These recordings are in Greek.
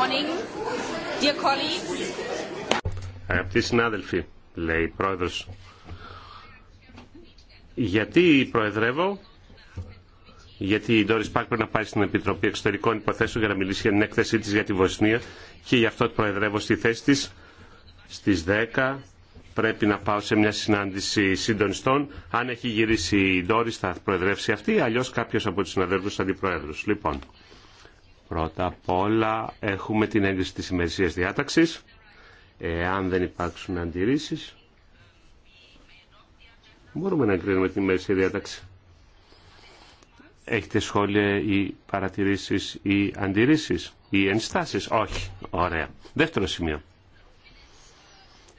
morning, dear colleagues. Αγαπητοί συνάδελφοι, λέει η πρόεδρος, γιατί προεδρεύω, γιατί η Ντόρις Πάκ πρέπει να πάει στην Επιτροπή Εξωτερικών Υποθέσεων για να μιλήσει για την έκθεσή της για τη Βοσνία και γι' αυτό προεδρεύω στη θέση της στις 10 πρέπει να πάω σε μια συνάντηση συντονιστών. Αν έχει γυρίσει η Ντόρις θα προεδρεύσει αυτή, αλλιώς κάποιος από τους συναδέλφους αντιπροέδρους. Λοιπόν, Πρώτα απ' όλα έχουμε την έγκριση της ημερησίας διάταξης. Εάν δεν υπάρξουν αντιρρήσεις, μπορούμε να εγκρίνουμε την ημερησία διάταξη. Έχετε σχόλια ή παρατηρήσεις ή αντιρρήσεις ή ενστάσεις. Όχι. Ωραία. Δεύτερο σημείο.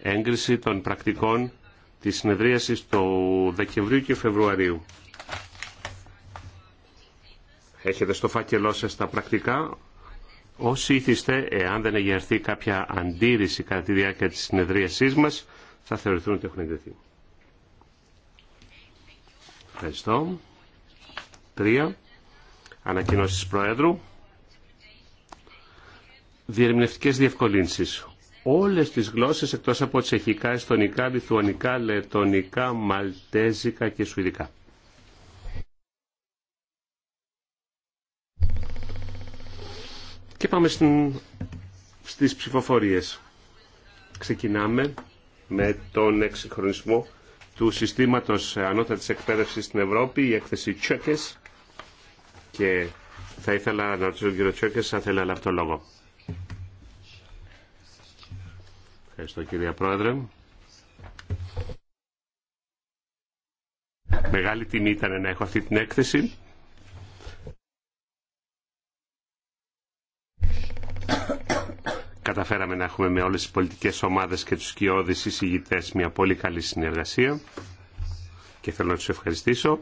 Έγκριση των πρακτικών της συνεδρίασης του Δεκεμβρίου και Φεβρουαρίου. Έχετε στο φάκελό σας τα πρακτικά. Όσοι ήθιστε, εάν δεν εγερθεί κάποια αντίρρηση κατά τη διάρκεια της συνεδρίασής μας, θα θεωρηθούν ότι έχουν εγκριθεί. Ευχαριστώ. Τρία. Ανακοινώσεις Προέδρου. Διερμηνευτικές διευκολύνσεις. Όλες τις γλώσσες εκτός από τσεχικά, εστονικά, λιθουανικά, λετονικά, μαλτέζικα και σουηδικά. Και πάμε στην, στις ψηφοφορίες. Ξεκινάμε με τον εξυγχρονισμό του συστήματος ανώτατης εκπαίδευσης στην Ευρώπη, η έκθεση Τσέκες και θα ήθελα να ρωτήσω τον κύριο Τσέκες αν θέλει να λόγο. Ευχαριστώ κύριε Πρόεδρε. Μεγάλη τιμή ήταν να έχω αυτή την έκθεση καταφέραμε να έχουμε με όλες τις πολιτικές ομάδες και τους κοιόδης εισηγητές μια πολύ καλή συνεργασία και θέλω να τους ευχαριστήσω.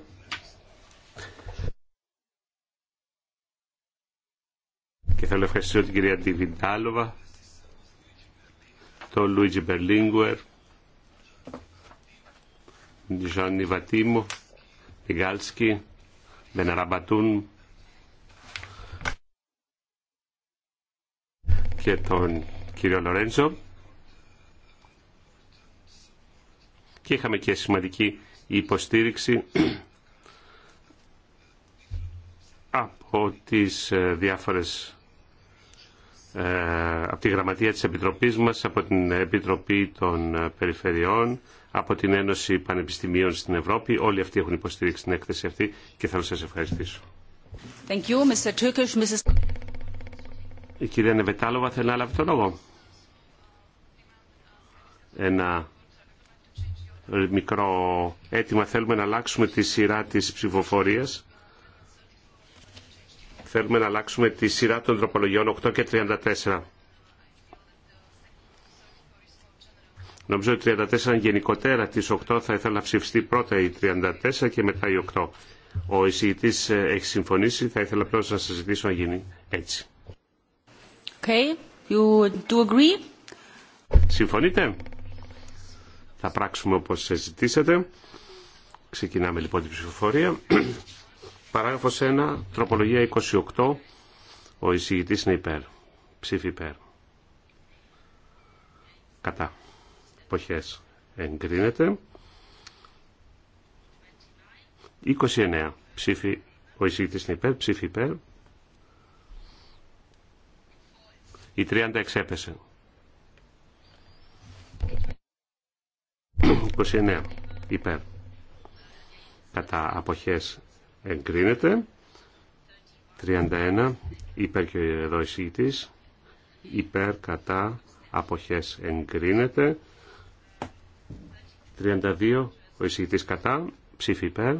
Και θέλω να ευχαριστήσω την κυρία Ντιβιντάλοβα, τον Λουίτζι Μπερλίνγκουερ, τον Ζαν Γκάλσκι, τον Αραμπατούν. και τον κύριο Λορέντζο και είχαμε και σημαντική υποστήριξη από τις ε, διάφορες ε, από τη Γραμματεία της Επιτροπής μας, από την Επιτροπή των ε, Περιφερειών, από την Ένωση Πανεπιστημίων στην Ευρώπη. Όλοι αυτοί έχουν υποστηρίξει την έκθεση αυτή και θέλω να σας ευχαριστήσω. Thank you, Mr. Turkish, Mrs. Η κυρία Νεβετάλοβα θέλει να λάβει το λόγο. Ένα μικρό αίτημα. Θέλουμε να αλλάξουμε τη σειρά της ψηφοφορίας. Θέλουμε να αλλάξουμε τη σειρά των τροπολογιών 8 και 34. Νομίζω ότι 34 είναι γενικότερα της 8. Θα ήθελα να ψηφιστεί πρώτα η 34 και μετά η 8. Ο εισηγητής έχει συμφωνήσει. Θα ήθελα πρώτα να σας ζητήσω να γίνει έτσι. Okay. Συμφωνείτε? Θα πράξουμε όπως συζητήσατε. Ξεκινάμε λοιπόν την ψηφοφορία. Παράγραφος 1, τροπολογία 28. Ο εισηγητής είναι υπέρ. Ψήφι υπέρ. Κατά. Εποχές. Εγκρίνεται. 29. Ψήφι. Ο εισηγητής είναι υπέρ. Ψήφι υπέρ. Η 30 εξέπεσε. 29 υπέρ. Κατά αποχές εγκρίνεται. 31 υπέρ και εδώ Υπέρ κατά αποχές εγκρίνεται. 32 ο εισηγητής κατά ψήφι υπέρ.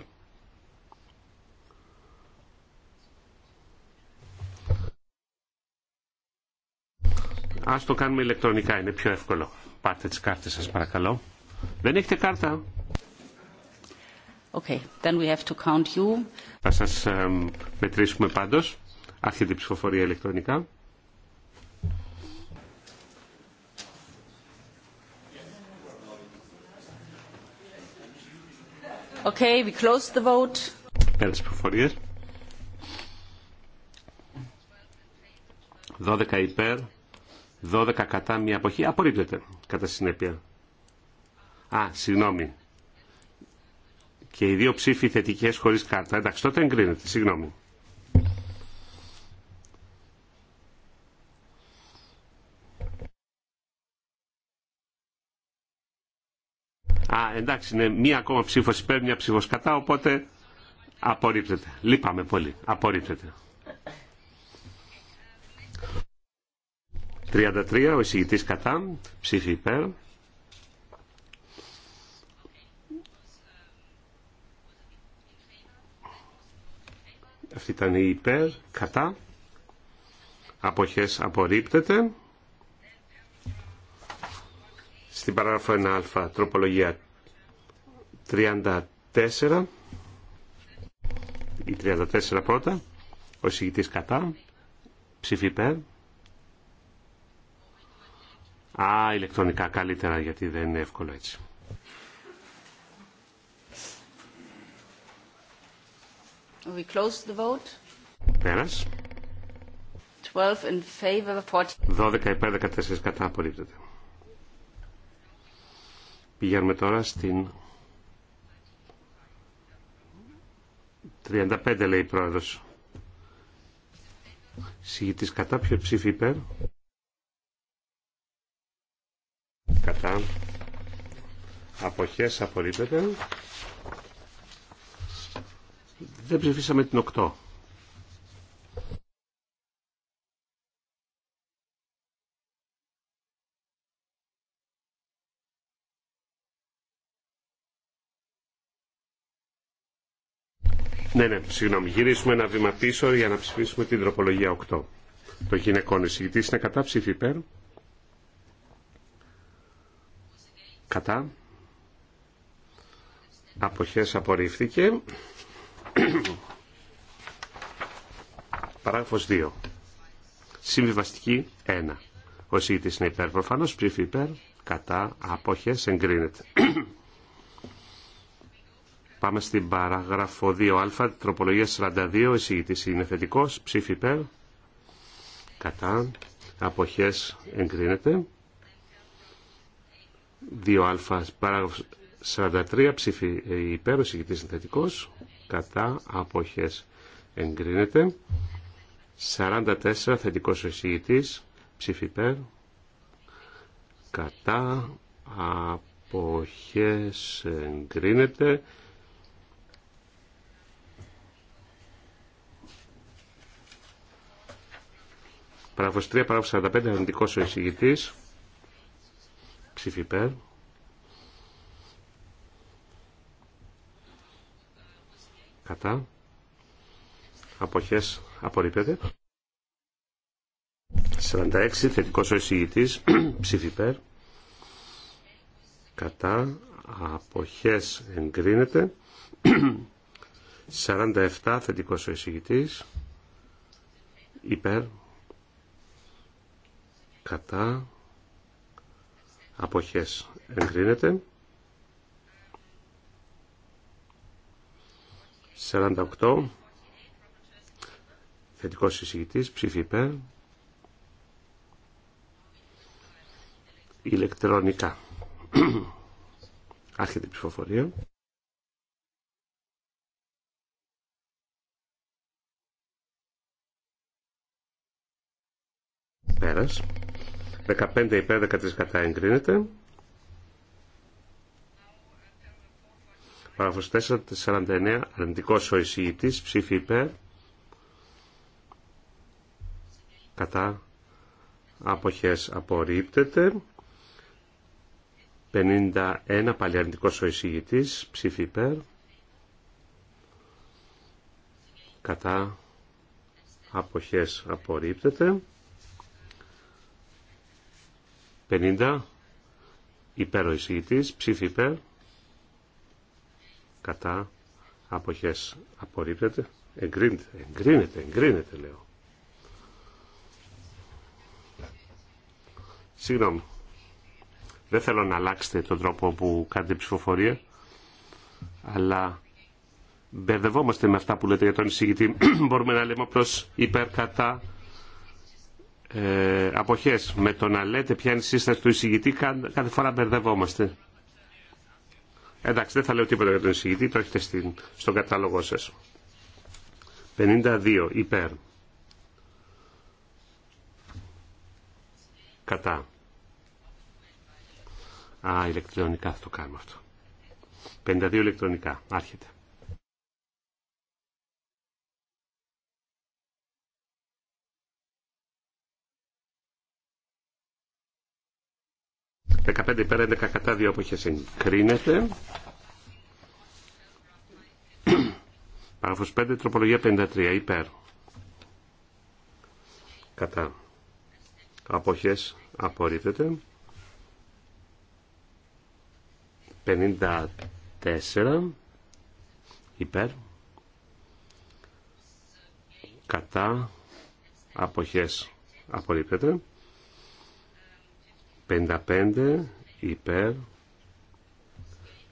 Ας το κάνουμε ηλεκτρονικά, είναι πιο εύκολο. Πάρτε τις κάρτες σας παρακαλώ. Δεν έχετε κάρτα. Okay, then we have to count you. Θα σας μετρήσουμε πάντως. Άρχεται η ψηφοφορία ηλεκτρονικά. Okay, we close the vote. τις ψηφοφορίες. 12 υπέρ, 12 κατά μία αποχή απορρίπτεται κατά συνέπεια. Α, συγγνώμη. Και οι δύο ψήφοι θετικές χωρίς κάρτα. Εντάξει, τότε εγκρίνεται. Συγγνώμη. Α, εντάξει, είναι μία ακόμα ψήφος υπέρ, μία ψήφος κατά, οπότε απορρίπτεται. Λείπαμε πολύ. Απορρίπτεται. 33 ο εισηγητής κατά ψήφι υπέρ αυτή ήταν η υπέρ κατά αποχές απορρίπτεται στην παράγραφο 1α τροπολογία 34 η 34 πρώτα ο εισηγητής κατά ψήφι υπέρ Α, ηλεκτρονικά καλύτερα γιατί δεν είναι εύκολο έτσι. We the vote. Πέρας. 12, in favor, 12 υπέρ 14 κατά απορρίπτεται. Πηγαίνουμε τώρα στην 35 λέει η πρόεδρος. Συγητής κατά ποιο ψήφι υπέρ κατά αποχές απορρίπτεται δεν ψηφίσαμε την 8 Ναι, ναι, συγγνώμη. Γυρίσουμε ένα βήμα πίσω για να ψηφίσουμε την τροπολογία 8. Το γυναικών εισηγητής είναι κατά ψήφι υπέρ. κατά αποχές απορρίφθηκε παράγραφος 2 συμβιβαστική 1 ο εισηγητής είναι υπέρ προφανώς ψήφι υπέρ κατά αποχές εγκρίνεται Πάμε στην παράγραφο 2α, τροπολογία 42, Ο εισηγητής είναι θετικός, ψήφι υπέρ, κατά, αποχές εγκρίνεται. 2α παράγραφος 43 ψήφι ε, υπέρ, ο συγκεκριτής είναι κατά αποχές εγκρίνεται. 44 θετικός ο συγκητή, ψήφι υπέρ, κατά αποχές εγκρίνεται. Παράγραφος 3, παράγραφος 45, αρνητικός ο εισηγητής, Ψήφι Κατά. Αποχές απορρίπτεται. 46 θετικός ο εισηγητής. Ψήφι Κατά. Αποχές εγκρίνεται. 47 θετικός ο εισηγητής. Υπέρ. Κατά αποχές εγκρίνεται 48 θετικός εισηγητής ψήφι υπέρ ηλεκτρονικά άρχεται η ψηφοφορία πέρας 15 υπέρ 13 κατά εγκρίνεται. Παράγραφος 449 αρνητικός ο εισηγητής ψήφι υπέρ κατά αποχές απορρίπτεται. 51 πάλι αρνητικός ο εισηγητής ψήφι υπέρ κατά αποχές απορρίπτεται. 50 υπέρ ο εισηγητής, ψήφι υπέρ, κατά αποχές απορρίπτεται, εγκρίνεται, εγκρίνεται, εγκρίνεται λέω. Συγγνώμη. Δεν θέλω να αλλάξετε τον τρόπο που κάνετε ψηφοφορία, αλλά μπερδευόμαστε με αυτά που λέτε για τον εισηγητή. Μπορούμε να λέμε απλώς υπέρ κατά ε, αποχές με το να λέτε ποια είναι η σύσταση του εισηγητή κάθε φορά μπερδευόμαστε. Εντάξει, δεν θα λέω τίποτα για τον εισηγητή, το έχετε στην, στον κατάλογό σας. 52 υπέρ. Κατά. Α, ηλεκτρονικά θα το κάνουμε αυτό. 52 ηλεκτρονικά. Άρχεται. 15 υπέρ 11 κατά 2 αποχές Κρίνεται. Παράγραφος 5 τροπολογία 53 υπέρ. Κατά. Αποχές απορρίπτεται. 54 υπέρ. Κατά. Αποχές απορρίπτεται. 55 υπέρ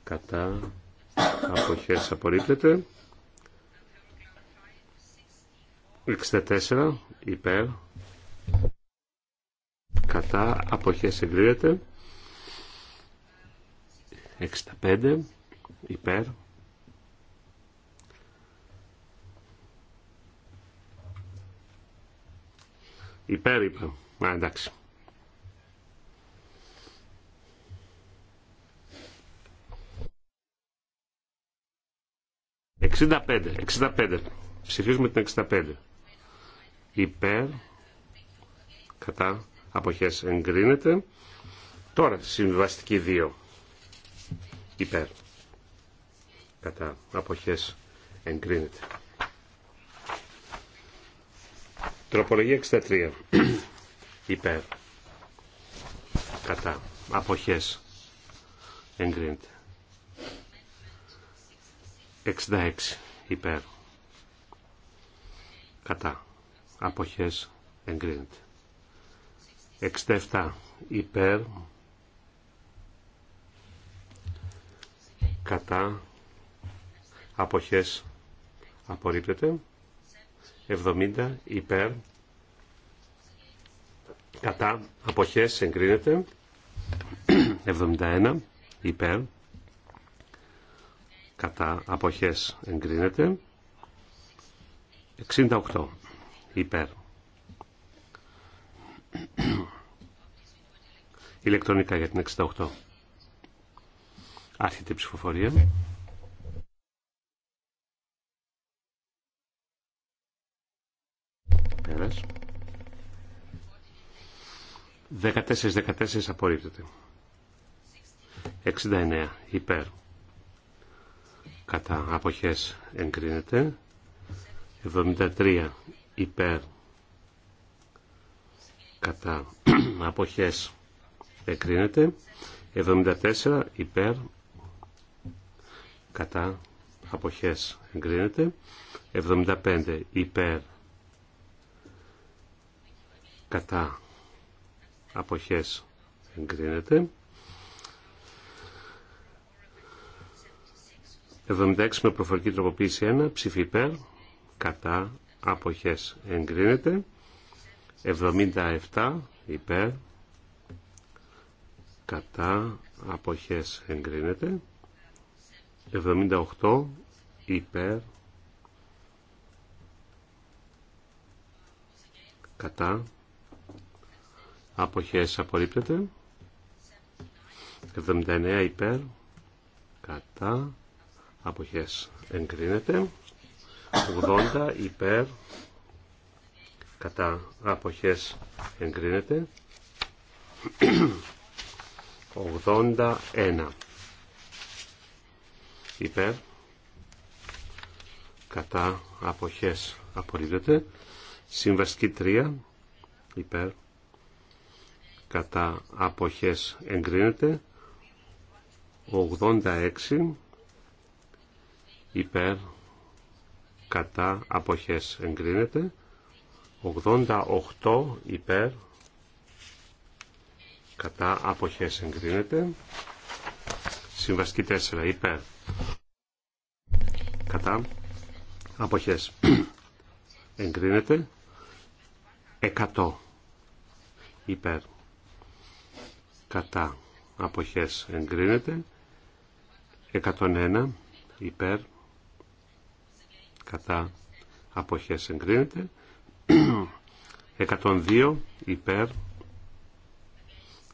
κατά αποχές απορρίπτεται 64 υπέρ κατά αποχές εγκρίνεται 65 υπέρ υπέρ είπα εντάξει 65, 65. Ψηφίζουμε την 65. Υπέρ, κατά, αποχές εγκρίνεται. Τώρα, συμβιβαστική 2. Υπέρ, κατά, αποχές εγκρίνεται. Τροπολογία 63. Υπέρ, κατά, αποχές εγκρίνεται. 66 υπέρ κατά αποχές εγκρίνεται 67 υπέρ κατά αποχές απορρίπτεται 70 υπέρ κατά αποχές εγκρίνεται 71 υπέρ κατά αποχές εγκρίνεται 68 υπέρ ηλεκτρονικά για την 68 άρχεται η ψηφοφορία πέρας 14-14 απορρίπτεται 69 υπέρ κατά αποχές εγκρίνεται 73 υπέρ κατά αποχές εγκρίνεται 74 υπέρ κατά αποχές εγκρίνεται 75 υπέρ κατά αποχές εγκρίνεται 76 με προφορική τροποποίηση 1, ψήφι υπέρ, κατά, αποχές εγκρίνεται. 77 υπέρ, κατά, αποχές εγκρίνεται. 78 υπέρ, κατά, αποχές απορρίπτεται. 79 υπέρ, κατά, αποχές εγκρίνεται 80 υπέρ κατά αποχές εγκρίνεται 81 υπέρ κατά αποχές απορρίπτεται συμβαστική 3 υπέρ κατά αποχές εγκρίνεται 86 υπέρ κατά αποχές εγκρίνεται 88 υπέρ κατά αποχές εγκρίνεται συμβαστική 4 υπέρ κατά αποχές εγκρίνεται 100 υπέρ κατά αποχές εγκρίνεται 101 υπέρ κατά αποχές εγκρίνεται 102 υπέρ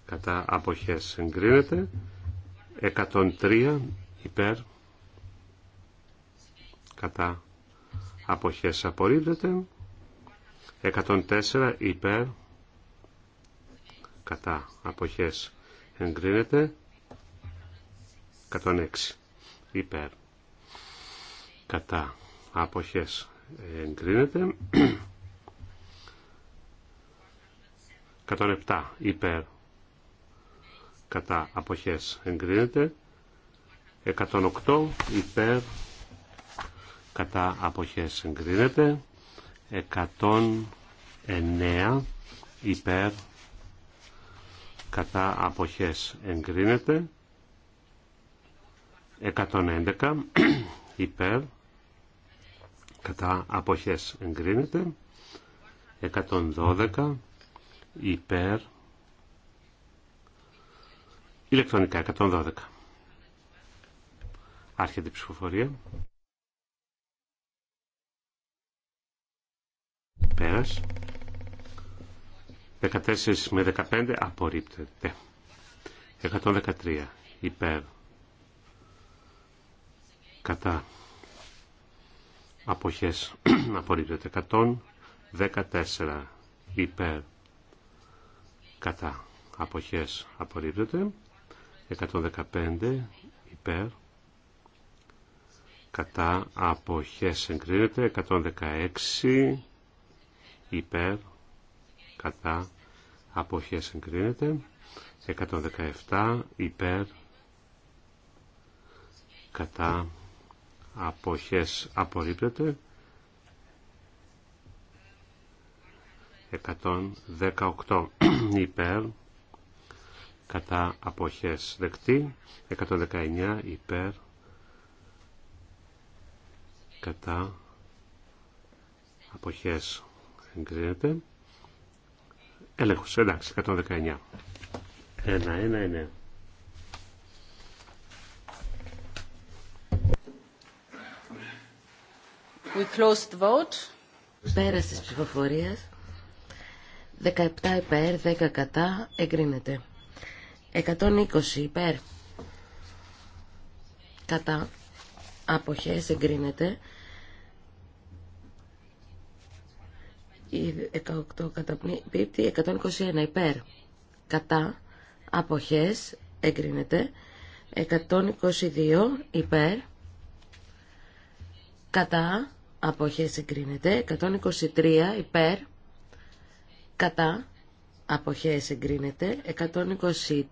κατά αποχές εγκρίνεται 103 υπέρ κατά αποχές απορρίπτεται 104 υπέρ κατά αποχές εγκρίνεται 106 υπέρ κατά αποχές εγκρίνεται 107 υπέρ κατά αποχές εγκρίνεται 108 υπέρ κατά αποχές εγκρίνεται 109 υπέρ κατά αποχές εγκρίνεται 111 υπέρ κατά αποχές εγκρίνεται 112 υπέρ ηλεκτρονικά 112 άρχεται η ψηφοφορία πέρας 14 με 15 απορρίπτεται 113 υπέρ κατά αποχές απορρίπτεται 114 υπέρ κατά αποχές απορρίπτεται 115 υπέρ κατά αποχές εγκρίνεται 116 υπέρ κατά αποχές εγκρίνεται 117 υπέρ κατά αποχές απορρίπτεται 118 υπέρ κατά αποχές δεκτή 119 υπέρ κατά αποχές εγκρίνεται έλεγχος εντάξει 119 1-1-9 We close Πέρας της ψηφοφορίας. 17 υπέρ, 10 κατά, εγκρίνεται. 120 υπέρ, κατά, αποχές, εγκρίνεται. 18 κατά πίπτη, 121 υπέρ, κατά, αποχές, εγκρίνεται. 122 υπέρ, κατά, αποχές εγκρίνεται. 123 υπέρ κατά αποχές εγκρίνεται.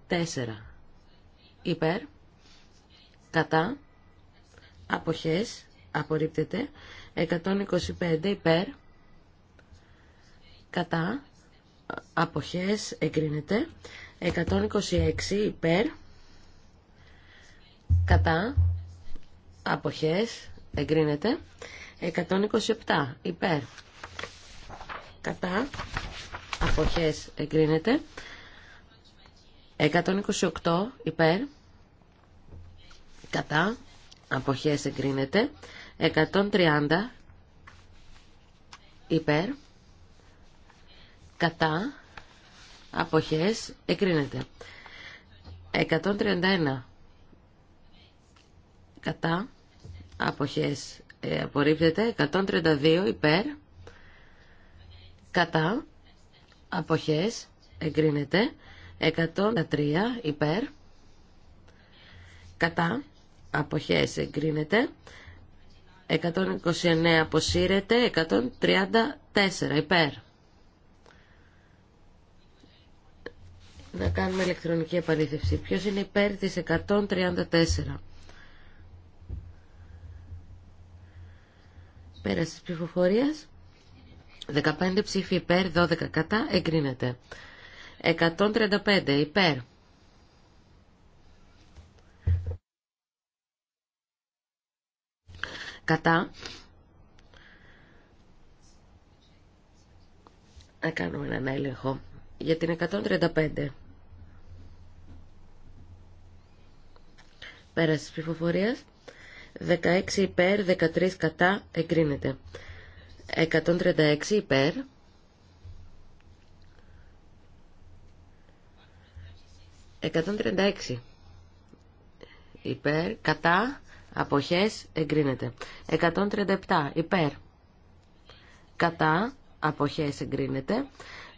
124 υπέρ κατά αποχές απορρίπτεται. 125 υπέρ κατά αποχές εγκρίνεται. 126 υπέρ κατά αποχές εγκρίνεται 127 υπέρ κατά αποχές εγκρίνεται 128 υπέρ κατά αποχές εγκρίνεται 130 υπέρ κατά αποχές εγκρίνεται 131 κατά αποχές ε, απορρίπτεται 132 υπέρ κατά αποχές εγκρίνεται 103 υπέρ κατά αποχές εγκρίνεται 129 αποσύρεται 134 υπέρ να κάνουμε ηλεκτρονική επαλήθευση ποιος είναι υπέρ της 134 Πέραση της ψηφοφορίας. 15 ψήφοι υπέρ, 12 κατά, εγκρίνεται. 135 υπέρ. Κατά. Να κάνουμε έναν έλεγχο για την 135. Πέραση της ψηφοφορίας. 16 υπέρ, 13 κατά, εγκρίνεται. 136 υπέρ. 136 υπέρ, κατά, αποχές, εγκρίνεται. 137 υπέρ, κατά, αποχές, εγκρίνεται.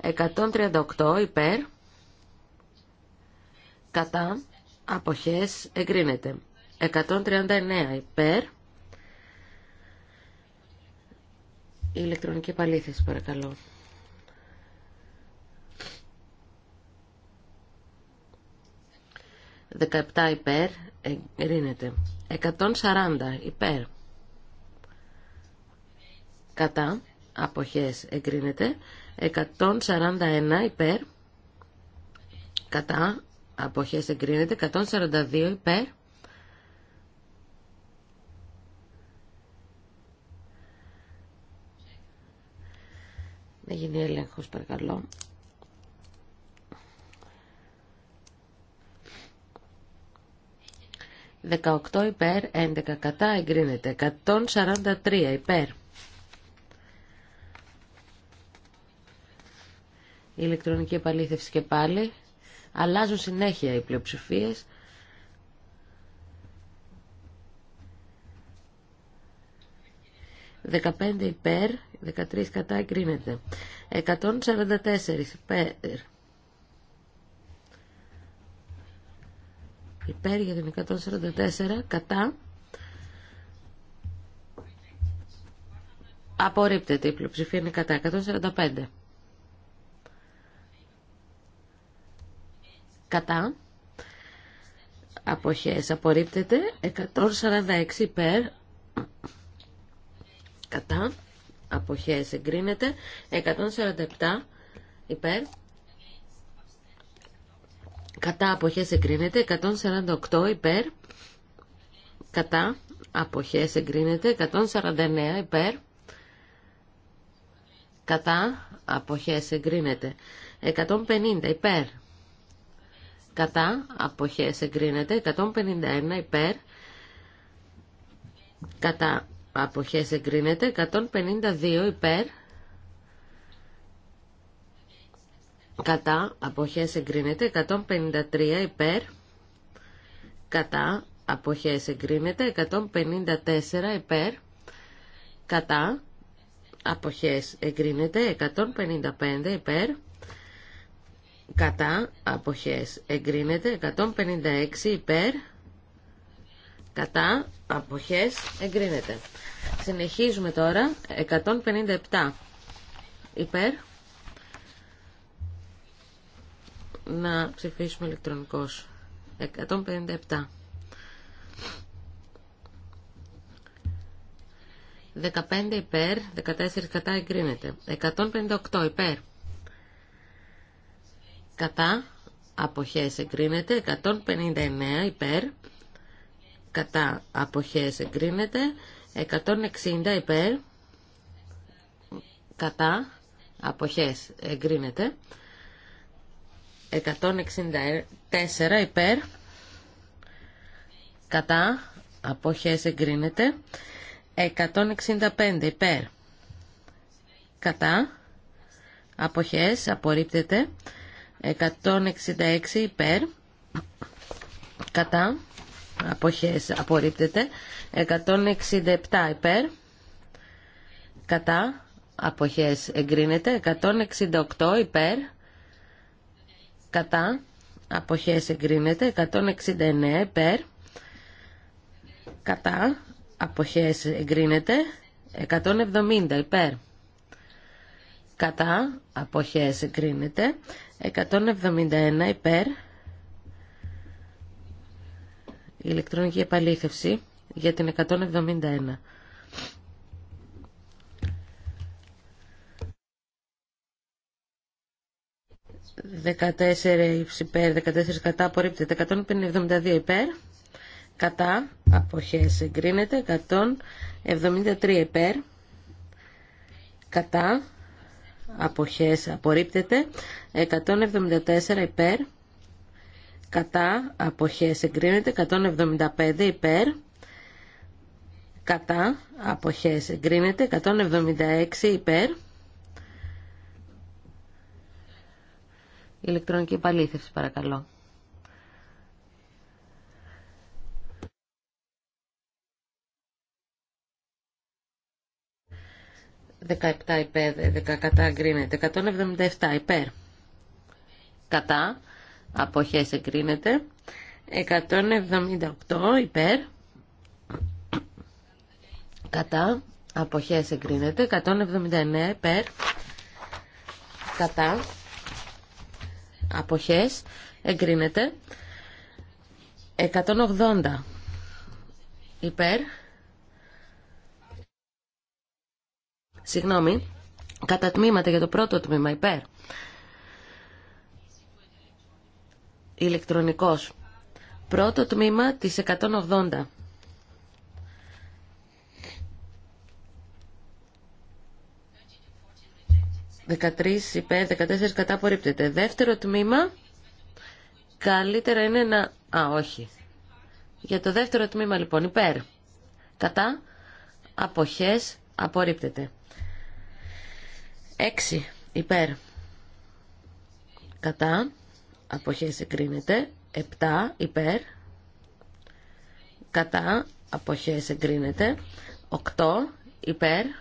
138 υπέρ, κατά, αποχές, εγκρίνεται. 139 υπέρ. Η ηλεκτρονική επαλήθευση παρακαλώ. 17 υπέρ. Εγκρίνεται. 140 υπέρ. Κατά. Αποχές εγκρίνεται. 141 υπέρ. Κατά. Αποχές εγκρίνεται. 142 υπέρ. να γίνει έλεγχος παρακαλώ 18 υπέρ, 11 κατά, εγκρίνεται. 143 υπέρ. Η ηλεκτρονική επαλήθευση και πάλι. Αλλάζουν συνέχεια οι πλειοψηφίες. 15 υπέρ, 13 κατά εγκρίνεται. 144 υπέρ. Υπέρ για την 144 κατά. Απορρίπτεται η πλειοψηφία είναι κατά. 145. Κατά. Αποχές απορρίπτεται. 146 υπέρ. Κατά αποχές εγκρίνεται 147 υπέρ κατά αποχές εγκρίνεται 148 υπέρ κατά αποχές εγκρίνεται 149 υπέρ κατά αποχές εγκρίνεται 150 υπέρ κατά αποχές εγκρίνεται 151 υπέρ κατά αποχές εγκρίνεται 152 υπέρ κατά αποχές εγκρίνεται 153 υπέρ κατά αποχές εγκρίνεται 154 υπέρ κατά αποχές εγκρίνεται 155 υπέρ κατά αποχές εγκρίνεται 156 υπέρ Κατά αποχές εγκρίνεται. Συνεχίζουμε τώρα 157 υπέρ. Να ψηφίσουμε ηλεκτρονικός. 157. 15 υπέρ, 14 κατά εγκρίνεται. 158 υπέρ. Κατά, αποχές εγκρίνεται. 159 υπέρ κατά αποχές εγκρίνεται 160 υπέρ κατά αποχές εγκρίνεται 164 υπέρ κατά αποχές εγκρίνεται 165 υπέρ κατά αποχές απορρίπτεται 166 υπέρ κατά αποχές απορρίπτεται 167 υπέρ κατά αποχές εγκρίνεται 168 υπέρ κατά αποχές εγκρίνεται 169 υπέρ κατά αποχές εγκρίνεται 170 υπέρ κατά αποχές εγκρίνεται 171 υπέρ η ηλεκτρονική επαλήθευση για την 171. 14 υπέρ, 14 κατά, απορρίπτεται. 172 υπέρ, κατά, αποχές εγκρίνεται. 173 υπέρ, κατά, αποχές απορρίπτεται. 174 υπέρ, κατά αποχές εγκρίνεται 175 υπέρ κατά αποχές εγκρίνεται 176 υπέρ ηλεκτρονική επαλήθευση παρακαλώ Δεκαεπτά υπέρ, 10 κατά εγκρίνεται, 177 υπέρ. Κατά, αποχές εγκρίνεται 178 υπέρ κατά αποχές εγκρίνεται 179 υπέρ κατά αποχές εγκρίνεται 180 υπέρ συγγνώμη κατά τμήματα για το πρώτο τμήμα υπέρ ηλεκτρονικός. Πρώτο τμήμα της 180. 13, υπέρ, 14 κατά απορρίπτεται. Δεύτερο τμήμα, καλύτερα είναι να... Α, όχι. Για το δεύτερο τμήμα λοιπόν, υπέρ. Κατά, αποχές, απορρίπτεται. 6. Υπέρ. Κατά αποχές εγκρίνεται 7 υπέρ κατά αποχές εγκρίνεται 8 υπέρ η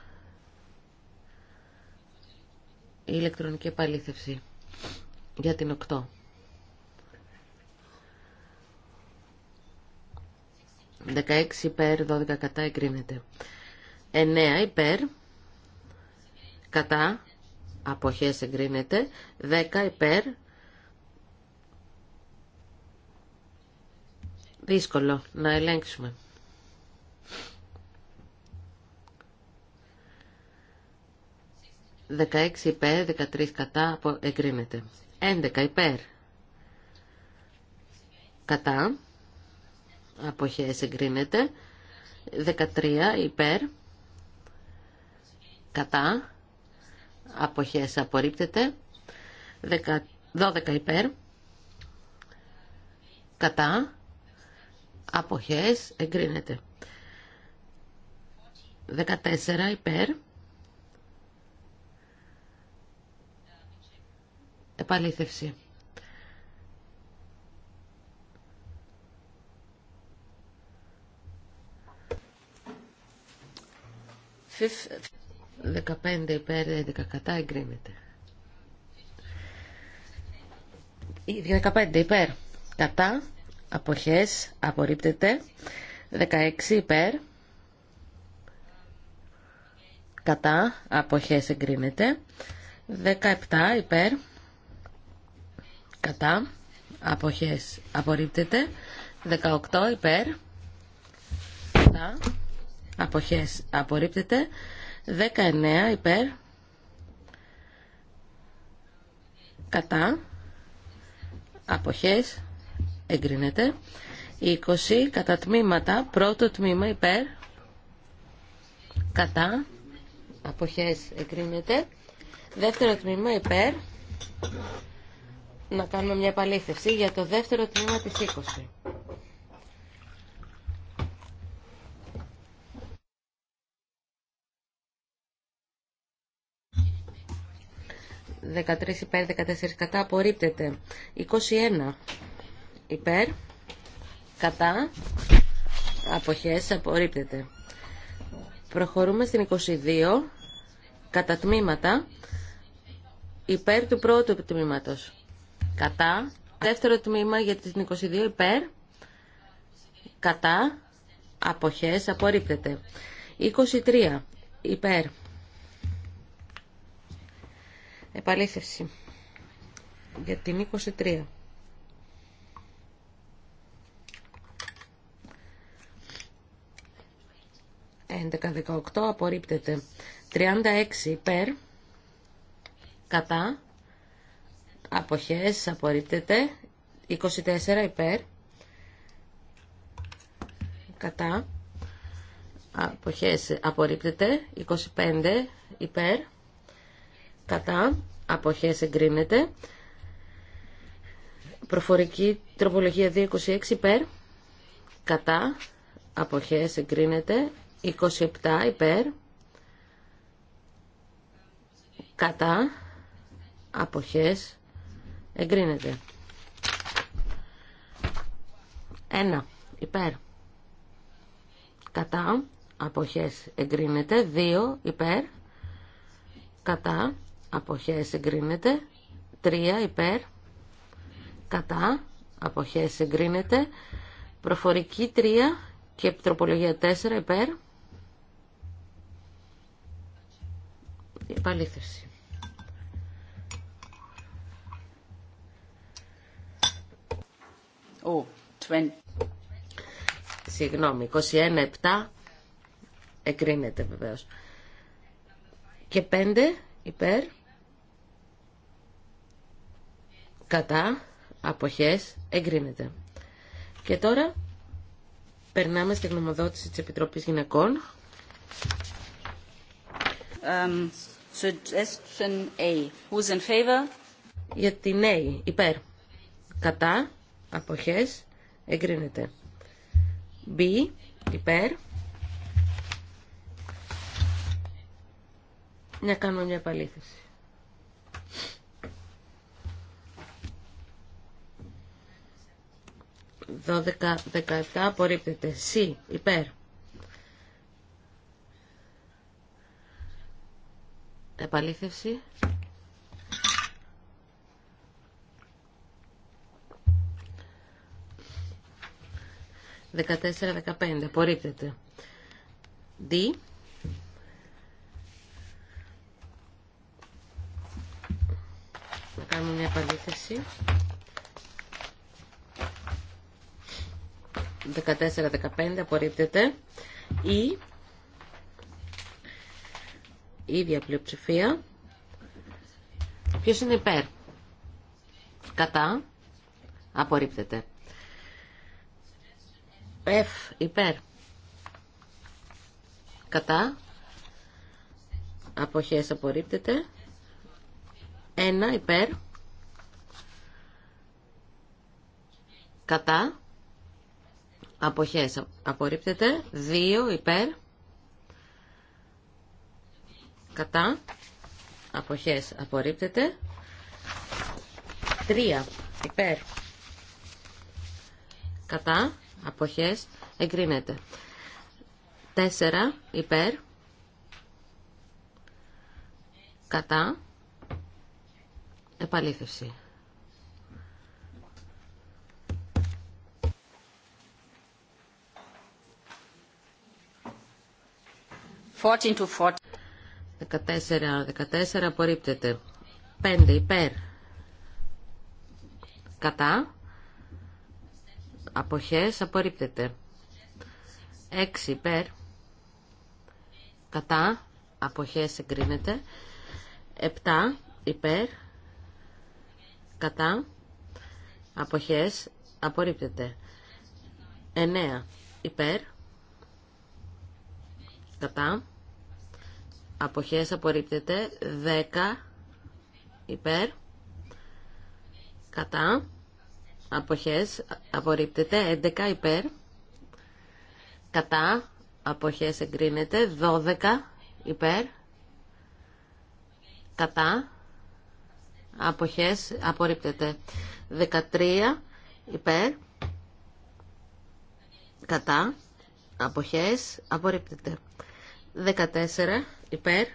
ηλεκτρονική επαλήθευση για την 8 16 υπέρ, 12 κατά εγκρίνεται. 9 υπέρ, κατά, αποχές εγκρίνεται. 10 υπέρ, δύσκολο να ελέγξουμε. 16 υπέρ, 13 κατά, εγκρίνεται. 11 υπέρ, κατά, αποχές εγκρίνεται. 13 υπέρ, κατά, αποχές απορρίπτεται. 12 υπέρ, κατά, αποχές εγκρίνεται 14 υπέρ επαλήθευση Δεκαπέντε 15 υπέρ 11 κατά εγκρίνεται 15 υπέρ κατά αποχές απορρίπτεται 16 υπέρ κατά αποχές εγκρίνεται 17 υπέρ κατά αποχές απορρίπτεται 18 υπέρ κατά αποχές απορρίπτεται 19 υπέρ κατά αποχές εγκρίνεται. 20 κατά τμήματα, πρώτο τμήμα υπέρ, κατά, αποχές εγκρίνεται. Δεύτερο τμήμα υπέρ, να κάνουμε μια επαλήθευση για το δεύτερο τμήμα της 20. «13 υπέρ, 14 κατά, απορρίπτεται. 21 υπέρ, κατά, αποχές, απορρίπτεται. Προχωρούμε στην 22, κατά τμήματα, υπέρ του πρώτου τμήματος. Κατά, δεύτερο τμήμα για την 22 υπέρ, κατά, αποχές, απορρίπτεται. 23, υπέρ. Επαλήθευση για την 23. 11-18 απορρίπτεται. 36 υπέρ, κατά, αποχές απορρίπτεται. 24 υπέρ, κατά, αποχές απορρίπτεται. 25 υπέρ, κατά, αποχές εγκρίνεται. Προφορική τροπολογία 226 υπέρ, κατά, αποχές εγκρίνεται 27 υπέρ, κατά, αποχές, εγκρίνεται. 1 υπέρ, κατά, αποχές, εγκρίνεται. 2 υπέρ, κατά, αποχές, εγκρίνεται. 3 υπέρ, κατά, αποχές, εγκρίνεται. Προφορική 3 και επιτροπολογία 4 υπέρ, επαλήθευση. Ο 20. Συγγνώμη, 21-7 εκρίνεται βεβαίως. Και 5 υπέρ κατά αποχές εγκρίνεται. Και τώρα περνάμε στη γνωμοδότηση της Επιτροπής Γυναικών. Suggestion A. Who's in favor? Για την A. Υπέρ. Κατά. Αποχές. Εγκρίνεται. B. Υπέρ. Να κάνω μια επαλήθευση. Δώδεκα, δεκαεπτά, απορρίπτεται. C. Υπέρ. Επαλήθευση. Δεκατέσσερα, δεκαπέντε. Απορρίπτεται. D. Να κάνουμε μια επαληθευση δεκατέσσερα δεκαπέντε, απορρίπτεται ή e ίδια πλειοψηφία. Ποιος είναι υπέρ. Κατά. Απορρίπτεται. F υπέρ. Κατά. Αποχές απορρίπτεται. 1 υπέρ. Κατά. Αποχές απορρίπτεται. 2 υπέρ κατά αποχές απορρίπτεται 3 υπέρ κατά αποχές εγκρίνεται 4 υπέρ κατά επαλήθευση Fourteen to fourteen. 14, 14 απορρίπτεται. 5 υπέρ. Κατά. Αποχές απορρίπτεται. 6 υπέρ. Κατά. Αποχές εγκρίνεται. 7 υπέρ. Κατά. Αποχές απορρίπτεται. 9 υπέρ. Κατά αποχές απορρίπτεται 10 υπέρ κατά αποχές απορρίπτεται 11 υπέρ κατά αποχές εγκρίνεται 12 υπέρ κατά αποχές απορρίπτεται 13 υπέρ κατά αποχές απορρίπτεται 14 υπέρ,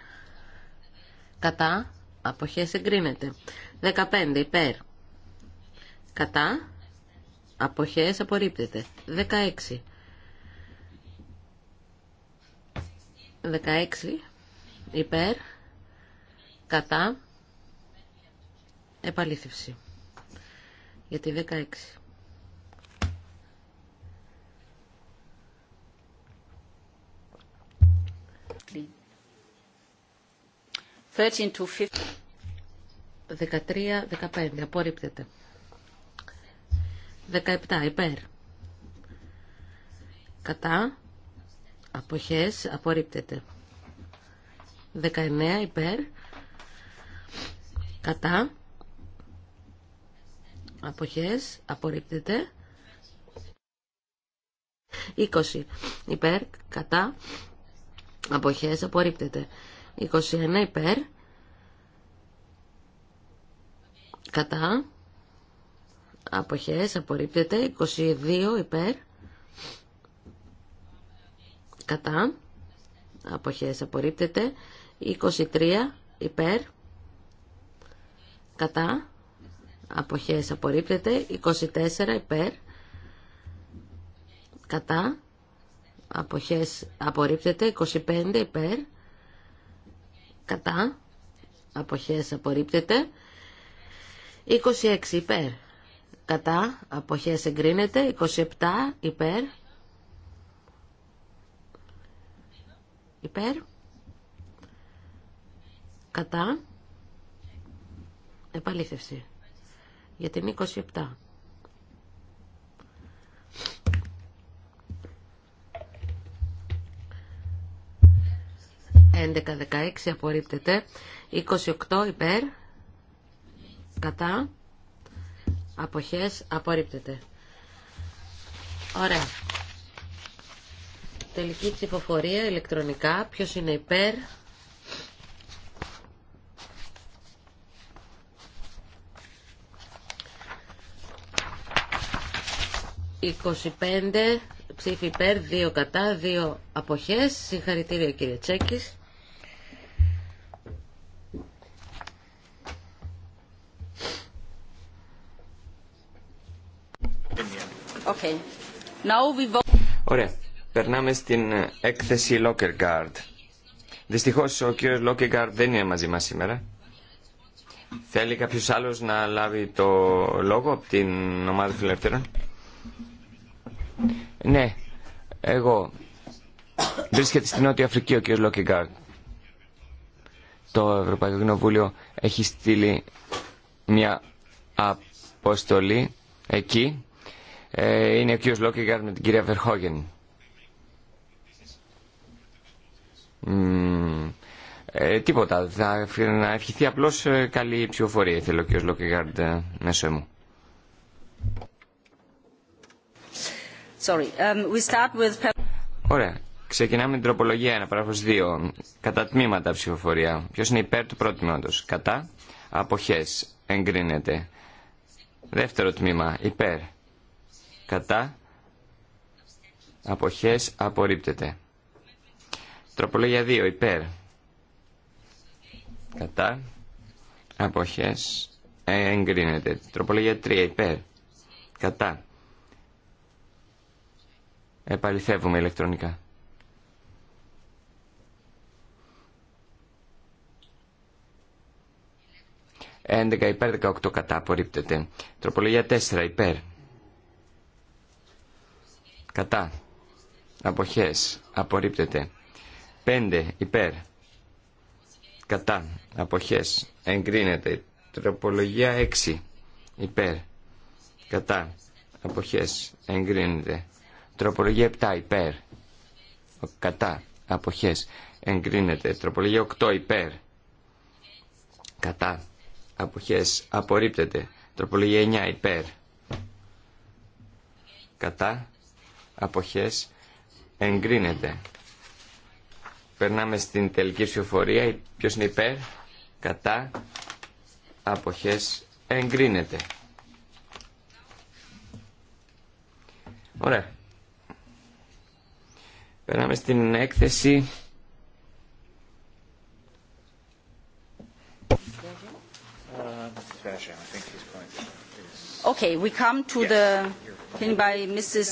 κατά, απόχέ εγκρίνεται. 15 υπέρ, κατά, αποχέ απορρίπτεται. 16. 16 υπέρ, κατά, επαλήθευση. Γιατί 16. 13-15. Απορρίπτεται. 17. Υπέρ. Κατά. Αποχές. Απορρίπτεται. 19. Υπέρ. Κατά. Αποχές. Απορρίπτεται. 20. Υπέρ. Κατά. Αποχές. Απορρίπτεται. 21 υπέρ. Κατά. Αποχές απορρίπτεται. 22 υπέρ. Κατά. Αποχές απορρίπτεται. 23 υπέρ. Κατά. Αποχές απορρίπτεται. 24 υπέρ. Κατά. Αποχές απορρίπτεται. 25 υπέρ κατά αποχές απορρίπτεται 26 υπέρ κατά αποχές εγκρίνεται 27 υπέρ υπέρ κατά επαλήθευση για την 27 11-16 απορρίπτεται. 28 υπέρ. Κατά. Αποχές απορρίπτεται. Ωραία. Τελική ψηφοφορία ηλεκτρονικά. Ποιος είναι υπέρ. «25 ψήφι υπέρ, 2 κατά, 2 αποχές». Συγχαρητήρια κύριε Τσέκης. Ωραία. Περνάμε στην ε, έκθεση Lockerguard. Δυστυχώ ο κύριος Lockerguard δεν είναι μαζί μα σήμερα. Θέλει κάποιο άλλο να λάβει το λόγο από την ομάδα φιλελεύθερων. Ναι, εγώ. Βρίσκεται στην Νότια Αφρική ο κύριος Λόκεγκάρτ. Το Ευρωπαϊκό Κοινοβούλιο έχει στείλει μια αποστολή εκεί ε, είναι ο κ. Λόκεγκαρντ με την κυρία Βερχόγεν. Ε, τίποτα. Θα, να ευχηθεί απλώς ε, καλή ψηφοφορία, θέλω ο κ. Λόκεγκαρντ ε, μέσω μου. Sorry. Um, we start with... Ωραία. Ξεκινάμε την τροπολογία 1, παράγραφος 2. Κατά τμήματα ψηφοφορία. Ποιο είναι υπέρ του πρώτου τμήματο. Κατά. Αποχές. Εγκρίνεται. Δεύτερο τμήμα. Υπέρ κατά αποχές απορρίπτεται. Τροπολογία 2 υπέρ κατά αποχές ε, εγκρίνεται. Τροπολογία 3 υπέρ κατά επαληθεύουμε ηλεκτρονικά. «11 υπέρ 18 κατά απορρίπτεται». Τροπολογία 4 υπέρ κατά αποχές απορρίπτεται 5 υπέρ κατά αποχές εγκρίνεται τροπολογία 6 υπέρ κατά αποχές εγκρίνεται τροπολογία 7 υπέρ κατά αποχές εγκρίνεται τροπολογία 8 υπέρ κατά αποχές απορρίπτεται τροπολογία 9 υπέρ κατά αποχές εγκρίνεται. Περνάμε στην τελική ψηφοφορία. Ποιος είναι υπέρ, κατά, αποχές εγκρίνεται. Ωραία. Περνάμε στην έκθεση... Okay, we come to the by Mrs.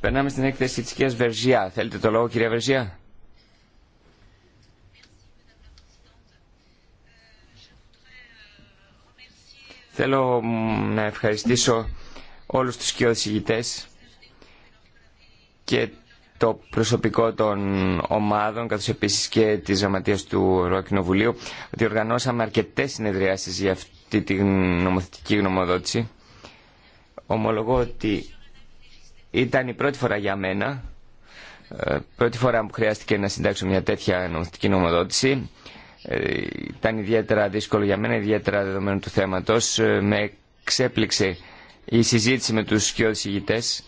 Περνάμε στην έκθεση της κυρίας Βερζιά. Θέλετε το λόγο κυρία Βερζιά. Θέλω να ευχαριστήσω όλους τους κοιοδησηγητές και το προσωπικό των ομάδων καθώς επίσης και της Γραμματείας του Ευρωκοινοβουλίου ότι οργανώσαμε αρκετές συνεδριάσεις για αυτή την νομοθετική γνωμοδότηση. Ομολογώ ότι ήταν η πρώτη φορά για μένα, ε, πρώτη φορά που χρειάστηκε να συντάξω μια τέτοια νομοθετική νομοδότηση. Ε, ήταν ιδιαίτερα δύσκολο για μένα, ιδιαίτερα δεδομένου του θέματος. Ε, με ξέπληξε η συζήτηση με τους σκιώδης ηγητές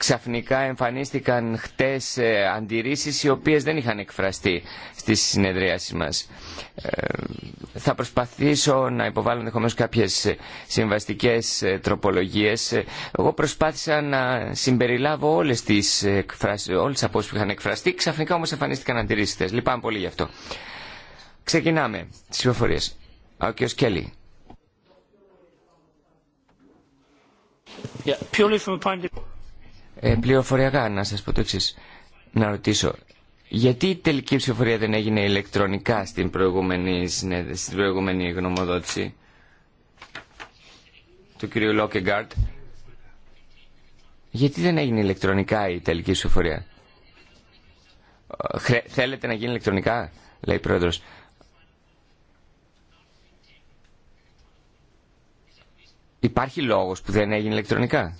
ξαφνικά εμφανίστηκαν χτες ε, αντιρρήσεις οι οποίες δεν είχαν εκφραστεί στις συνεδρίαση μας. Ε, θα προσπαθήσω να υποβάλω ενδεχομένω κάποιες συμβαστικές ε, τροπολογίες. Εγώ προσπάθησα να συμπεριλάβω όλες τις, εκφράσεις, όλες που είχαν εκφραστεί, ξαφνικά όμως εμφανίστηκαν αντιρρήσεις χτες. Λυπάμαι πολύ γι' αυτό. Ξεκινάμε τις υποφορίες. Ο κ. Yeah, ε, πληροφοριακά να σας πω το εξής, να ρωτήσω. Γιατί η τελική ψηφοφορία δεν έγινε ηλεκτρονικά στην προηγούμενη, στην προηγούμενη γνωμοδότηση του κ. Λόκεγκάρτ. Γιατί δεν έγινε ηλεκτρονικά η τελική ψηφοφορία. Θέλετε να γίνει ηλεκτρονικά, λέει η πρόεδρος. Υπάρχει λόγος που δεν έγινε ηλεκτρονικά.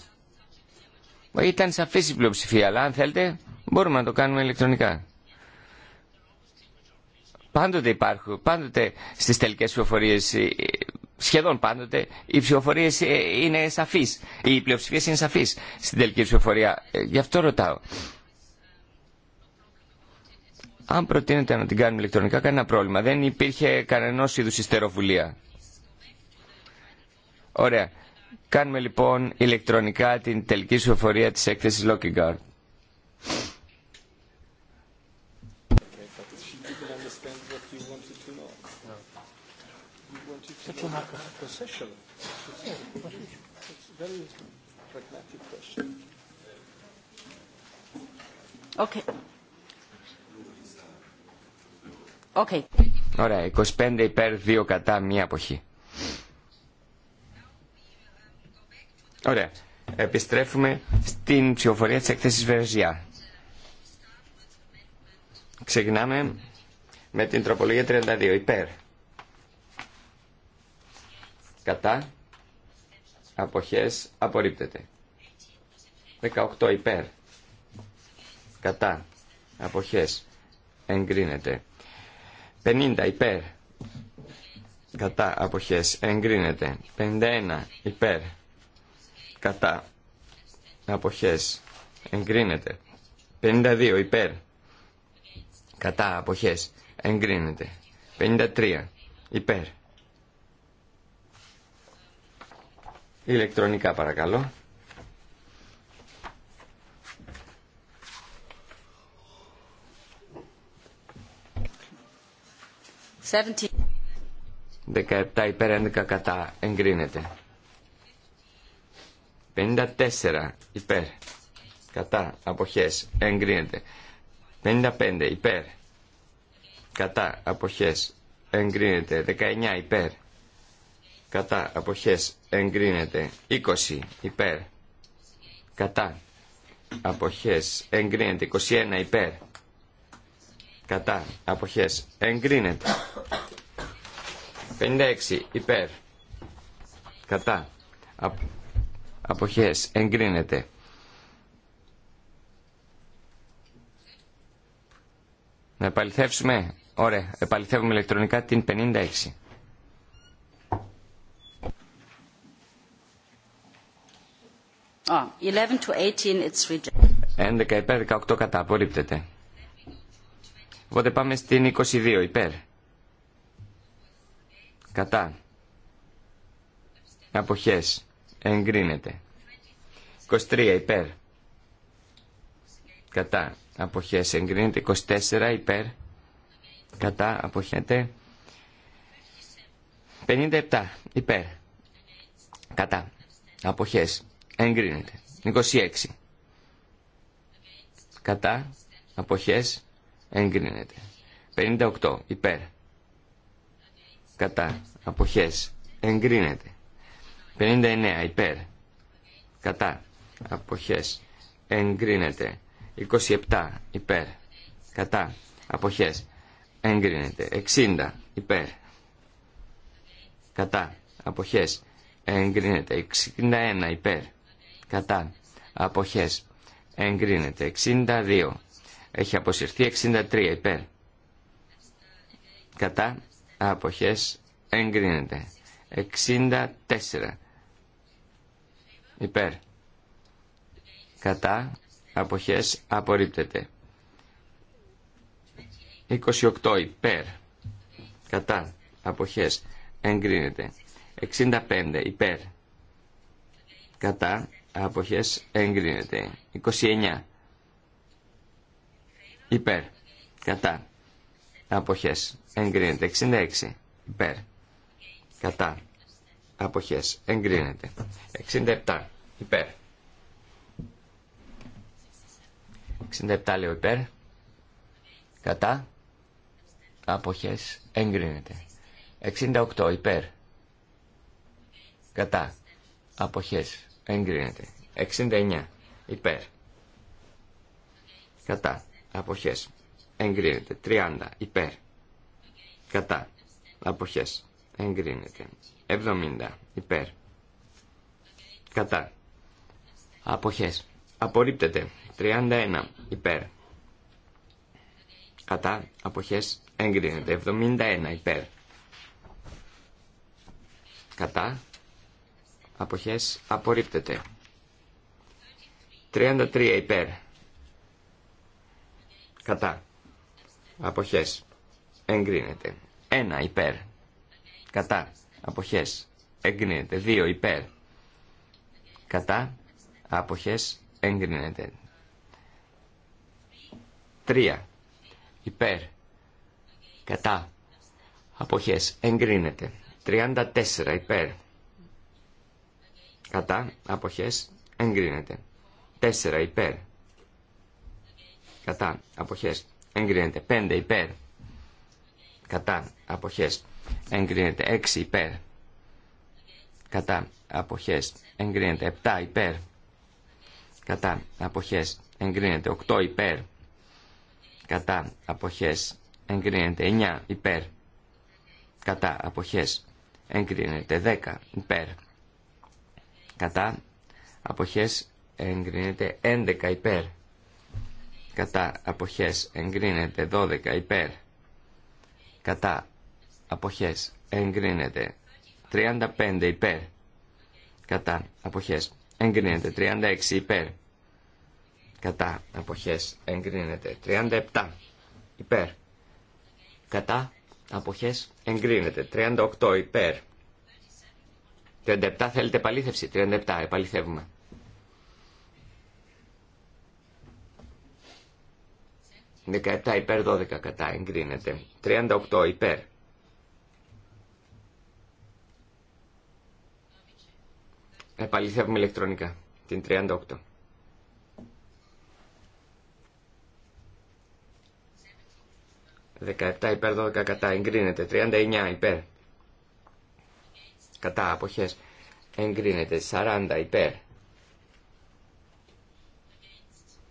Ήταν σαφής η πλειοψηφία, αλλά αν θέλετε μπορούμε να το κάνουμε ηλεκτρονικά. Πάντοτε υπάρχουν, πάντοτε στις τελικές ψηφοφορίες, ε, σχεδόν πάντοτε, οι ψηφοφορίες ε, είναι σαφείς, οι πλειοψηφίες είναι σαφείς στην τελική ψηφοφορία. Ε, γι' αυτό ρωτάω. Αν προτείνετε να την κάνουμε ηλεκτρονικά, κανένα πρόβλημα. Δεν υπήρχε κανένα είδου ιστεροβουλία. Ωραία. Κάνουμε λοιπόν ηλεκτρονικά την τελική εφορία της έκθεσης Locking Okay. Okay. Ωραία, 25 υπέρ, 2 κατά, μία αποχή. Ωραία. Επιστρέφουμε στην ψηφοφορία της έκθεσης Βερζιά. Ξεκινάμε με την τροπολογία 32. Υπέρ. Κατά. Αποχές. Απορρίπτεται. 18. Υπέρ. Κατά. Αποχές. Εγκρίνεται. 50. Υπέρ. Κατά. Αποχές. Εγκρίνεται. 51. Υπέρ κατά αποχές εγκρίνεται 52 υπέρ κατά αποχές εγκρίνεται 53 υπέρ ηλεκτρονικά παρακαλώ Δεκαεπτά υπέρ 11 κατά εγκρίνεται 54 υπέρ κατά αποχές εγκρίνεται 55 υπέρ κατά αποχές εγκρίνεται 19 υπέρ κατά αποχές εγκρίνεται 20 υπέρ κατά αποχές εγκρίνεται 21 υπέρ κατά αποχές εγκρίνεται 56 υπέρ κατά αποχές εγκρίνεται. Να επαληθεύσουμε. Ωραία, επαληθεύουμε ηλεκτρονικά την 56. Oh, 11 18, υπέρ, 18 κατά, απορρίπτεται. Οπότε πάμε στην 22 υπέρ. Κατά. Αποχές εγκρίνεται. 23 υπέρ. Κατά αποχές εγκρίνεται. 24 υπέρ. Κατά αποχέται. 57 υπέρ. Κατά αποχές εγκρίνεται. 26 κατά αποχές εγκρίνεται. 58 υπέρ κατά αποχές εγκρίνεται. 59 υπέρ. Κατά. Αποχές. Εγκρίνεται. 27 υπέρ. Κατά. Αποχές. Εγκρίνεται. 60 υπέρ. Κατά. Αποχές. Εγκρίνεται. 61 υπέρ. Κατά. Αποχές. Εγκρίνεται. 62. Έχει αποσυρθεί. 63 υπέρ. Κατά. Αποχές. Εγκρίνεται. 64 υπέρ κατά αποχές απορρίπτεται 28 υπέρ κατά αποχές εγκρίνεται 65 υπέρ κατά αποχές εγκρίνεται 29 υπέρ κατά αποχές εγκρίνεται 66 υπέρ κατά αποχές εγκρίνεται 67 υπέρ 67 λέω υπέρ κατά αποχές εγκρίνεται 68 υπέρ κατά αποχές εγκρίνεται 69 υπέρ κατά αποχές εγκρίνεται 30 υπέρ κατά αποχές εγκρίνεται 70 υπέρ. Κατά. Αποχές. Απορρίπτεται. 31 υπέρ. Κατά. Αποχές. Εγκρίνεται. 71 υπέρ. Κατά. Αποχές. Απορρίπτεται. 33 υπέρ. Κατά. Αποχές. Εγκρίνεται. 1 υπέρ. Κατά αποχές εγκρίνεται 2 υπέρ κατά αποχές εγκρίνεται 3 υπέρ κατά αποχές εγκρίνεται 34 υπέρ κατά αποχές εγκρίνεται 4 υπέρ κατά αποχές εγκρίνεται 5 υπέρ κατά αποχές εγκρίνεται 6 υπέρ κατά αποχές εγκρίνεται 7 υπέρ κατά αποχές εγκρίνεται 8 υπέρ κατά αποχές εγκρίνεται 9 υπέρ κατά αποχές εγκρίνεται 10 υπέρ κατά αποχές εγκρίνεται 11 υπέρ κατά αποχές εγκρίνεται 12 υπέρ κατά αποχές εγκρίνεται 35 υπέρ κατά αποχές εγκρίνεται 36 υπέρ κατά αποχές εγκρίνεται 37 υπέρ κατά αποχές εγκρίνεται 38 υπέρ 37 θέλετε επαλήθευση 37 επαληθεύουμε ...17 υπέρ 12 κατά εγκρίνεται... ...38 υπέρ Επαληθεύουμε ηλεκτρονικά την 38. ...17 υπέρ 12 κατά εγκρίνεται... ...39 υπέρ... ...κατά αποχές... ...εγκρίνεται 40 υπέρ...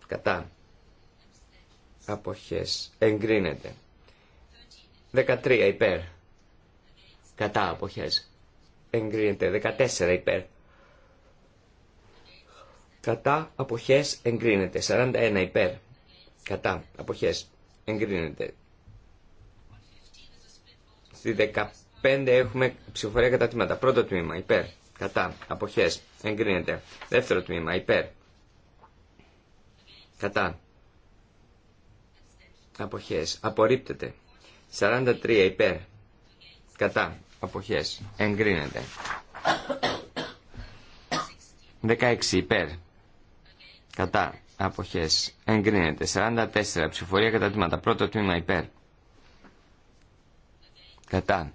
...κατά... ...αποχές... ...εγκρίνεται... ...13 υπέρ... ...κατά αποχές... ...εγκρίνεται 14 υπέρ κατά αποχές εγκρίνεται. 41 υπέρ, κατά αποχές εγκρίνεται. Στη 15 έχουμε ψηφοφορία κατά τμήματα. Πρώτο τμήμα υπέρ, κατά αποχές εγκρίνεται. Δεύτερο τμήμα υπέρ, κατά αποχές απορρίπτεται. 43 υπέρ, κατά αποχές εγκρίνεται. 16 υπέρ, Κατά. Αποχές. Εγκρίνεται. 44. Ψηφορία κατά τμήματα. Πρώτο τμήμα υπέρ. Κατά.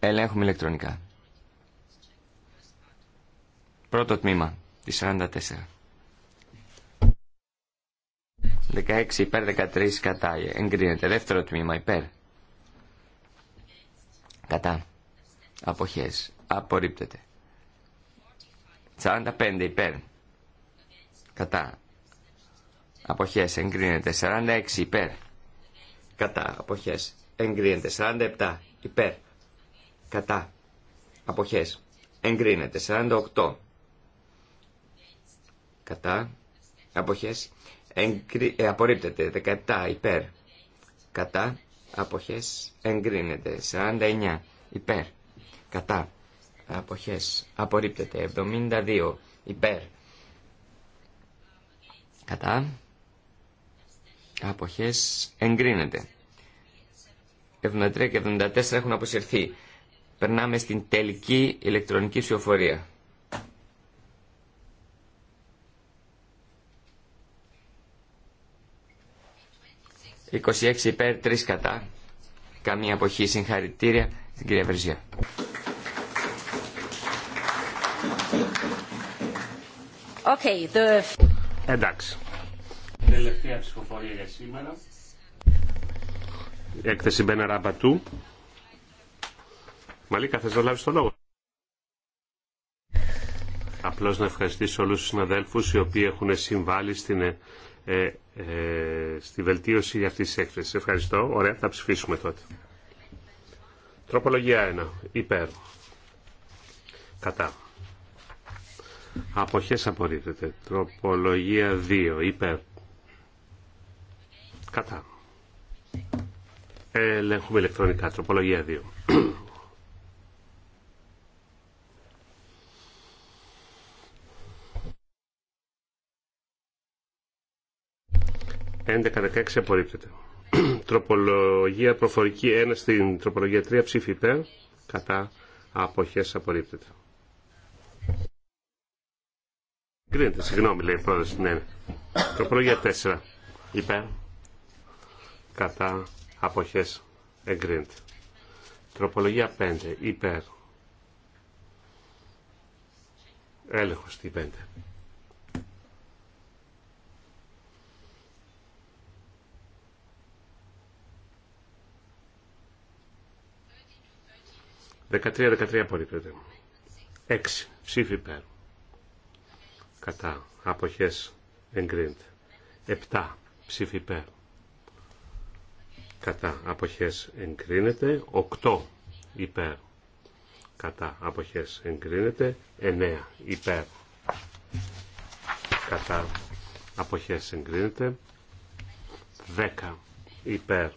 Ελέγχουμε ηλεκτρονικά. Πρώτο τμήμα. Τη 44. 16 υπέρ 13 κατά. Εγκρίνεται. Δεύτερο τμήμα υπέρ. Κατά. Αποχές. Απορρίπτεται. 45 υπέρ κατά απόχέ εγκρίνεται 46 υπέρ κατά απόχέ. εγκρίνεται 47 υπέρ κατά απόχέ. εγκρίνεται 48 κατά απόχέ. εγκρι... ε, απορρίπτεται 17 υπέρ κατά Αποχέ. εγκρίνεται 49 υπέρ κατά απόχέ. απορρίπτεται 72 υπέρ Κατά. Αποχές εγκρίνεται. 73 και 74 έχουν αποσυρθεί. Περνάμε στην τελική ηλεκτρονική ψηφοφορία. ...26 υπέρ, 3 κατά. Καμία αποχή. Συγχαρητήρια στην κυρία Βερζιά. Okay, Εντάξει. Τελευταία ψηφοφορία για σήμερα. Έκθεση Μπένα Ραμπατού. Μαλίκα, θες να λάβεις το λόγο. Απλώς να ευχαριστήσω όλους τους συναδέλφους οι οποίοι έχουν συμβάλει στην, ε, ε, στη βελτίωση αυτής της έκθεσης. Ευχαριστώ. Ωραία, θα ψηφίσουμε τότε. Τροπολογία 1. Υπέρ. Κατά. Αποχές απορρίπτεται. Τροπολογία 2. Υπέρ. Κατά. Ελέγχουμε ηλεκτρονικά. Τροπολογία 2. «11-16 απορρίπτεται». Τροπολογία προφορική 1 στην τροπολογία 3 ψήφι υπέρ, κατά αποχές απορρίπτεται. Κρίνεται, συγγνώμη, λέει η πρόεδρο. Ναι, ναι. Τροπολογία 4. Υπέρ. Κατά αποχέ. Εγκρίνεται. Τροπολογία 5. Υπέρ. Έλεγχο στη 5. 13. δεκατρία απορρίπτεται. 6. Ψήφι υπέρ κατά αποχές εγκρίνεται 7 ψήφι υπέρ κατά αποχές εγκρίνεται 8 υπέρ κατά αποχές εγκρίνεται 9 υπέρ κατά αποχές εγκρίνεται 10 υπέρ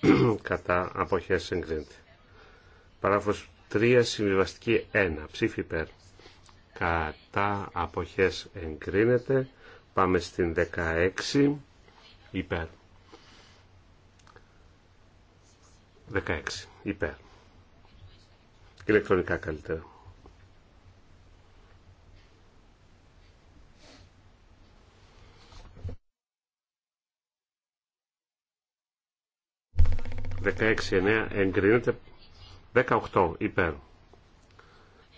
κατά αποχές εγκρίνεται παράγραφος 3 συμβιβαστική 1 ψήφι υπέρ κατά αποχές εγκρίνεται. Πάμε στην 16 υπέρ. 16 υπέρ. Ηλεκτρονικά καλύτερα. 16. εννέα εγκρίνεται. 18. υπέρ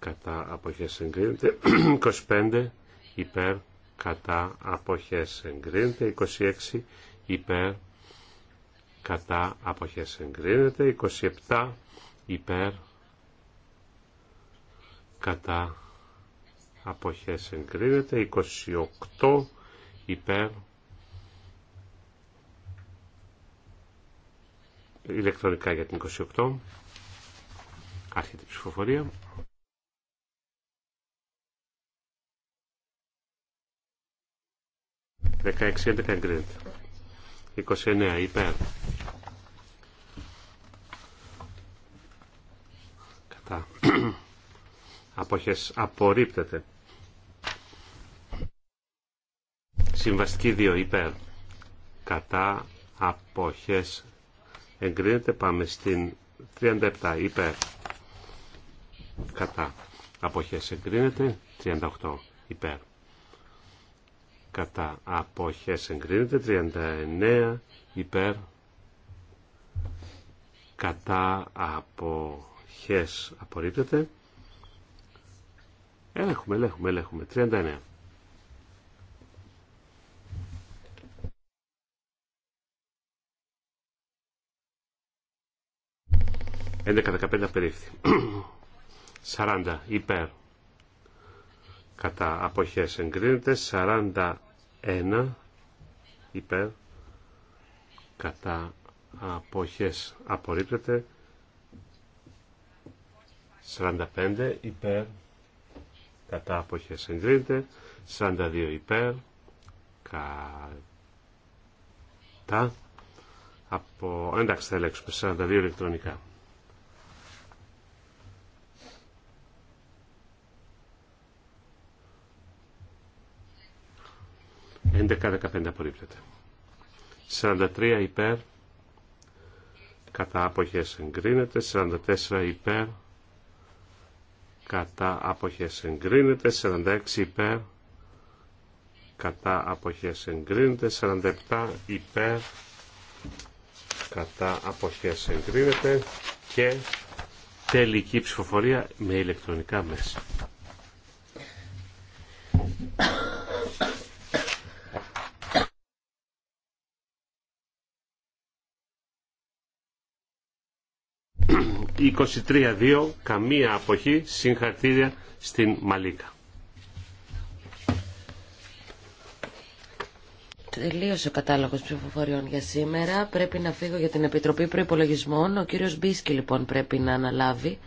κατά αποχές εγκρίνεται 25 υπέρ κατά αποχές εγκρίνεται 26 υπέρ κατά αποχές εγκρίνεται 27 υπέρ κατά αποχές εγκρίνεται 28 υπέρ ηλεκτρονικά για την 28 άρχεται η ψηφοφορία 16-11 εγκρίνεται. 29 υπέρ. Κατά. Αποχές απορρίπτεται. Συμβαστική 2 υπέρ. Κατά. Αποχές εγκρίνεται. Πάμε στην 37 υπέρ. Κατά. Αποχές εγκρίνεται. 38 υπέρ κατά αποχές εγκρίνεται 39 υπέρ κατά αποχές απορρίπτεται ελέγχουμε, ελέγχουμε, ελέγχουμε 39 11-15 περίφθη. 40 υπέρ κατά αποχές εγκρίνεται, 1 υπέρ κατά αποχές απορρίπτεται 45 υπέρ κατά αποχές εγκρίνεται 42 υπέρ κατά από εντάξει θα ελέγξουμε 42 ηλεκτρονικά 11-15 απορρίπτεται. 43 υπέρ. Κατά αποχές εγκρίνεται. 44 υπέρ. Κατά αποχές εγκρίνεται. 46 υπέρ. Κατά αποχές εγκρίνεται. 47 υπέρ. Κατά αποχές εγκρίνεται. Και τελική ψηφοφορία με ηλεκτρονικά μέσα. 23-2, καμία αποχή, συγχαρτήρια στην Μαλίκα. Τελείωσε ο κατάλογος ψηφοφοριών για σήμερα. Πρέπει να φύγω για την Επιτροπή προπολογισμών. Ο κύριο Μπίσκι λοιπόν πρέπει να αναλάβει.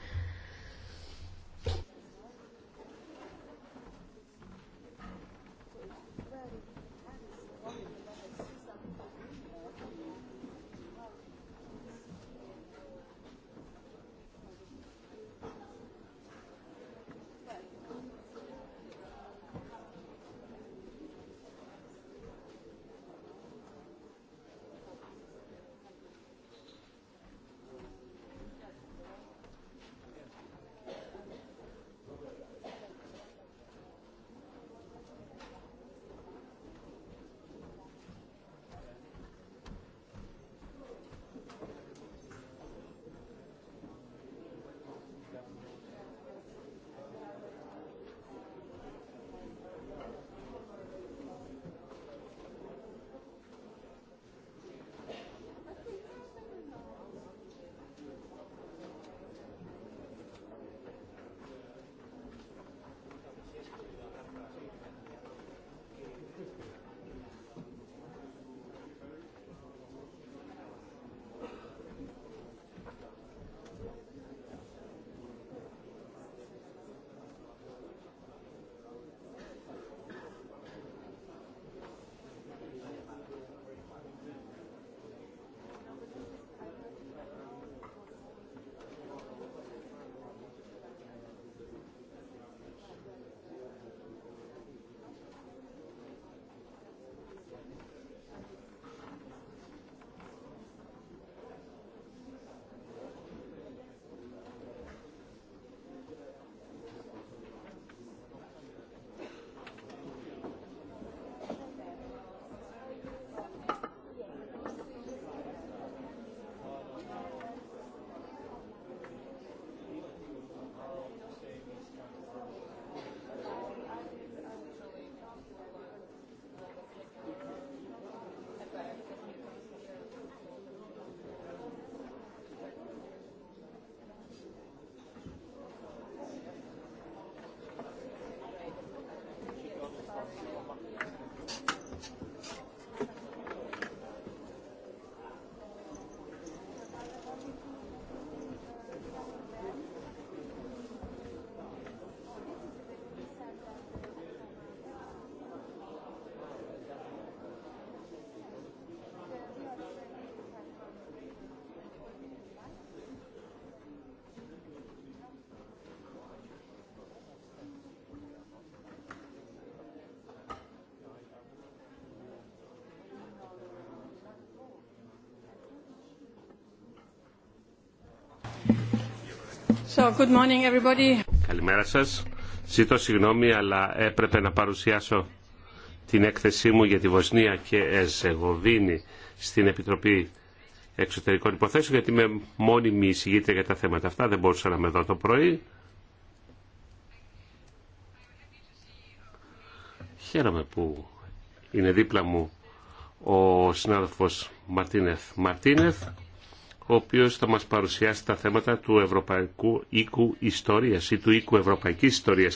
Καλημέρα σας. Ζητώ συγγνώμη, αλλά έπρεπε να παρουσιάσω την έκθεσή μου για τη Βοσνία και Ερζεγοβίνη στην Επιτροπή Εξωτερικών Υποθέσεων, γιατί είμαι μόνιμη εισηγήτρια για τα θέματα αυτά. Δεν μπορούσα να είμαι εδώ το πρωί. Χαίρομαι που είναι δίπλα μου ο συνάδελφος Μαρτίνεθ Μαρτίνεθ ο οποίο θα μα παρουσιάσει τα θέματα του ευρωπαϊκού οίκου ιστορίας ή του οίκου ευρωπαϊκής ιστορία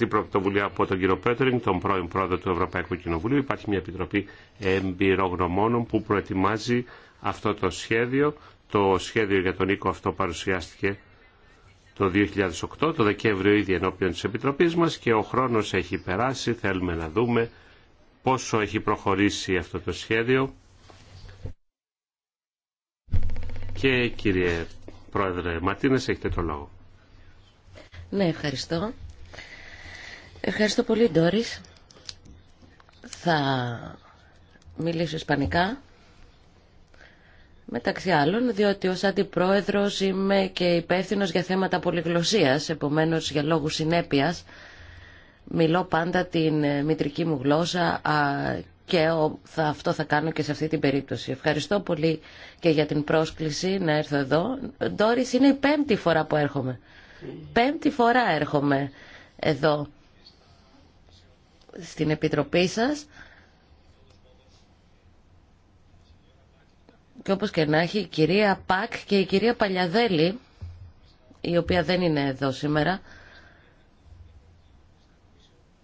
η πρωτοβουλία από τον κύριο Πέτρινγκ, τον πρώην πρόεδρο του οικου Ευρωπαϊκή Ιστορία καλυτερα ξεκινησε αυτη η Κοινοβουλίου. Υπάρχει μια επιτροπή εμπειρογνωμόνων που προετοιμάζει αυτό το σχέδιο. Το σχέδιο για τον οίκο αυτό παρουσιάστηκε το 2008, το Δεκέμβριο ήδη ενώπιον της Επιτροπής μας και ο χρόνος έχει περάσει, θέλουμε να δούμε πόσο έχει προχωρήσει αυτό το σχέδιο. Και κύριε Πρόεδρε Ματίνες, έχετε το λόγο. Ναι, ευχαριστώ. Ευχαριστώ πολύ, Ντόρις. Θα μιλήσω ισπανικά. Μεταξύ άλλων, διότι ως αντιπρόεδρος είμαι και υπεύθυνος για θέματα πολυγλωσσίας, επομένως για λόγους συνέπειας μιλώ πάντα την ε, μητρική μου γλώσσα και θα, αυτό θα κάνω και σε αυτή την περίπτωση. Ευχαριστώ πολύ και για την πρόσκληση να έρθω εδώ. Ντόρις, είναι η πέμπτη φορά που έρχομαι. Πέμπτη φορά έρχομαι εδώ στην Επιτροπή σας. Και όπως και να έχει, η κυρία Πακ και η κυρία Παλιαδέλη, η οποία δεν είναι εδώ σήμερα,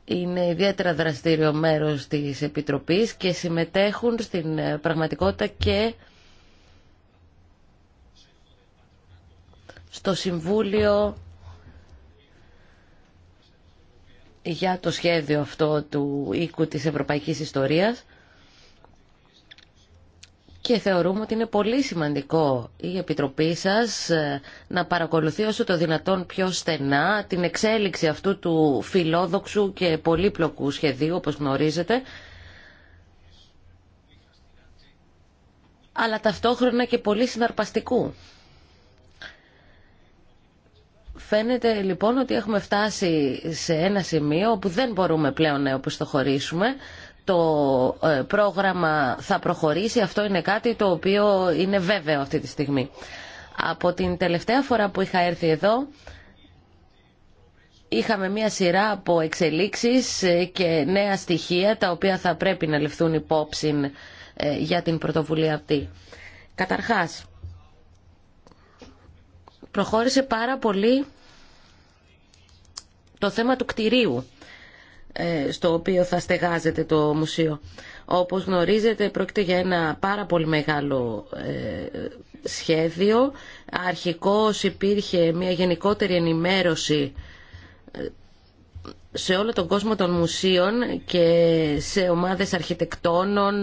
είναι ιδιαίτερα δραστήριο μέρος της Επιτροπής και συμμετέχουν στην ε, πραγματικότητα και στο Συμβούλιο για το σχέδιο αυτό του οίκου της Ευρωπαϊκής Ιστορίας και θεωρούμε ότι είναι πολύ σημαντικό η Επιτροπή σας ε, να παρακολουθεί όσο το δυνατόν πιο στενά την εξέλιξη αυτού του φιλόδοξου και πολύπλοκου σχεδίου, όπως γνωρίζετε, αλλά ταυτόχρονα και πολύ συναρπαστικού. Φαίνεται λοιπόν ότι έχουμε φτάσει σε ένα σημείο που δεν μπορούμε πλέον να το χωρίσουμε το ε, πρόγραμμα θα προχωρήσει. Αυτό είναι κάτι το οποίο είναι βέβαιο αυτή τη στιγμή. Από την τελευταία φορά που είχα έρθει εδώ, είχαμε μία σειρά από εξελίξεις ε, και νέα στοιχεία τα οποία θα πρέπει να ληφθούν υπόψη ε, για την πρωτοβουλία αυτή. Καταρχάς, προχώρησε πάρα πολύ το θέμα του κτηρίου ε, στο οποίο θα στεγάζεται το μουσείο. Όπως γνωρίζετε πρόκειται για ένα πάρα πολύ μεγάλο ε, σχέδιο. Αρχικώς υπήρχε μια γενικότερη ενημέρωση ε, σε όλο τον κόσμο των μουσείων και σε ομάδες αρχιτεκτόνων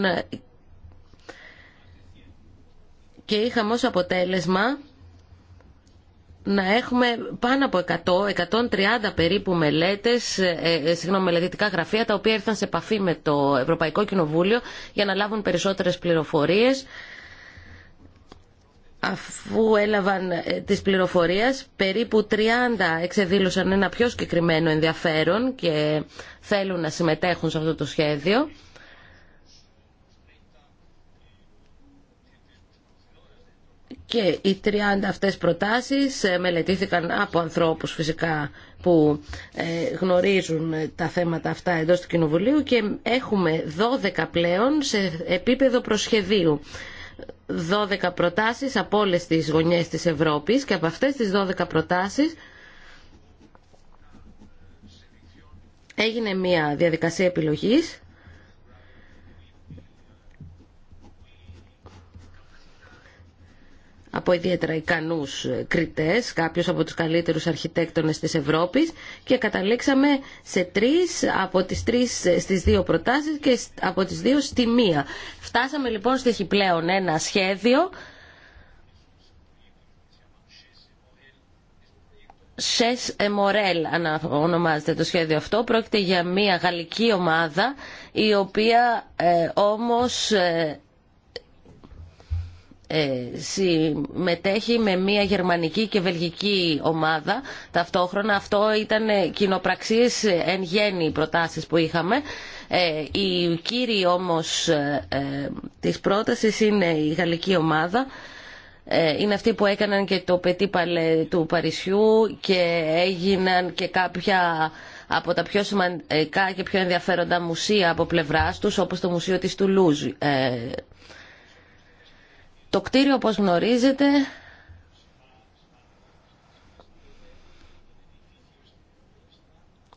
και είχαμε ως αποτέλεσμα να έχουμε πάνω από 100, 130 περίπου μελέτες, ε, ε, συγγνώμη, μελετητικά γραφεία, τα οποία ήρθαν σε επαφή με το Ευρωπαϊκό Κοινοβούλιο για να λάβουν περισσότερες πληροφορίες αφού έλαβαν ε, τις πληροφορίες, περίπου 30 εξεδήλωσαν ένα πιο συγκεκριμένο ενδιαφέρον και θέλουν να συμμετέχουν σε αυτό το σχέδιο. Και οι 30 αυτές προτάσεις ε, μελετήθηκαν από ανθρώπους φυσικά που ε, γνωρίζουν τα θέματα αυτά εντός του Κοινοβουλίου και έχουμε 12 πλέον σε επίπεδο προσχεδίου. 12 προτάσεις από όλες τις γωνιές της Ευρώπης και από αυτές τις 12 προτάσεις έγινε μια διαδικασία επιλογής από ιδιαίτερα ικανούς ε, κριτές, κάποιου από τους καλύτερους αρχιτέκτονες της Ευρώπης και καταλήξαμε σε τρεις από τις τρεις ε, στις δύο προτάσεις και από τις δύο στη μία. Φτάσαμε λοιπόν στο πλέον ένα σχέδιο Σες Εμορέλ ονομάζεται το σχέδιο αυτό. Πρόκειται για μια γαλλική ομάδα η οποία ε, όμως ε, ε, συμμετέχει με μια γερμανική και βελγική ομάδα ταυτόχρονα. Αυτό ήταν ε, κοινοπραξίες ε, εν γέννη προτάσεις που είχαμε. Οι κύριοι όμως της πρότασης είναι η γαλλική ομάδα είναι αυτοί που έκαναν και το πετί του Παρισιού και έγιναν και κάποια από τα πιο σημαντικά και πιο ενδιαφέροντα μουσεία από πλευράς τους όπως το Μουσείο της Τουλούζ το κτίριο, όπως γνωρίζετε,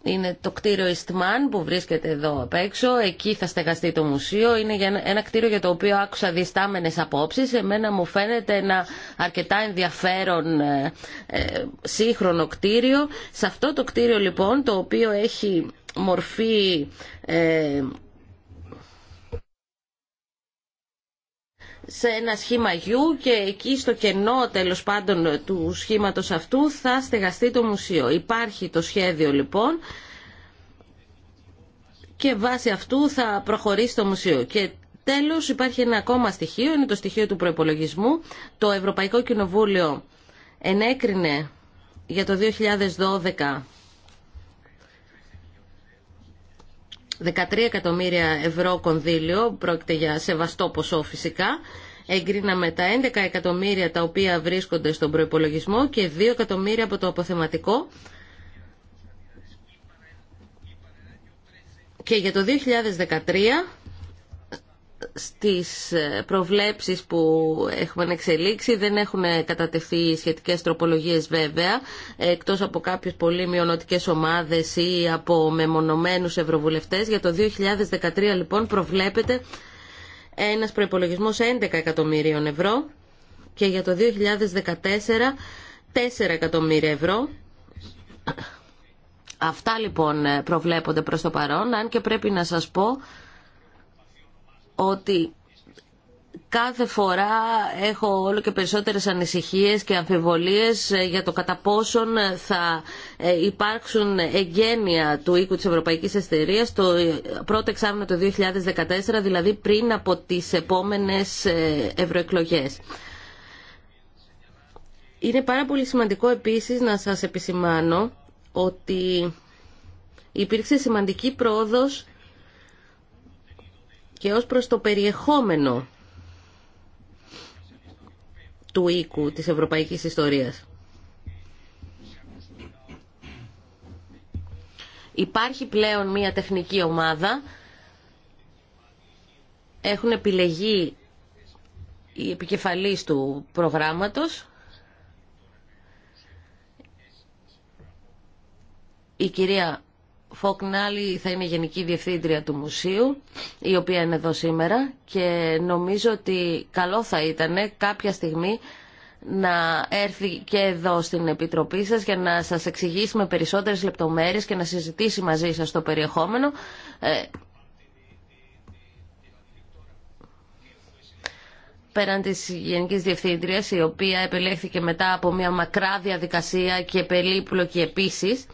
είναι το κτίριο Ιστμάν που βρίσκεται εδώ απ' έξω. Εκεί θα στεγαστεί το μουσείο. Είναι ένα κτίριο για το οποίο άκουσα διστάμενες απόψεις. Εμένα μου φαίνεται ένα αρκετά ενδιαφέρον ε, ε, σύγχρονο κτίριο. Σε αυτό το κτίριο λοιπόν, το οποίο έχει μορφή... Ε, σε ένα σχήμα γιου και εκεί στο κενό τέλος πάντων του σχήματος αυτού θα στεγαστεί το μουσείο. Υπάρχει το σχέδιο λοιπόν και βάσει αυτού θα προχωρήσει το μουσείο. Και τέλος υπάρχει ένα ακόμα στοιχείο, είναι το στοιχείο του προεπολογισμού Το Ευρωπαϊκό Κοινοβούλιο ενέκρινε για το 2012 13 εκατομμύρια ευρώ κονδύλιο, πρόκειται για σεβαστό ποσό φυσικά. Εγκρίναμε τα 11 εκατομμύρια τα οποία βρίσκονται στον προϋπολογισμό και 2 εκατομμύρια από το αποθεματικό. Και για το 2013 στις ε, προβλέψεις που έχουν εξελίξει δεν έχουν κατατεθεί σχετικές τροπολογίες βέβαια εκτός από κάποιες πολύ μειονοτικές ομάδες ή από μεμονωμένους ευρωβουλευτές για το 2013 λοιπόν προβλέπεται ένας προϋπολογισμός 11 εκατομμυρίων ευρώ και για το 2014 4 εκατομμύρια ευρώ Αυτά λοιπόν προβλέπονται προς το παρόν αν και πρέπει να σας πω ότι κάθε φορά έχω όλο και περισσότερες ανησυχίες και αμφιβολίες ε, για το κατά πόσον θα ε, υπάρξουν εγγένεια του οίκου της Ευρωπαϊκής Εστερίας το ε, πρώτο εξάμεινο του 2014, δηλαδή πριν από τις επόμενες ευρωεκλογές. Είναι πάρα πολύ σημαντικό επίσης να σας επισημάνω ότι υπήρξε σημαντική πρόοδος και ως προς το περιεχόμενο του οίκου της ευρωπαϊκής ιστορίας. Υπάρχει πλέον μία τεχνική ομάδα. Έχουν επιλεγεί οι επικεφαλής του προγράμματος. Η κυρία Φοκνάλη θα είναι η Γενική Διευθύντρια του Μουσείου, η οποία είναι εδώ σήμερα και νομίζω ότι καλό θα ήταν κάποια στιγμή να έρθει και εδώ στην Επιτροπή σας για να σας εξηγήσουμε περισσότερες λεπτομέρειες και να συζητήσει μαζί σας το περιεχόμενο. Ε, πέραν της Γενικής Διευθύντριας, η οποία επελέχθηκε μετά από μια μακρά διαδικασία και περίπλοκη επίσης,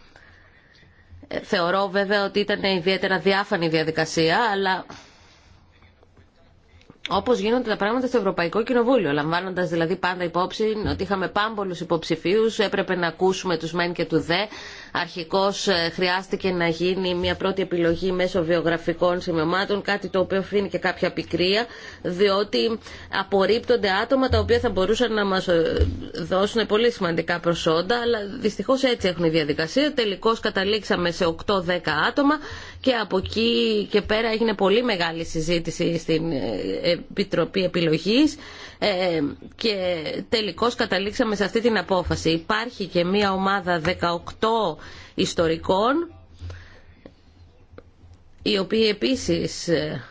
Θεωρώ βέβαια ότι ήταν ιδιαίτερα διάφανη διαδικασία, αλλά όπως γίνονται τα πράγματα στο Ευρωπαϊκό Κοινοβούλιο, λαμβάνοντας δηλαδή πάντα υπόψη ότι είχαμε πάμπολους υποψηφίους, έπρεπε να ακούσουμε τους μεν και του δε, αρχικώς ε, χρειάστηκε να γίνει μια πρώτη επιλογή μέσω βιογραφικών σημειωμάτων, κάτι το οποίο αφήνει και κάποια πικρία, διότι απορρίπτονται άτομα τα οποία θα μπορούσαν να μας ε, δώσουν πολύ σημαντικά προσόντα, αλλά δυστυχώς έτσι έχουν η διαδικασία. Τελικώς καταλήξαμε σε 8-10 άτομα και από εκεί και πέρα έγινε πολύ μεγάλη συζήτηση στην ε, Επιτροπή Επιλογής ε, και τελικώς καταλήξαμε σε αυτή την απόφαση. Υπάρχει και μία ομάδα 18 ιστορικών οι οποίοι επίσης ε,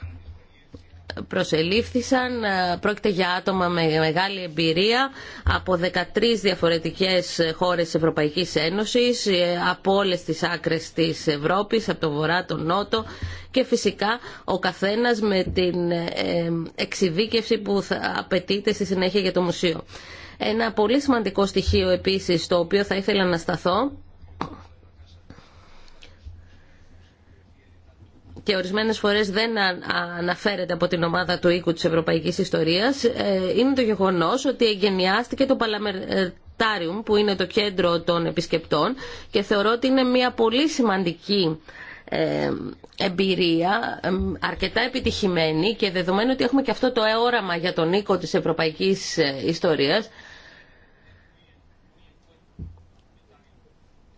προσελήφθησαν. Ε, πρόκειται για άτομα με μεγάλη εμπειρία από 13 διαφορετικές χώρες της Ευρωπαϊκής Ένωσης, ε, από όλες τις άκρες της Ευρώπης, από το βορρά, τον νότο και φυσικά ο καθένας με την ε, εξειδίκευση που απαιτείται στη συνέχεια για το μουσείο. Ένα πολύ σημαντικό στοιχείο επίσης, το οποίο θα ήθελα να σταθώ, και ορισμένες φορές δεν αναφέρεται από την ομάδα του οίκου της Ευρωπαϊκής Ιστορίας ε, είναι το γεγονός ότι εγγενιάστηκε το Παλαμερτάριουμ που είναι το κέντρο των επισκεπτών και θεωρώ ότι είναι μια πολύ σημαντική ε, εμπειρία αρκετά επιτυχημένη και δεδομένου ότι έχουμε και αυτό το αιώραμα για τον οίκο της Ευρωπαϊκής ε, Ιστορίας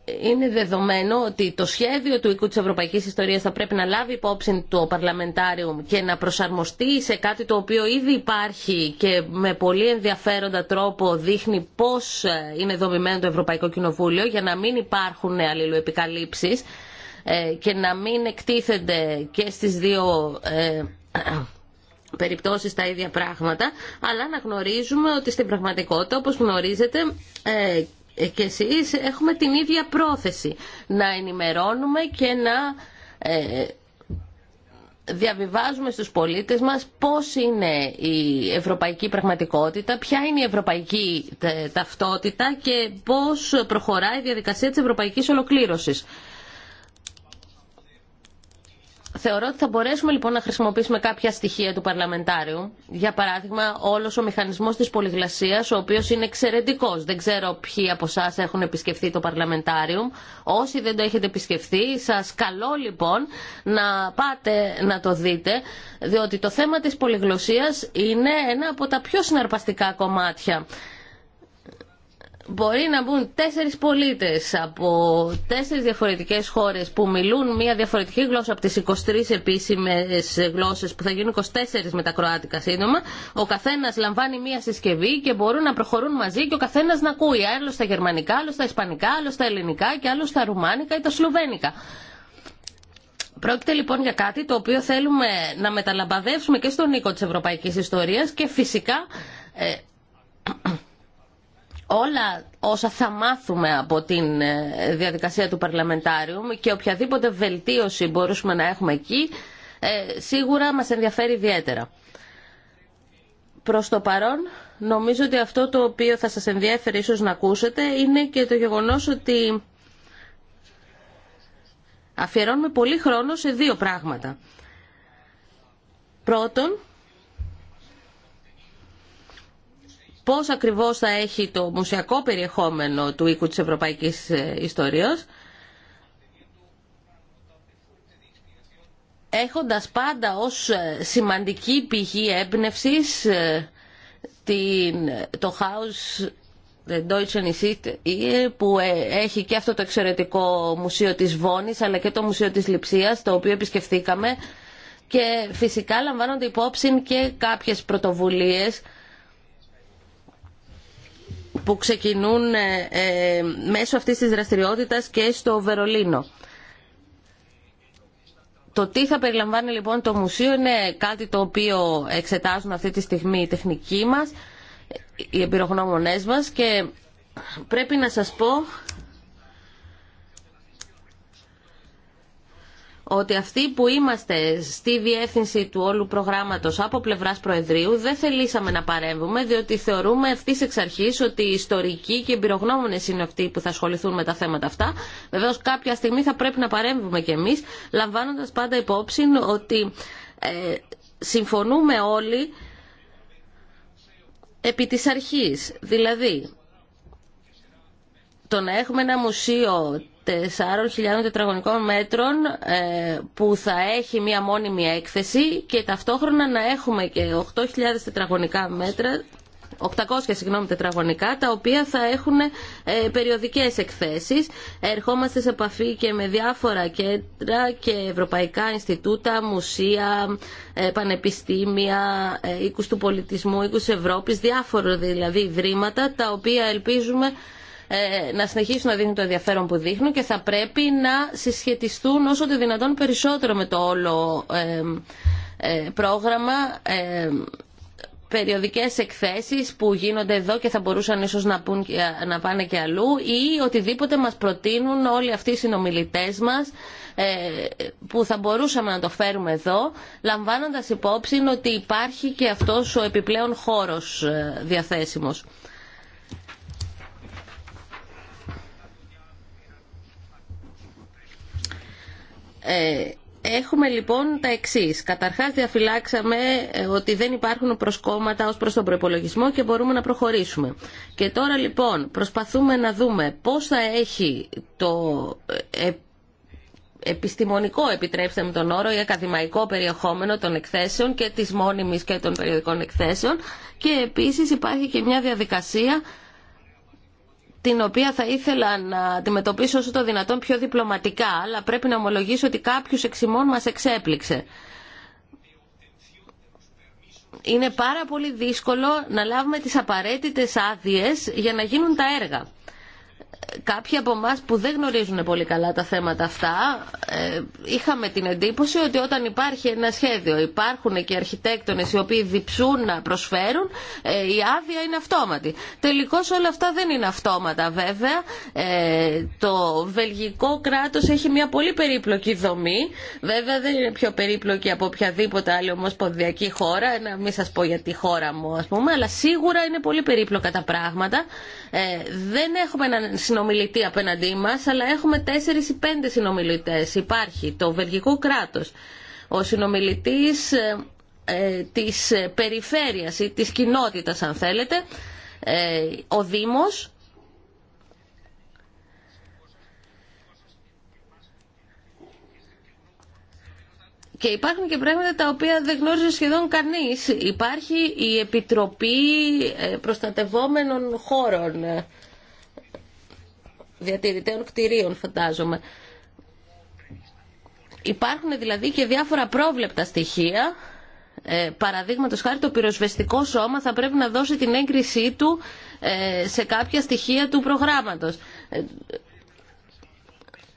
είναι δεδομένο ότι το σχέδιο του οίκου της Ευρωπαϊκής Ιστορίας θα πρέπει να λάβει υπόψη το Παρλαμεντάριο και να προσαρμοστεί σε κάτι το οποίο ήδη υπάρχει και με πολύ ενδιαφέροντα τρόπο δείχνει πώς ε, είναι δομημένο το Ευρωπαϊκό Κοινοβούλιο για να μην υπάρχουν αλληλοεπικαλύψεις ε, και να μην εκτίθενται και στις δύο ε, περιπτώσεις τα ίδια πράγματα αλλά να γνωρίζουμε ότι στην πραγματικότητα όπως γνωρίζετε ε, και εσείς έχουμε την ίδια πρόθεση να ενημερώνουμε και να ε, διαβιβάζουμε στους πολίτες μας πώς είναι η ευρωπαϊκή πραγματικότητα, ποια είναι η ευρωπαϊκή ε, ταυτότητα και πώς προχωράει η διαδικασία της ευρωπαϊκής ολοκλήρωσης. Θεωρώ ότι θα μπορέσουμε λοιπόν να χρησιμοποιήσουμε κάποια στοιχεία του Παρλαμεντάριου. Για παράδειγμα, όλο ο μηχανισμό τη πολυγλασία, ο οποίο είναι εξαιρετικό. Δεν ξέρω ποιοι από εσά έχουν επισκεφθεί το Παρλαμεντάριο. Όσοι δεν το έχετε επισκεφθεί, σα καλώ λοιπόν να πάτε να το δείτε, διότι το θέμα τη πολυγλωσία είναι ένα από τα πιο συναρπαστικά κομμάτια μπορεί να μπουν τέσσερις πολίτες από τέσσερις διαφορετικές χώρες που μιλούν μια διαφορετική γλώσσα από τις 23 επίσημες γλώσσες που θα γίνουν 24 με τα κροάτικα σύντομα. Ο καθένας λαμβάνει μια συσκευή και μπορούν να προχωρούν μαζί και ο καθένας να ακούει. Άλλο στα γερμανικά, άλλο στα ισπανικά, άλλο στα ελληνικά και άλλο στα ρουμάνικα ή τα σλοβένικα. Πρόκειται λοιπόν για κάτι το οποίο θέλουμε να μεταλαμπαδεύσουμε και στον οίκο της ευρωπαϊκής ιστορίας και φυσικά... Ε, όλα όσα θα μάθουμε από την ε, διαδικασία του Παρλαμεντάριου και οποιαδήποτε βελτίωση μπορούσαμε να έχουμε εκεί, ε, σίγουρα μας ενδιαφέρει ιδιαίτερα. Προς το παρόν, νομίζω ότι αυτό το οποίο θα σας ενδιαφέρει ίσως να ακούσετε είναι και το γεγονός ότι αφιερώνουμε πολύ χρόνο σε δύο πράγματα. Πρώτον, πώς ακριβώς θα έχει το μουσιακό περιεχόμενο του οίκου της ευρωπαϊκής ε, ιστορίας, έχοντας πάντα ως ε, σημαντική πηγή έμπνευσης ε, το House The Deutsche που έχει και αυτό το εξαιρετικό μουσείο της Βόνης αλλά και το μουσείο της Λιψίας το οποίο επισκεφθήκαμε και φυσικά λαμβάνονται υπόψη και κάποιες πρωτοβουλίες που ξεκινούν ε, ε, μέσω αυτής της δραστηριότητας και στο Βερολίνο. Το τι θα περιλαμβάνει λοιπόν το μουσείο είναι κάτι το οποίο εξετάζουν αυτή τη στιγμή οι τεχνικοί μας, οι εμπειρογνώμονές μας και πρέπει να σας πω ότι αυτοί που είμαστε στη διεύθυνση του όλου προγράμματος από πλευράς Προεδρίου δεν θελήσαμε να παρέμβουμε διότι θεωρούμε αυτής εξ αρχής ότι οι ιστορικοί και εμπειρογνώμονε είναι αυτοί που θα ασχοληθούν με τα θέματα αυτά. Βεβαίως κάποια στιγμή θα πρέπει να παρέμβουμε κι εμείς λαμβάνοντας πάντα υπόψη ότι ε, συμφωνούμε όλοι επί της αρχής. Δηλαδή το να έχουμε ένα μουσείο 4.000 τετραγωνικών μέτρων ε, που θα έχει μία μόνιμη έκθεση και ταυτόχρονα να έχουμε και 8.000 τετραγωνικά μέτρα 800 συγγνώμη, τετραγωνικά, τα οποία θα έχουν ε, περιοδικές εκθέσεις. Ερχόμαστε σε επαφή και με διάφορα κέντρα και ευρωπαϊκά Ινστιτούτα, μουσεία, ε, πανεπιστήμια, ε, του πολιτισμού, οίκους Ευρώπης, διάφορα δηλαδή ιδρύματα, τα οποία ελπίζουμε ε, να συνεχίσουν να δίνουν το ενδιαφέρον που δείχνουν και θα πρέπει να συσχετιστούν όσο το δυνατόν περισσότερο με το όλο ε, ε, πρόγραμμα περιοδικές εκθέσεις που γίνονται εδώ και θα μπορούσαν ίσως να, να πάνε και αλλού ή οτιδήποτε μας προτείνουν όλοι αυτοί οι συνομιλητές μας που θα μπορούσαμε να το φέρουμε εδώ λαμβάνοντας υπόψη ότι υπάρχει και αυτός ο επιπλέον χώρος διαθέσιμος. Ε, έχουμε λοιπόν τα εξή. Καταρχά, διαφυλάξαμε ε, ότι δεν υπάρχουν προσκόμματα ω προ τον προπολογισμό και μπορούμε να προχωρήσουμε. Και τώρα λοιπόν προσπαθούμε να δούμε πώ θα έχει το ε, επιστημονικό, επιτρέψτε με τον όρο, ή ακαδημαϊκό περιεχόμενο των εκθέσεων και της μόνιμης και των περιοδικών εκθέσεων και επίσης υπάρχει και μια διαδικασία την οποία θα ήθελα να αντιμετωπίσω όσο το δυνατόν πιο διπλωματικά, αλλά πρέπει να ομολογήσω ότι κάποιους εξημών μας εξέπληξε. Είναι πάρα πολύ δύσκολο να λάβουμε τις απαραίτητες άδειες για να γίνουν τα έργα κάποιοι από εμά που δεν γνωρίζουν πολύ καλά τα θέματα αυτά ε, είχαμε την εντύπωση ότι όταν υπάρχει ένα σχέδιο, υπάρχουν και αρχιτέκτονες οι οποίοι διψούν να προσφέρουν, ε, η άδεια είναι αυτόματη. Τελικώς όλα αυτά δεν είναι αυτόματα βέβαια. Ε, το βελγικό κράτος έχει μια πολύ περίπλοκη δομή. Βέβαια δεν είναι πιο περίπλοκη από οποιαδήποτε άλλη ομοσπονδιακή χώρα, να μην σας πω για τη χώρα μου ας πούμε, αλλά σίγουρα είναι πολύ περίπλοκα τα πράγματα. Δεν έχουμε έναν συνομιλητή απέναντί μα, αλλά έχουμε τέσσερις ή πέντε συνομιλητές. Υπάρχει το βελγικό κράτος, ο συνομιλητής ε, ε της περιφέρειας ή της κοινοτητα αν θέλετε, ε, ο δημο Και υπάρχουν και πράγματα τα οποία δεν γνώριζε σχεδόν κανείς. Υπάρχει η Επιτροπή ε, Προστατευόμενων Χώρων διατηρητέων κτηρίων φαντάζομαι. Υπάρχουν δηλαδή και διάφορα πρόβλεπτα στοιχεία. Ε, παραδείγματος χάρη το πυροσβεστικό σώμα θα πρέπει να δώσει την έγκρισή του ε, σε κάποια στοιχεία του προγράμματος. Ε,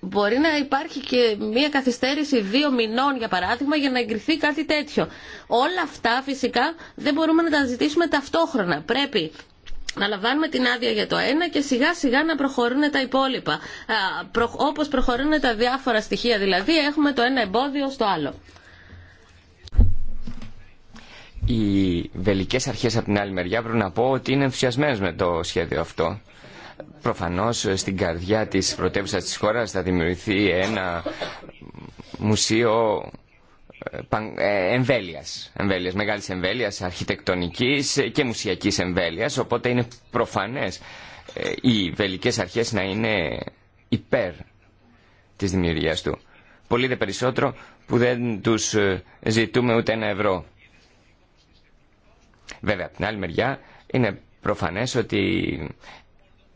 μπορεί να υπάρχει και μία καθυστέρηση δύο μηνών για παράδειγμα για να εγκριθεί κάτι τέτοιο. Όλα αυτά φυσικά δεν μπορούμε να τα ζητήσουμε ταυτόχρονα. Πρέπει να λαμβάνουμε την άδεια για το ένα και σιγά σιγά να προχωρούν τα υπόλοιπα. Όπω προχωρούν τα διάφορα στοιχεία δηλαδή έχουμε το ένα εμπόδιο στο άλλο. Οι βελικές αρχές από την άλλη μεριά πρέπει να πω ότι είναι ενθουσιασμένες με το σχέδιο αυτό. Προφανώς στην καρδιά της πρωτεύουσα της χώρας θα δημιουργηθεί ένα μουσείο ε, εμβέλειας, εμβέλειας, μεγάλης εμβέλειας, αρχιτεκτονικής και μουσιακή εμβέλειας, οπότε είναι προφανές ε, οι βελικές αρχές να είναι υπέρ της δημιουργίας του. Πολύ δε περισσότερο που δεν τους ε, ζητούμε ούτε ένα ευρώ. Βέβαια, από την άλλη μεριά είναι προφανές ότι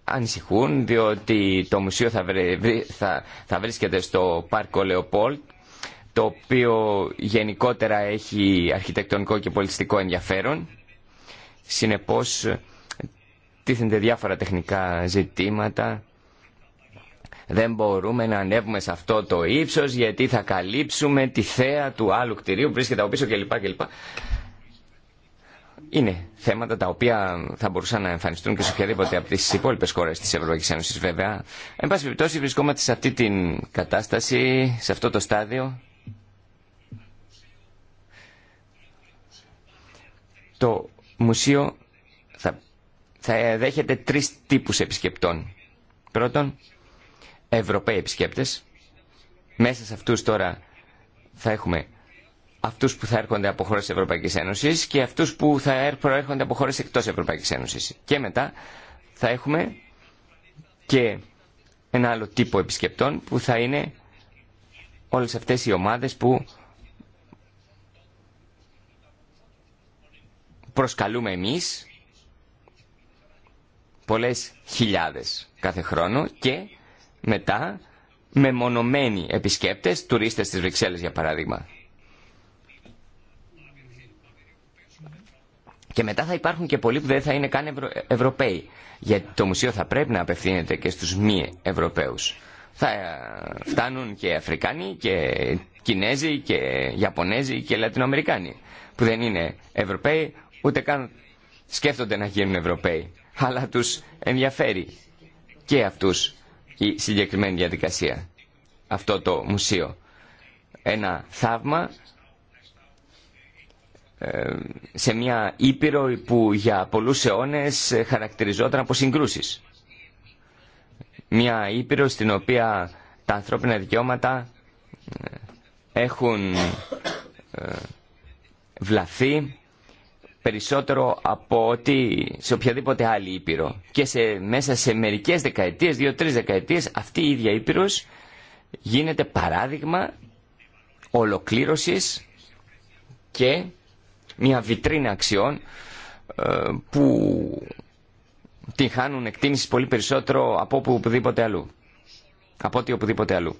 ανησυχούν διότι το μουσείο θα, βρε, θα βρίσκεται στο πάρκο Λεοπόλτ το οποίο γενικότερα έχει αρχιτεκτονικό και πολιτιστικό ενδιαφέρον. Συνεπώς, τίθενται διάφορα τεχνικά ζητήματα. Δεν μπορούμε να ανέβουμε σε αυτό το ύψος γιατί θα καλύψουμε τη θέα του άλλου κτηρίου που βρίσκεται από πίσω κλπ. κλπ. Είναι θέματα τα οποία θα μπορούσαν να εμφανιστούν και σε οποιαδήποτε από τι υπόλοιπε χώρε τη Ευρωπαϊκή Ένωση, βέβαια. Εν πάση περιπτώσει, βρισκόμαστε σε αυτή την κατάσταση, σε αυτό το στάδιο. Το μουσείο θα, θα δέχεται τρεις τύπους επισκεπτών. Πρώτον, Ευρωπαίοι επισκέπτες. Μέσα σε αυτούς τώρα θα έχουμε αυτούς που θα έρχονται από χώρες Ευρωπαϊκής Ένωσης και αυτούς που θα προέρχονται από χώρες εκτός Ευρωπαϊκής Ένωσης. Και μετά θα έχουμε και ένα άλλο τύπο επισκεπτών που θα είναι όλες αυτές οι ομάδες που προσκαλούμε εμείς πολλές χιλιάδες κάθε χρόνο και μετά με μονομενοι επισκέπτες, τουρίστες της Βρυξέλλες για παράδειγμα. Και μετά θα υπάρχουν και πολλοί που δεν θα είναι καν Ευρωπαίοι. Γιατί το μουσείο θα πρέπει να απευθύνεται και στους μη Ευρωπαίους. Θα ε, φτάνουν και Αφρικάνοι και Κινέζοι και Ιαπωνέζοι και Λατινοαμερικάνοι που δεν είναι Ευρωπαίοι ούτε καν σκέφτονται να γίνουν Ευρωπαίοι. Αλλά τους ενδιαφέρει και αυτούς η συγκεκριμένη διαδικασία. Αυτό το μουσείο. Ένα θαύμα ε, σε μια Ήπειρο που για πολλούς αιώνες χαρακτηριζόταν από συγκρούσεις. Μια Ήπειρο στην οποία τα ανθρώπινα δικαιώματα ε, έχουν ε, βλαθεί περισσότερο από ότι σε οποιαδήποτε άλλη ήπειρο. Και σε, μέσα σε μερικές δεκαετίες, δύο-τρεις δεκαετίες, αυτή η ίδια ήπειρος γίνεται παράδειγμα ολοκλήρωσης και μια βιτρίνα αξιών ε, που τη χάνουν εκτίμηση πολύ περισσότερο από οπουδήποτε αλλού. Από ό,τι οπουδήποτε αλλού.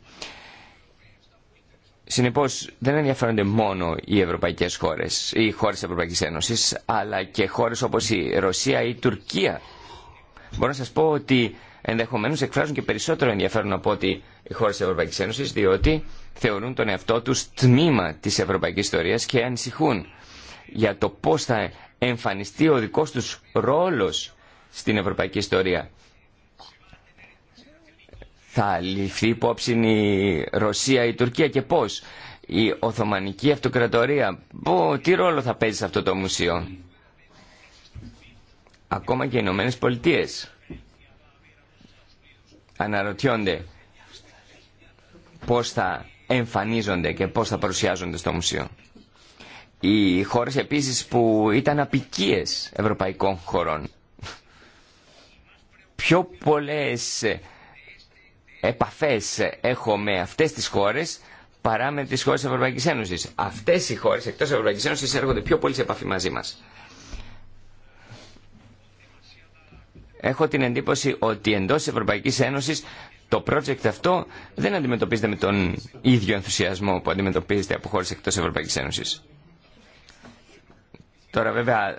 Συνεπώς δεν ενδιαφέρονται μόνο οι ευρωπαϊκές χώρες, οι χώρες της Ευρωπαϊκής Ένωσης, αλλά και χώρες όπως η Ρωσία ή η Τουρκία. Μπορώ να σας πω ότι ενδεχομένως εκφράζουν και περισσότερο ενδιαφέρον από ότι οι χώρες της Ευρωπαϊκής Ένωσης, διότι θεωρούν τον εαυτό τους τμήμα της ευρωπαϊκής ιστορίας και ανησυχούν για το πώς θα εμφανιστεί ο δικός τους ρόλος στην ευρωπαϊκή ιστορία. Θα ληφθεί υπόψη η Ρωσία, η Τουρκία και πώς. Η Οθωμανική Αυτοκρατορία, Πω, τι ρόλο θα παίζει σε αυτό το μουσείο. Ακόμα και οι Ηνωμένε Πολιτείε. Αναρωτιόνται πώς θα εμφανίζονται και πώς θα παρουσιάζονται στο μουσείο. Οι χώρες επίσης που ήταν απικίες ευρωπαϊκών χωρών. Πιο πολλές επαφές έχω με αυτές τις χώρες παρά με τις χώρες της Ευρωπαϊκής Ένωσης. Αυτές οι χώρες εκτός της Ευρωπαϊκής Ένωσης έρχονται πιο πολύ σε επαφή μαζί μας. Έχω την εντύπωση ότι εντός της Ευρωπαϊκής Ένωσης το project αυτό δεν αντιμετωπίζεται με τον ίδιο ενθουσιασμό που αντιμετωπίζεται από χώρες εκτός της Ευρωπαϊκής Ένωσης. Τώρα βέβαια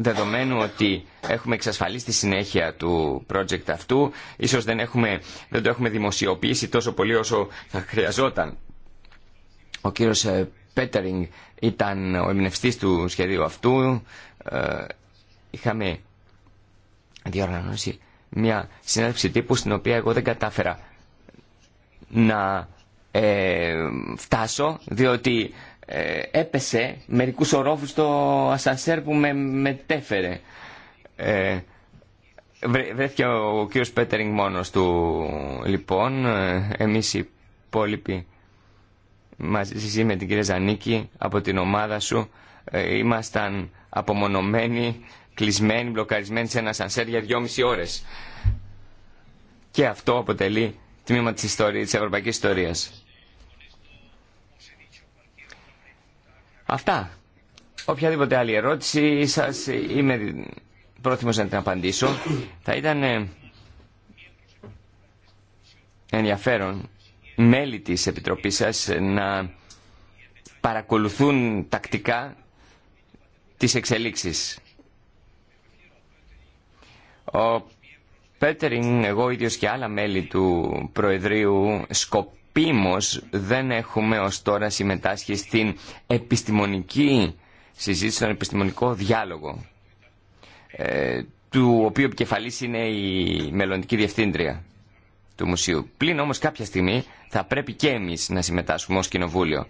δεδομένου ότι έχουμε εξασφαλίσει τη συνέχεια του project αυτού, ίσως δεν, έχουμε, δεν το έχουμε δημοσιοποιήσει τόσο πολύ όσο θα χρειαζόταν. Ο κύριος ε, Πέτερινγκ ήταν ο εμπνευστής του σχεδίου αυτού. Ε, είχαμε διοργανώσει μια συνέντευξη τύπου στην οποία εγώ δεν κατάφερα να ε, φτάσω διότι ε, έπεσε μερικούς ορόφους στο ασανσέρ που με μετέφερε. Ε, βρέθηκε ο, κύριος Πέτερινγκ μόνος του λοιπόν, ε, εμείς οι υπόλοιποι μαζί με την κυρία Ζανίκη από την ομάδα σου ε, ήμασταν απομονωμένοι, κλεισμένοι, μπλοκαρισμένοι σε ένα σανσέρ για δυόμιση ώρες. Και αυτό αποτελεί τμήμα της, ιστορίας, της ευρωπαϊκής ιστορίας. Αυτά. Οποιαδήποτε άλλη ερώτηση σας είμαι πρόθυμος να την απαντήσω. Θα ήταν ε, ενδιαφέρον μέλη της Επιτροπής σας να παρακολουθούν τακτικά τις εξελίξεις. Ο Πέτερινγκ, εγώ ίδιος και άλλα μέλη του προεδρίου σκοπ Επίμως δεν έχουμε ως τώρα συμμετάσχει στην επιστημονική συζήτηση, στον επιστημονικό διάλογο, ε, του οποίου επικεφαλής είναι η μελλοντική διευθύντρια του μουσείου. Πλην όμως κάποια στιγμή θα πρέπει και εμείς να συμμετάσχουμε ως κοινοβούλιο.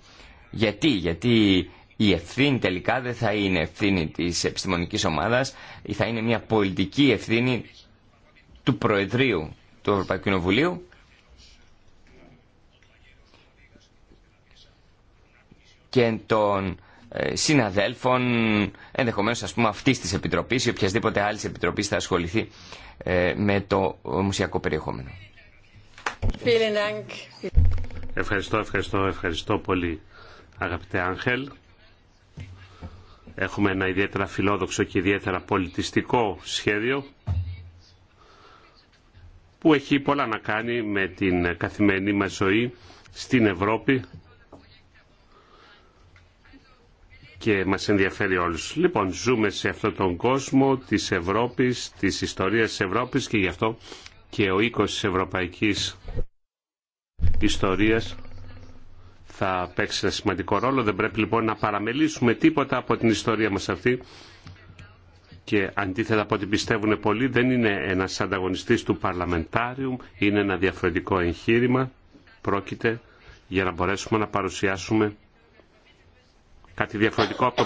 Γιατί, γιατί η ευθύνη τελικά δεν θα είναι ευθύνη της επιστημονικής ομάδας, θα είναι μια πολιτική ευθύνη του Προεδρείου του Ευρωπαϊκού Κοινοβουλίου και των ε, συναδέλφων, ενδεχομένως ας πούμε αυτής της Επιτροπής ή οποιασδήποτε άλλης Επιτροπής θα ασχοληθεί ε, με το μουσιακό περιεχόμενο. Ευχαριστώ, ευχαριστώ, ευχαριστώ πολύ αγαπητέ Άγχελ. Έχουμε ένα ιδιαίτερα φιλόδοξο και ιδιαίτερα πολιτιστικό σχέδιο που έχει πολλά να κάνει με την καθημερινή μας ζωή στην Ευρώπη και μας ενδιαφέρει όλους. Λοιπόν, ζούμε σε αυτόν τον κόσμο της Ευρώπης, της ιστορίας της Ευρώπης και γι' αυτό και ο οίκος της ευρωπαϊκής ιστορίας θα παίξει ένα σημαντικό ρόλο. Δεν πρέπει λοιπόν να παραμελήσουμε τίποτα από την ιστορία μας αυτή και αντίθετα από ό,τι πιστεύουν πολλοί δεν είναι ένας ανταγωνιστής του Παρλαμεντάριου, είναι ένα διαφορετικό εγχείρημα, πρόκειται για να μπορέσουμε να παρουσιάσουμε κάτι διαφορετικό από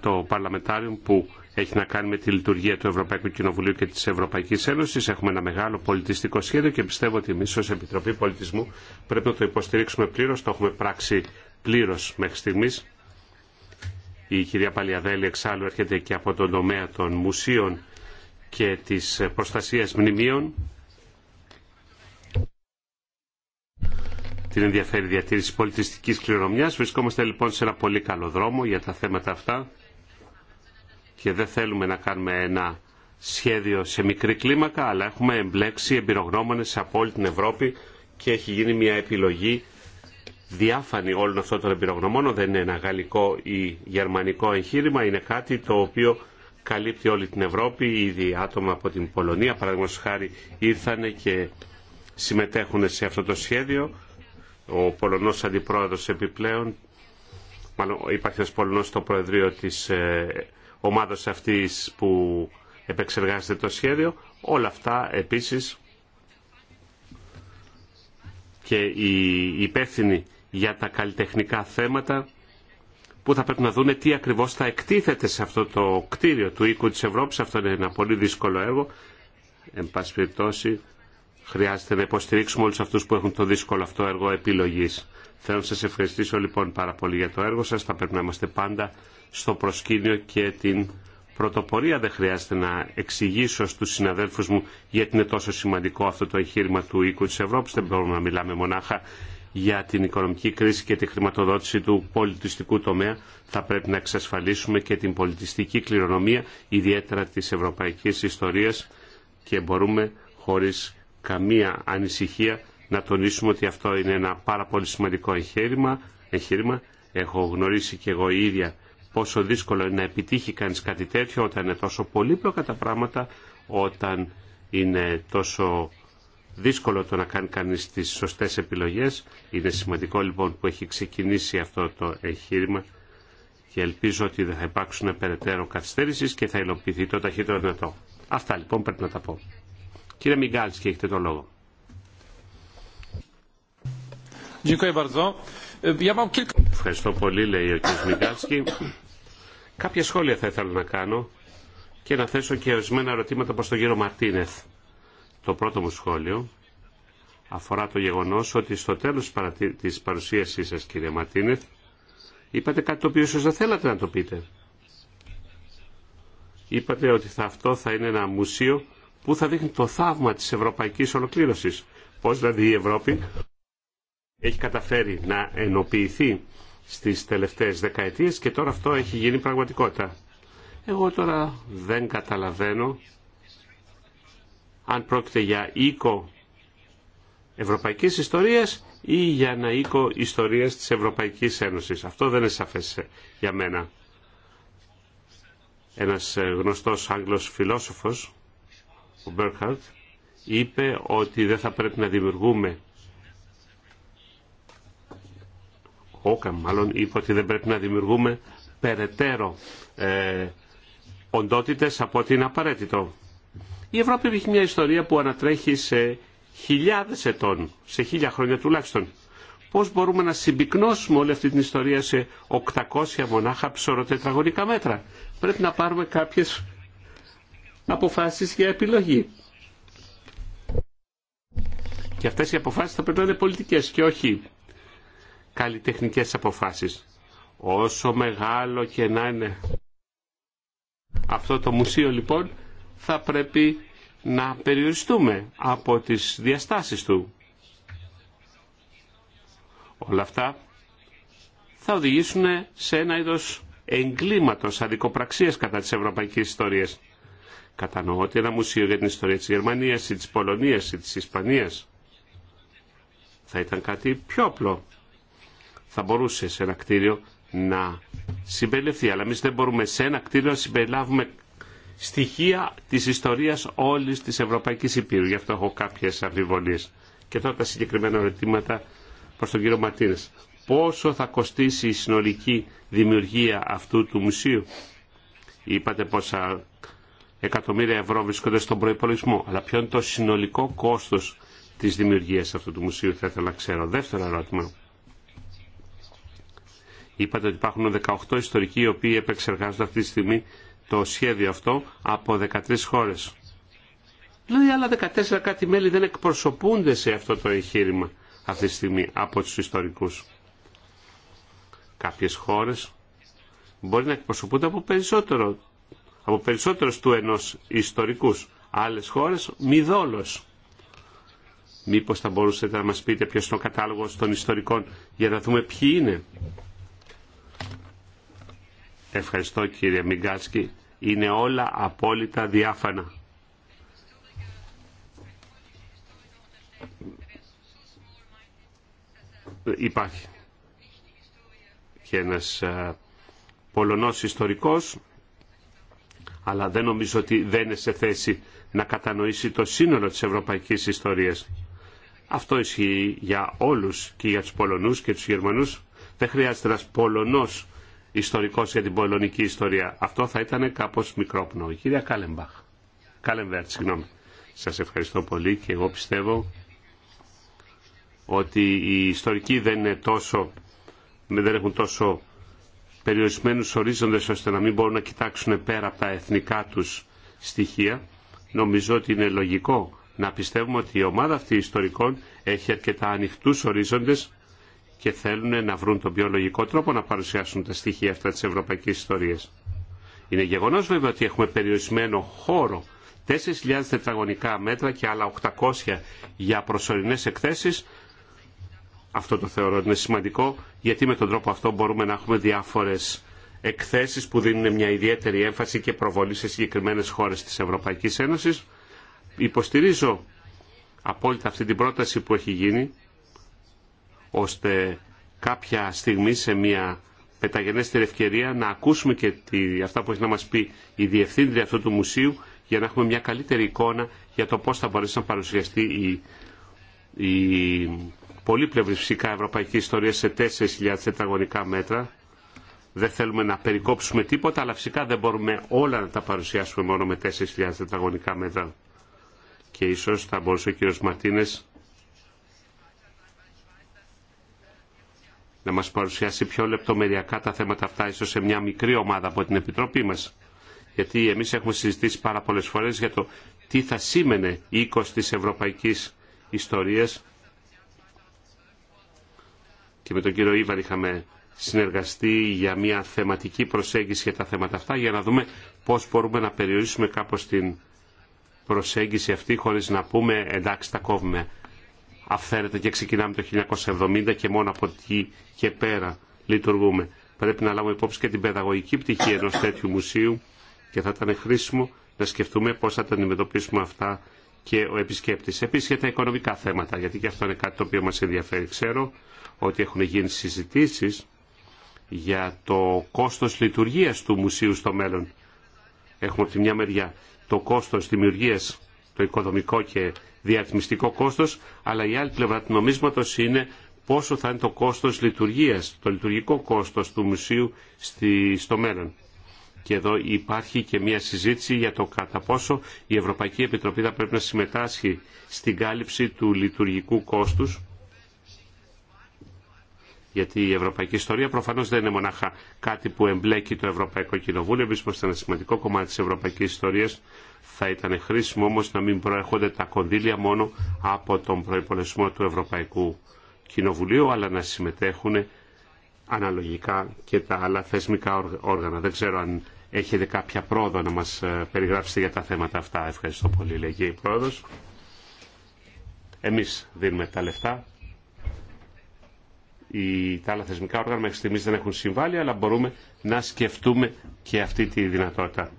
το, πλαν, που έχει να κάνει με τη λειτουργία του Ευρωπαϊκού Κοινοβουλίου και της Ευρωπαϊκής Ένωσης. Έχουμε ένα μεγάλο πολιτιστικό σχέδιο και πιστεύω ότι εμείς ως Επιτροπή Πολιτισμού πρέπει να το υποστηρίξουμε πλήρως, το έχουμε πράξει πλήρως μέχρι στιγμής. Η κυρία Παλιαδέλη εξάλλου έρχεται και από τον τομέα των μουσείων και της προστασίας μνημείων την ενδιαφέρει διατήρηση πολιτιστική κληρονομιάς. Βρισκόμαστε λοιπόν σε ένα πολύ καλό δρόμο για τα θέματα αυτά και δεν θέλουμε να κάνουμε ένα σχέδιο σε μικρή κλίμακα, αλλά έχουμε εμπλέξει εμπειρογνώμονες από όλη την Ευρώπη και έχει γίνει μια επιλογή διάφανη όλων αυτών των εμπειρογνωμών. Δεν είναι ένα γαλλικό ή γερμανικό εγχείρημα, είναι κάτι το οποίο καλύπτει όλη την Ευρώπη. Ήδη άτομα από την Πολωνία, παραδείγματος χάρη, ήρθαν και συμμετέχουν σε αυτό το σχέδιο ο Πολωνός Αντιπρόεδρος επιπλέον, μάλλον υπάρχει ένας Πολωνός στο Προεδρείο της ε, ομάδας αυτής που επεξεργάζεται το σχέδιο. Όλα αυτά επίσης και οι υπεύθυνοι για τα καλλιτεχνικά θέματα που θα πρέπει να δούνε τι ακριβώς θα εκτίθεται σε αυτό το κτίριο του οίκου της Ευρώπης. Αυτό είναι ένα πολύ δύσκολο έργο. Εν πάση χρειάζεται να υποστηρίξουμε όλους αυτούς που έχουν το δύσκολο αυτό έργο επιλογής. Θέλω να σας ευχαριστήσω λοιπόν πάρα πολύ για το έργο σας. Θα πρέπει να είμαστε πάντα στο προσκήνιο και την πρωτοπορία δεν χρειάζεται να εξηγήσω στους συναδέλφους μου γιατί είναι τόσο σημαντικό αυτό το εγχείρημα του οίκου της Ευρώπης. Δεν μπορούμε να μιλάμε μονάχα για την οικονομική κρίση και τη χρηματοδότηση του πολιτιστικού τομέα θα πρέπει να εξασφαλίσουμε και την πολιτιστική κληρονομία ιδιαίτερα της ευρωπαϊκής ιστορίας και μπορούμε χωρίς καμία ανησυχία να τονίσουμε ότι αυτό είναι ένα πάρα πολύ σημαντικό εγχείρημα. Έχω γνωρίσει και εγώ ίδια πόσο δύσκολο είναι να επιτύχει κανείς κάτι τέτοιο όταν είναι τόσο πολύπλοκα τα πράγματα, όταν είναι τόσο δύσκολο το να κάνει κανείς τις σωστές επιλογές. Είναι σημαντικό λοιπόν που έχει ξεκινήσει αυτό το εγχείρημα και ελπίζω ότι δεν θα υπάρξουν περαιτέρω καθυστέρησεις και θα υλοποιηθεί το ταχύτερο δυνατό. Αυτά λοιπόν πρέπει να τα πω. Κύριε Μιγκάλσκι, έχετε το λόγο. E, Ευχαριστώ πολύ, λέει ο κ. Μιγκάλσκι. Κάποια σχόλια θα ήθελα να κάνω και να θέσω και ορισμένα ερωτήματα προς τον κύριο Μαρτίνεθ. Το πρώτο μου σχόλιο αφορά το γεγονός ότι στο τέλος της παρουσίασής σας, κύριε Μαρτίνεθ, είπατε κάτι το οποίο ίσως δεν θέλατε να το πείτε. Είπατε ότι αυτό θα είναι ένα μουσείο που θα δείχνει το θαύμα της ευρωπαϊκής ολοκλήρωσης. Πώς δηλαδή η Ευρώπη έχει καταφέρει να ενοποιηθεί στις τελευταίες δεκαετίες και τώρα αυτό έχει γίνει πραγματικότητα. Εγώ τώρα δεν καταλαβαίνω αν πρόκειται για οίκο ευρωπαϊκής ιστορίας ή για ένα οίκο ιστορίας της Ευρωπαϊκής Ένωσης. Αυτό δεν είναι σαφές για μένα. Ένας γνωστός Άγγλος φιλόσοφος ο Μπέρχαρτ είπε ότι δεν θα πρέπει να δημιουργούμε Όκα μάλλον είπε ότι δεν πρέπει να δημιουργούμε περαιτέρω ε, οντότητες από ό,τι είναι απαραίτητο. Η Ευρώπη έχει μια ιστορία που ανατρέχει σε χιλιάδες ετών, σε χίλια χρόνια τουλάχιστον. Πώς μπορούμε να συμπυκνώσουμε όλη αυτή την ιστορία σε 800 μονάχα ψωροτετραγωνικά μέτρα. Πρέπει να πάρουμε κάποιες αποφάσεις για επιλογή. Και αυτές οι αποφάσεις θα πρέπει να είναι πολιτικές και όχι καλλιτεχνικές αποφάσεις. Όσο μεγάλο και να είναι αυτό το μουσείο λοιπόν θα πρέπει να περιοριστούμε από τις διαστάσεις του. Όλα αυτά θα οδηγήσουν σε ένα είδος εγκλήματος αδικοπραξίας κατά της ευρωπαϊκής ιστορίας. Κατανοώ ότι ένα μουσείο για την ιστορία της Γερμανίας ή της Πολωνίας ή της Ισπανίας θα ήταν κάτι πιο απλό. Θα μπορούσε σε ένα κτίριο να συμπεριληφθεί, αλλά εμεί δεν μπορούμε σε ένα κτίριο να συμπεριλάβουμε στοιχεία της ιστορίας όλης της Ευρωπαϊκής Υπήρου. Γι' αυτό έχω κάποιες αμφιβολίες. Και τώρα τα συγκεκριμένα ερωτήματα προς τον κύριο Ματίνες. Πόσο θα κοστίσει η συνολική δημιουργία αυτού του μουσείου. Είπατε πόσα εκατομμύρια ευρώ βρίσκονται στον προπολογισμό. Αλλά ποιο είναι το συνολικό κόστος της δημιουργία αυτού του μουσείου, θα ήθελα να ξέρω. Δεύτερο ερώτημα. Είπατε ότι υπάρχουν 18 ιστορικοί οι οποίοι επεξεργάζονται αυτή τη στιγμή το σχέδιο αυτό από 13 χώρες. Δηλαδή άλλα 14 κάτι μέλη δεν εκπροσωπούνται σε αυτό το εγχείρημα αυτή τη στιγμή από του ιστορικού. Κάποιε χώρε μπορεί να εκπροσωπούνται από περισσότερο από περισσότερους του ενός ιστορικούς. Άλλες χώρες δόλος. Μήπως θα μπορούσατε να μας πείτε ποιος είναι ο κατάλογος των ιστορικών για να δούμε ποιοι είναι. Ευχαριστώ κύριε Μιγκάσκι. Είναι όλα απόλυτα διάφανα. Υπάρχει και ένας ε, Πολωνός ιστορικός αλλά δεν νομίζω ότι δεν είναι σε θέση να κατανοήσει το σύνολο της ευρωπαϊκής ιστορίας. Αυτό ισχύει για όλους και για τους Πολωνούς και τους Γερμανούς. Δεν χρειάζεται ένας Πολωνός ιστορικός για την πολωνική ιστορία. Αυτό θα ήταν κάπως μικρόπνο. Η κυρία Κάλεμπαχ. Κάλεμβερτ, συγγνώμη. Σας ευχαριστώ πολύ και εγώ πιστεύω ότι οι ιστορικοί δεν, είναι τόσο, δεν έχουν τόσο περιορισμένους ορίζοντες ώστε να μην μπορούν να κοιτάξουν πέρα από τα εθνικά τους στοιχεία. Νομίζω ότι είναι λογικό να πιστεύουμε ότι η ομάδα αυτή ιστορικών έχει αρκετά ανοιχτού ορίζοντες και θέλουν να βρουν τον πιο λογικό τρόπο να παρουσιάσουν τα στοιχεία αυτά της ευρωπαϊκής ιστορίας. Είναι γεγονός βέβαια ότι έχουμε περιορισμένο χώρο 4.000 τετραγωνικά μέτρα και άλλα 800 για προσωρινές εκθέσεις αυτό το θεωρώ ότι είναι σημαντικό γιατί με τον τρόπο αυτό μπορούμε να έχουμε διάφορες εκθέσεις που δίνουν μια ιδιαίτερη έμφαση και προβολή σε συγκεκριμένες χώρες της Ευρωπαϊκής Ένωσης. Υποστηρίζω απόλυτα αυτή την πρόταση που έχει γίνει ώστε κάποια στιγμή σε μια πεταγενέστερη ευκαιρία να ακούσουμε και τη, αυτά που έχει να μας πει η διευθύντρια αυτού του μουσείου για να έχουμε μια καλύτερη εικόνα για το πώς θα μπορέσει να παρουσιαστεί η, η πολύπλευρη φυσικά ευρωπαϊκή ιστορία σε 4.000 τετραγωνικά μέτρα. Δεν θέλουμε να περικόψουμε τίποτα, αλλά φυσικά δεν μπορούμε όλα να τα παρουσιάσουμε μόνο με 4.000 τετραγωνικά μέτρα. Και ίσως θα μπορούσε ο κύριος Μαρτίνε να μας παρουσιάσει πιο λεπτομεριακά τα θέματα αυτά, ίσως σε μια μικρή ομάδα από την Επιτροπή μας. Γιατί εμείς έχουμε συζητήσει πάρα πολλέ φορέ για το τι θα σήμαινε 20 της ευρωπαϊκής ιστορία και με τον κύριο Ήβαρ είχαμε συνεργαστεί για μια θεματική προσέγγιση για τα θέματα αυτά για να δούμε πώς μπορούμε να περιορίσουμε κάπως την προσέγγιση αυτή χωρίς να πούμε εντάξει τα κόβουμε αυθαίρετα και ξεκινάμε το 1970 και μόνο από εκεί και πέρα λειτουργούμε. Πρέπει να λάβουμε υπόψη και την παιδαγωγική πτυχή ενός τέτοιου μουσείου και θα ήταν χρήσιμο να σκεφτούμε πώς θα τα αντιμετωπίσουμε αυτά και ο επισκέπτης. Επίσης για τα οικονομικά θέματα, γιατί και αυτό είναι κάτι το οποίο μα ενδιαφέρει. Ξέρω ότι έχουν γίνει συζητήσεις για το κόστος λειτουργίας του μουσείου στο μέλλον. Έχουμε από τη μια μεριά το κόστος δημιουργία το οικονομικό και διαρθμιστικό κόστος, αλλά η άλλη πλευρά του νομίσματο είναι πόσο θα είναι το κόστος λειτουργίας, το λειτουργικό κόστος του μουσείου στη, στο μέλλον και εδώ υπάρχει και μια συζήτηση για το κατά πόσο η Ευρωπαϊκή Επιτροπή θα πρέπει να συμμετάσχει στην κάλυψη του λειτουργικού κόστους γιατί η ευρωπαϊκή ιστορία προφανώ δεν είναι μονάχα κάτι που εμπλέκει το Ευρωπαϊκό Κοινοβούλιο. Εμεί είμαστε ένα σημαντικό κομμάτι τη ευρωπαϊκή ιστορία. Θα ήταν χρήσιμο όμω να μην προέρχονται τα κονδύλια μόνο από τον προπολογισμό του Ευρωπαϊκού Κοινοβουλίου, αλλά να συμμετέχουν αναλογικά και τα άλλα θεσμικά όργανα. Δεν ξέρω αν έχετε κάποια πρόοδο να μας ε, περιγράψετε για τα θέματα αυτά. Ευχαριστώ πολύ, λέγει η πρόοδος. Εμείς δίνουμε τα λεφτά. Οι, τα άλλα θεσμικά όργανα μέχρι στιγμής δεν έχουν συμβάλει, αλλά μπορούμε να σκεφτούμε και αυτή τη δυνατότητα.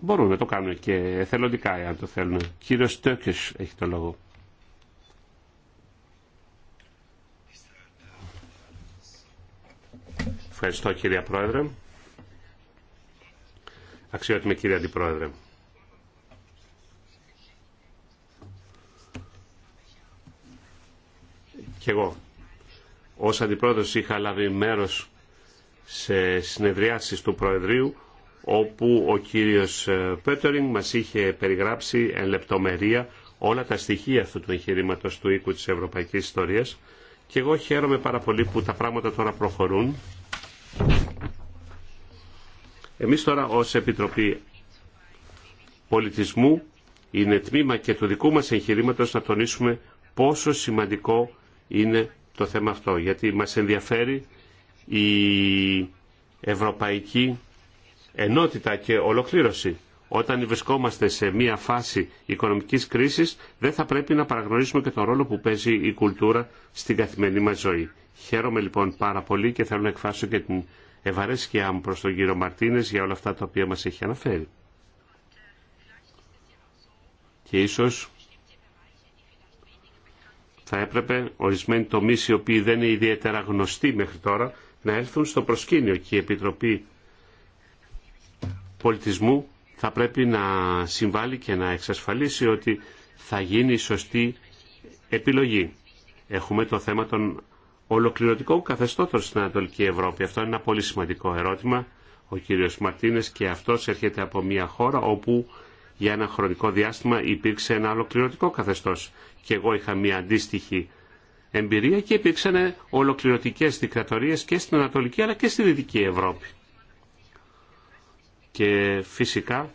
Μπορούμε, να το κάνουμε και εθελοντικά, εάν το θέλουμε. Κύριος Τέκες έχει το λόγο. Ευχαριστώ κύριε Πρόεδρε. Αξιότιμη κύριε Αντιπρόεδρε. Και εγώ, ως Αντιπρόεδρος είχα λάβει μέρος σε συνεδριάσεις του Προεδρείου όπου ο κύριος ε, Πέτερινγκ μας είχε περιγράψει εν λεπτομερία όλα τα στοιχεία αυτού του εγχειρήματο του οίκου της Ευρωπαϊκής Ιστορίας και εγώ χαίρομαι πάρα πολύ που τα πράγματα τώρα προχωρούν εμείς τώρα ως Επιτροπή Πολιτισμού είναι τμήμα και του δικού μας εγχειρήματος να τονίσουμε πόσο σημαντικό είναι το θέμα αυτό. Γιατί μας ενδιαφέρει η ευρωπαϊκή ενότητα και ολοκλήρωση. Όταν βρισκόμαστε σε μία φάση οικονομικής κρίσης δεν θα πρέπει να παραγνωρίσουμε και τον ρόλο που παίζει η κουλτούρα στην καθημερινή μας ζωή. Χαίρομαι λοιπόν πάρα πολύ και θέλω να εκφράσω και την ευαρέσκειά μου προς τον κύριο Μαρτίνες για όλα αυτά τα οποία μας έχει αναφέρει. Και ίσως θα έπρεπε ορισμένοι τομείς οι οποίοι δεν είναι ιδιαίτερα γνωστοί μέχρι τώρα να έρθουν στο προσκήνιο και η Επιτροπή Πολιτισμού θα πρέπει να συμβάλλει και να εξασφαλίσει ότι θα γίνει η σωστή επιλογή. Έχουμε το θέμα των ολοκληρωτικό καθεστώτος στην Ανατολική Ευρώπη. Αυτό είναι ένα πολύ σημαντικό ερώτημα. Ο κύριος Μαρτίνες και αυτός έρχεται από μια χώρα όπου για ένα χρονικό διάστημα υπήρξε ένα ολοκληρωτικό καθεστώς. Και εγώ είχα μια αντίστοιχη εμπειρία και υπήρξαν ολοκληρωτικές δικτατορίες και στην Ανατολική αλλά και στη Δυτική Ευρώπη. Και φυσικά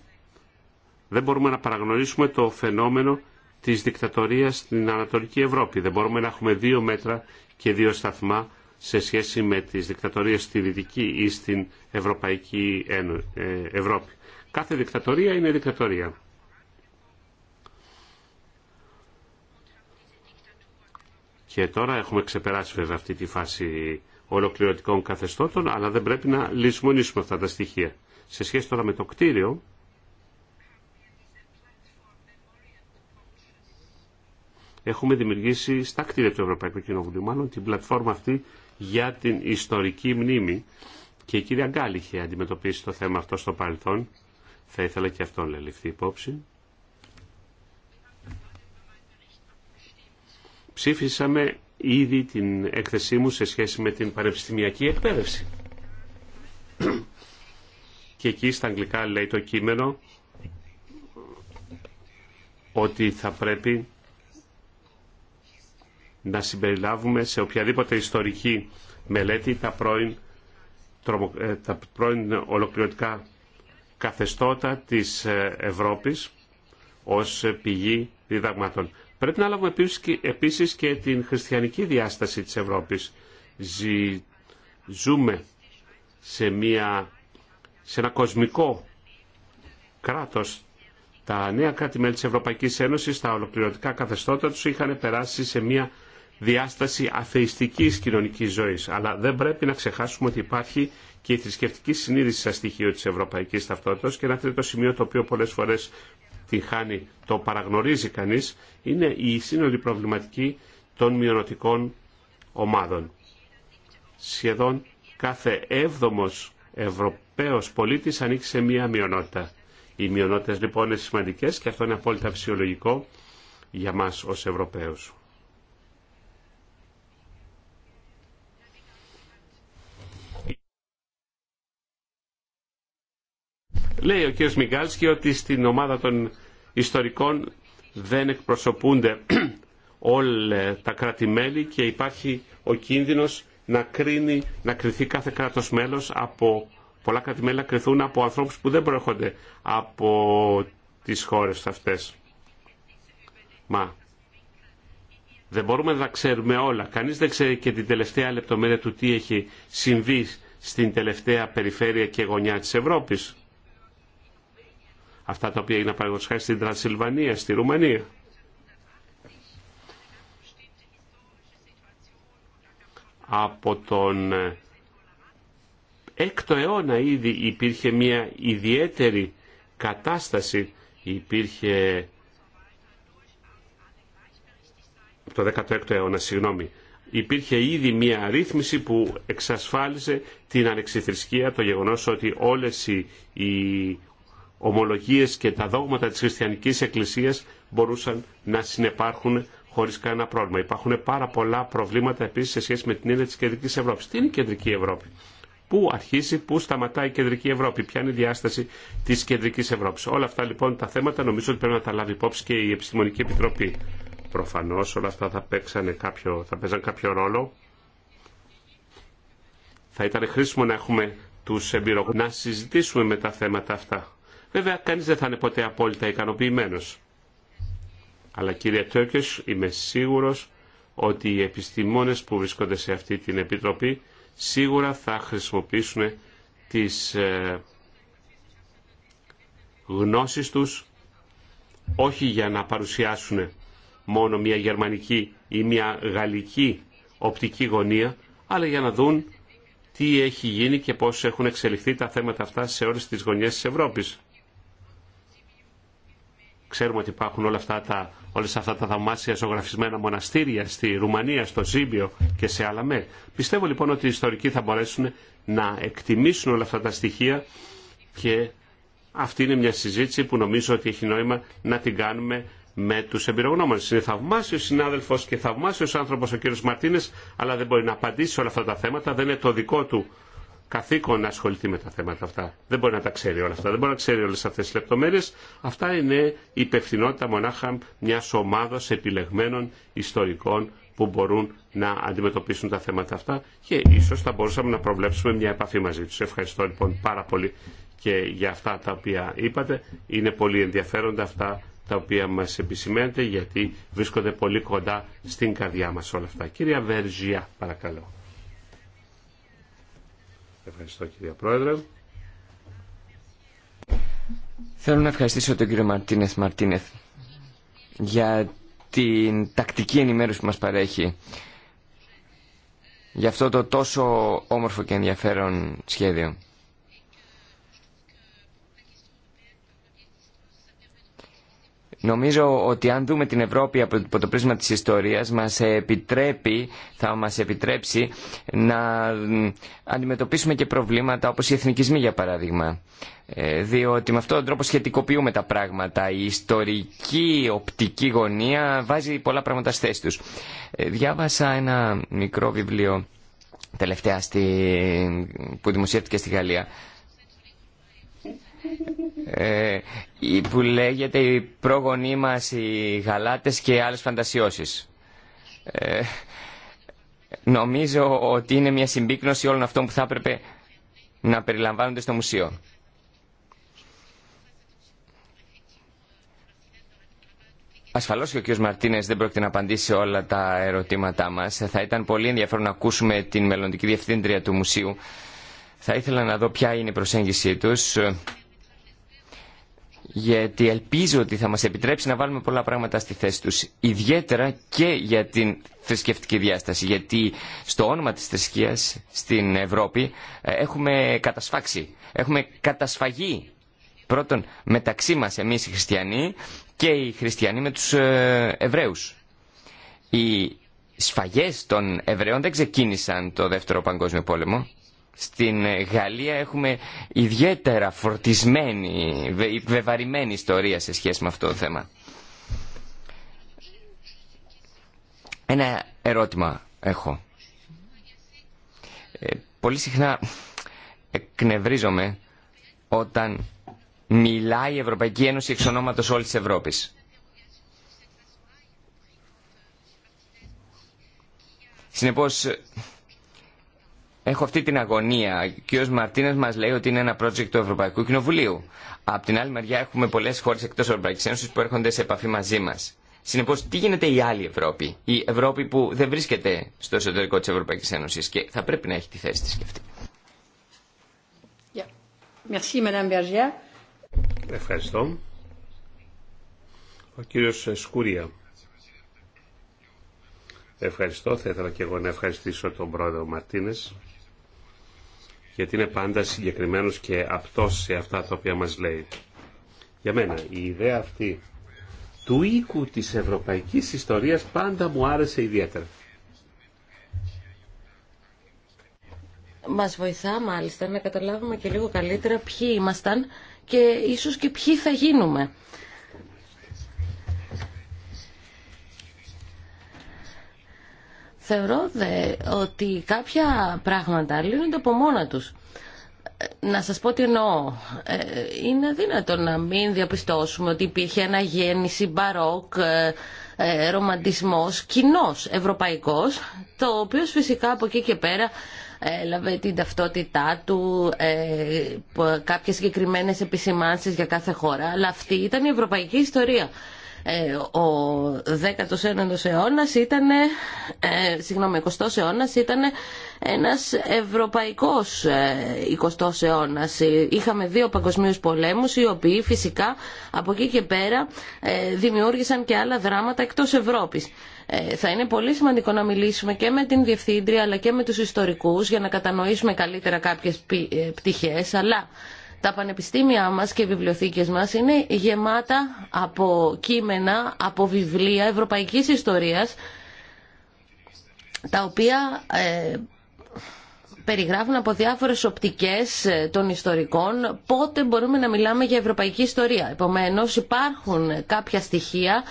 δεν μπορούμε να παραγνωρίσουμε το φαινόμενο της δικτατορίας στην Ανατολική Ευρώπη. Δεν μπορούμε να έχουμε δύο μέτρα και δύο σταθμά σε σχέση με τις δικτατορίες στη Δυτική ή στην Ευρωπαϊκή ε, Ευρώπη. Κάθε δικτατορία είναι δικτατορία. Και τώρα έχουμε ξεπεράσει βέβαια αυτή τη φάση ολοκληρωτικών καθεστώτων, αλλά δεν πρέπει να λησμονήσουμε αυτά τα στοιχεία. Σε σχέση τώρα με το κτίριο, έχουμε δημιουργήσει στα κτίρια του Ευρωπαϊκού Κοινοβουλίου, μάλλον την πλατφόρμα αυτή για την ιστορική μνήμη. Και η κυρία Γκάλ είχε αντιμετωπίσει το θέμα αυτό στο παρελθόν. Θα ήθελα και αυτό να ληφθεί υπόψη. Ψήφισαμε ήδη την έκθεσή μου σε σχέση με την πανεπιστημιακή εκπαίδευση. Και εκεί στα αγγλικά λέει το κείμενο ότι θα πρέπει να συμπεριλάβουμε σε οποιαδήποτε ιστορική μελέτη τα πρώην, ε, τα πρώην ολοκληρωτικά καθεστώτα της ε, Ευρώπης ως πηγή διδαγμάτων. Πρέπει να λάβουμε επίσης και την χριστιανική διάσταση της Ευρώπης. Ζούμε σε, μια, σε ένα κοσμικό κράτος. Τα νέα κράτη-μέλη της Ευρωπαϊκής Ένωσης, τα ολοκληρωτικά καθεστώτα τους είχαν περάσει σε μια διάσταση αθεϊστικής κοινωνικής ζωής. Αλλά δεν πρέπει να ξεχάσουμε ότι υπάρχει και η θρησκευτική συνείδηση σαν στοιχείο της ευρωπαϊκής ταυτότητας και ένα τρίτο σημείο το οποίο πολλές φορές τη χάνει, το παραγνωρίζει κανείς, είναι η σύνολη προβληματική των μειωνοτικών ομάδων. Σχεδόν κάθε έβδομος Ευρωπαίος πολίτης ανήκει σε μία μειονότητα. Οι μειονότητες λοιπόν είναι σημαντικές και αυτό είναι απόλυτα φυσιολογικό για μας ως Ευρωπαίους. Λέει ο κ. Μιγκάλσκι ότι στην ομάδα των ιστορικών δεν εκπροσωπούνται όλα τα κράτη-μέλη και υπάρχει ο κίνδυνος να, κρίνει, να κριθεί κάθε κράτος μέλος από πολλά κράτη-μέλη να κρυθούν από ανθρώπους που δεν προέρχονται από τις χώρες αυτές. Μα δεν μπορούμε να ξέρουμε όλα. Κανείς δεν ξέρει και την τελευταία λεπτομέρεια του τι έχει συμβεί στην τελευταία περιφέρεια και γωνιά της Ευρώπης αυτά τα οποία έγιναν παραγωγικά στην Τρανσιλβανία, στη Ρουμανία. Από τον 6ο ε, αιώνα ήδη υπήρχε μια ιδιαίτερη κατάσταση, υπήρχε το 16ο αιώνα, συγγνώμη, υπήρχε ήδη μια ρύθμιση που εξασφάλιζε την ανεξιθρησκεία, το γεγονός ότι όλες οι ομολογίες και τα δόγματα της χριστιανικής εκκλησίας μπορούσαν να συνεπάρχουν χωρίς κανένα πρόβλημα. Υπάρχουν πάρα πολλά προβλήματα επίσης σε σχέση με την έννοια της κεντρικής Ευρώπης. Τι είναι η κεντρική Ευρώπη. Πού αρχίζει, πού σταματάει η κεντρική Ευρώπη, ποια είναι η διάσταση τη κεντρική Ευρώπη. Όλα αυτά λοιπόν τα θέματα νομίζω ότι πρέπει να τα λάβει υπόψη και η Επιστημονική Επιτροπή. Προφανώ όλα αυτά θα, κάποιο, παίζαν κάποιο ρόλο. Θα ήταν χρήσιμο να έχουμε του εμπειρογνώμονε να συζητήσουμε με τα θέματα αυτά. Βέβαια, κανείς δεν θα είναι ποτέ απόλυτα ικανοποιημένος. Αλλά κύριε Τόκε, είμαι σίγουρος ότι οι επιστημόνες που βρίσκονται σε αυτή την Επιτροπή σίγουρα θα χρησιμοποιήσουν τις ε, γνώσεις τους όχι για να παρουσιάσουν μόνο μια γερμανική ή μια γαλλική οπτική γωνία, αλλά για να δουν τι έχει γίνει και πώς έχουν εξελιχθεί τα θέματα αυτά σε όλες τις γωνιές της Ευρώπης. Ξέρουμε ότι υπάρχουν όλα αυτά τα, όλες αυτά τα θαυμάσια ζωγραφισμένα μοναστήρια στη Ρουμανία, στο Ζήμπιο και σε άλλα μέρη. Πιστεύω λοιπόν ότι οι ιστορικοί θα μπορέσουν να εκτιμήσουν όλα αυτά τα στοιχεία και αυτή είναι μια συζήτηση που νομίζω ότι έχει νόημα να την κάνουμε με του εμπειρογνώμενους. Είναι θαυμάσιο συνάδελφο και θαυμάσιος άνθρωπο ο κ. Μαρτίνες, αλλά δεν μπορεί να απαντήσει σε όλα αυτά τα θέματα. Δεν είναι το δικό του καθήκον να ασχοληθεί με τα θέματα αυτά. Δεν μπορεί να τα ξέρει όλα αυτά, δεν μπορεί να ξέρει όλε αυτέ τι λεπτομέρειε. Αυτά είναι η υπευθυνότητα μονάχα μια ομάδας επιλεγμένων ιστορικών που μπορούν να αντιμετωπίσουν τα θέματα αυτά και ίσω θα μπορούσαμε να προβλέψουμε μια επαφή μαζί του. Ευχαριστώ λοιπόν πάρα πολύ και για αυτά τα οποία είπατε. Είναι πολύ ενδιαφέροντα αυτά τα οποία μας επισημαίνετε γιατί βρίσκονται πολύ κοντά στην καρδιά μας όλα αυτά. Κυρία Βεργία, παρακαλώ. Ευχαριστώ κυρία Πρόεδρε. Θέλω να ευχαριστήσω τον κύριο Μαρτίνεθ Μαρτίνεθ για την τακτική ενημέρωση που μας παρέχει για αυτό το τόσο όμορφο και ενδιαφέρον σχέδιο. Νομίζω ότι αν δούμε την Ευρώπη από το πρίσμα της ιστορίας μας επιτρέπει, θα μας επιτρέψει να αντιμετωπίσουμε και προβλήματα όπως οι εθνικισμοί για παράδειγμα. Ε, διότι με αυτόν τον τρόπο σχετικοποιούμε τα πράγματα. Η ιστορική οπτική γωνία βάζει πολλά πράγματα στη θέση τους. Ε, διάβασα ένα μικρό βιβλίο τελευταία που δημοσιεύτηκε στη Γαλλία ε, που λέγεται «Οι πρόγονοί μας, οι γαλάτες και άλλες φαντασιώσεις». Ε, νομίζω ότι είναι μια συμπίκνωση όλων αυτών που θα έπρεπε να περιλαμβάνονται στο μουσείο. Ασφαλώς και ο κ. Μαρτίνες δεν πρόκειται να απαντήσει όλα τα ερωτήματά μας. Θα ήταν πολύ ενδιαφέρον να ακούσουμε την μελλοντική διευθύντρια του μουσείου. Θα ήθελα να δω ποια είναι η προσέγγιση του γιατί ελπίζω ότι θα μας επιτρέψει να βάλουμε πολλά πράγματα στη θέση τους, ιδιαίτερα και για την θρησκευτική διάσταση, γιατί στο όνομα της θρησκείας στην Ευρώπη ε, έχουμε κατασφάξει, έχουμε κατασφαγή πρώτον μεταξύ μας εμείς οι χριστιανοί και οι χριστιανοί με τους ε, Εβραίους. Οι σφαγές των Εβραίων δεν ξεκίνησαν το Δεύτερο Παγκόσμιο Πόλεμο, στην Γαλλία έχουμε ιδιαίτερα φορτισμένη, βεβαρημένη ιστορία σε σχέση με αυτό το θέμα. Ένα ερώτημα έχω. Ε, πολύ συχνά εκνευρίζομαι όταν μιλάει η Ευρωπαϊκή Ένωση εξ ονόματος όλης της Ευρώπης. Συνεπώς, έχω αυτή την αγωνία. Ο κ. Μαρτίνε μα λέει ότι είναι ένα project του Ευρωπαϊκού Κοινοβουλίου. Απ' την άλλη μεριά έχουμε πολλέ χώρε εκτό Ευρωπαϊκή Ένωση που έρχονται σε επαφή μαζί μα. Συνεπώ, τι γίνεται η άλλη Ευρώπη, η Ευρώπη που δεν βρίσκεται στο εσωτερικό τη Ευρωπαϊκή Ένωση και θα πρέπει να έχει τη θέση τη και αυτή. Ευχαριστώ. Ο κύριος Σκούρια. Ευχαριστώ. Θα ήθελα και εγώ να ευχαριστήσω τον πρόεδρο Μαρτίνες γιατί είναι πάντα συγκεκριμένος και απτός σε αυτά τα οποία μας λέει. Για μένα η ιδέα αυτή του οίκου της ευρωπαϊκής ιστορίας πάντα μου άρεσε ιδιαίτερα. Μας βοηθά μάλιστα να καταλάβουμε και λίγο καλύτερα ποιοι ήμασταν και ίσως και ποιοι θα γίνουμε. Θεωρώ δε ότι κάποια πράγματα λύνονται από μόνα τους. Να σας πω τι εννοώ. Ε, είναι δύνατο να μην διαπιστώσουμε ότι υπήρχε ένα γέννηση μπαρόκ, ε, ε, ρομαντισμός, κοινό ευρωπαϊκός, το οποίο φυσικά από εκεί και πέρα έλαβε την ταυτότητά του, κάποιες συγκεκριμένες επισημάνσεις για κάθε χώρα, αλλά αυτή ήταν η ευρωπαϊκή ιστορία. Ε, ο 19ος αιώνας ήταν, ε, συγγνώμη, 20ος αιώνας ήταν ένας ευρωπαϊκός 20ος ε, αιώνας. Ε, είχαμε δύο παγκοσμίους πολέμους οι οποίοι φυσικά από εκεί και πέρα δημιούργησαν και άλλα δράματα εκτός Ευρώπης. Θα είναι πολύ σημαντικό να μιλήσουμε και με την Διευθύντρια αλλά και με τους ιστορικούς για να κατανοήσουμε καλύτερα κάποιες πτυχές αλλά τα πανεπιστήμια μας και οι βιβλιοθήκες μας είναι γεμάτα από κείμενα, από βιβλία ευρωπαϊκής ιστορίας, τα οποία ε, περιγράφουν από διάφορες οπτικές ε, των ιστορικών πότε μπορούμε να μιλάμε για ευρωπαϊκή ιστορία. Επομένως υπάρχουν κάποια στοιχεία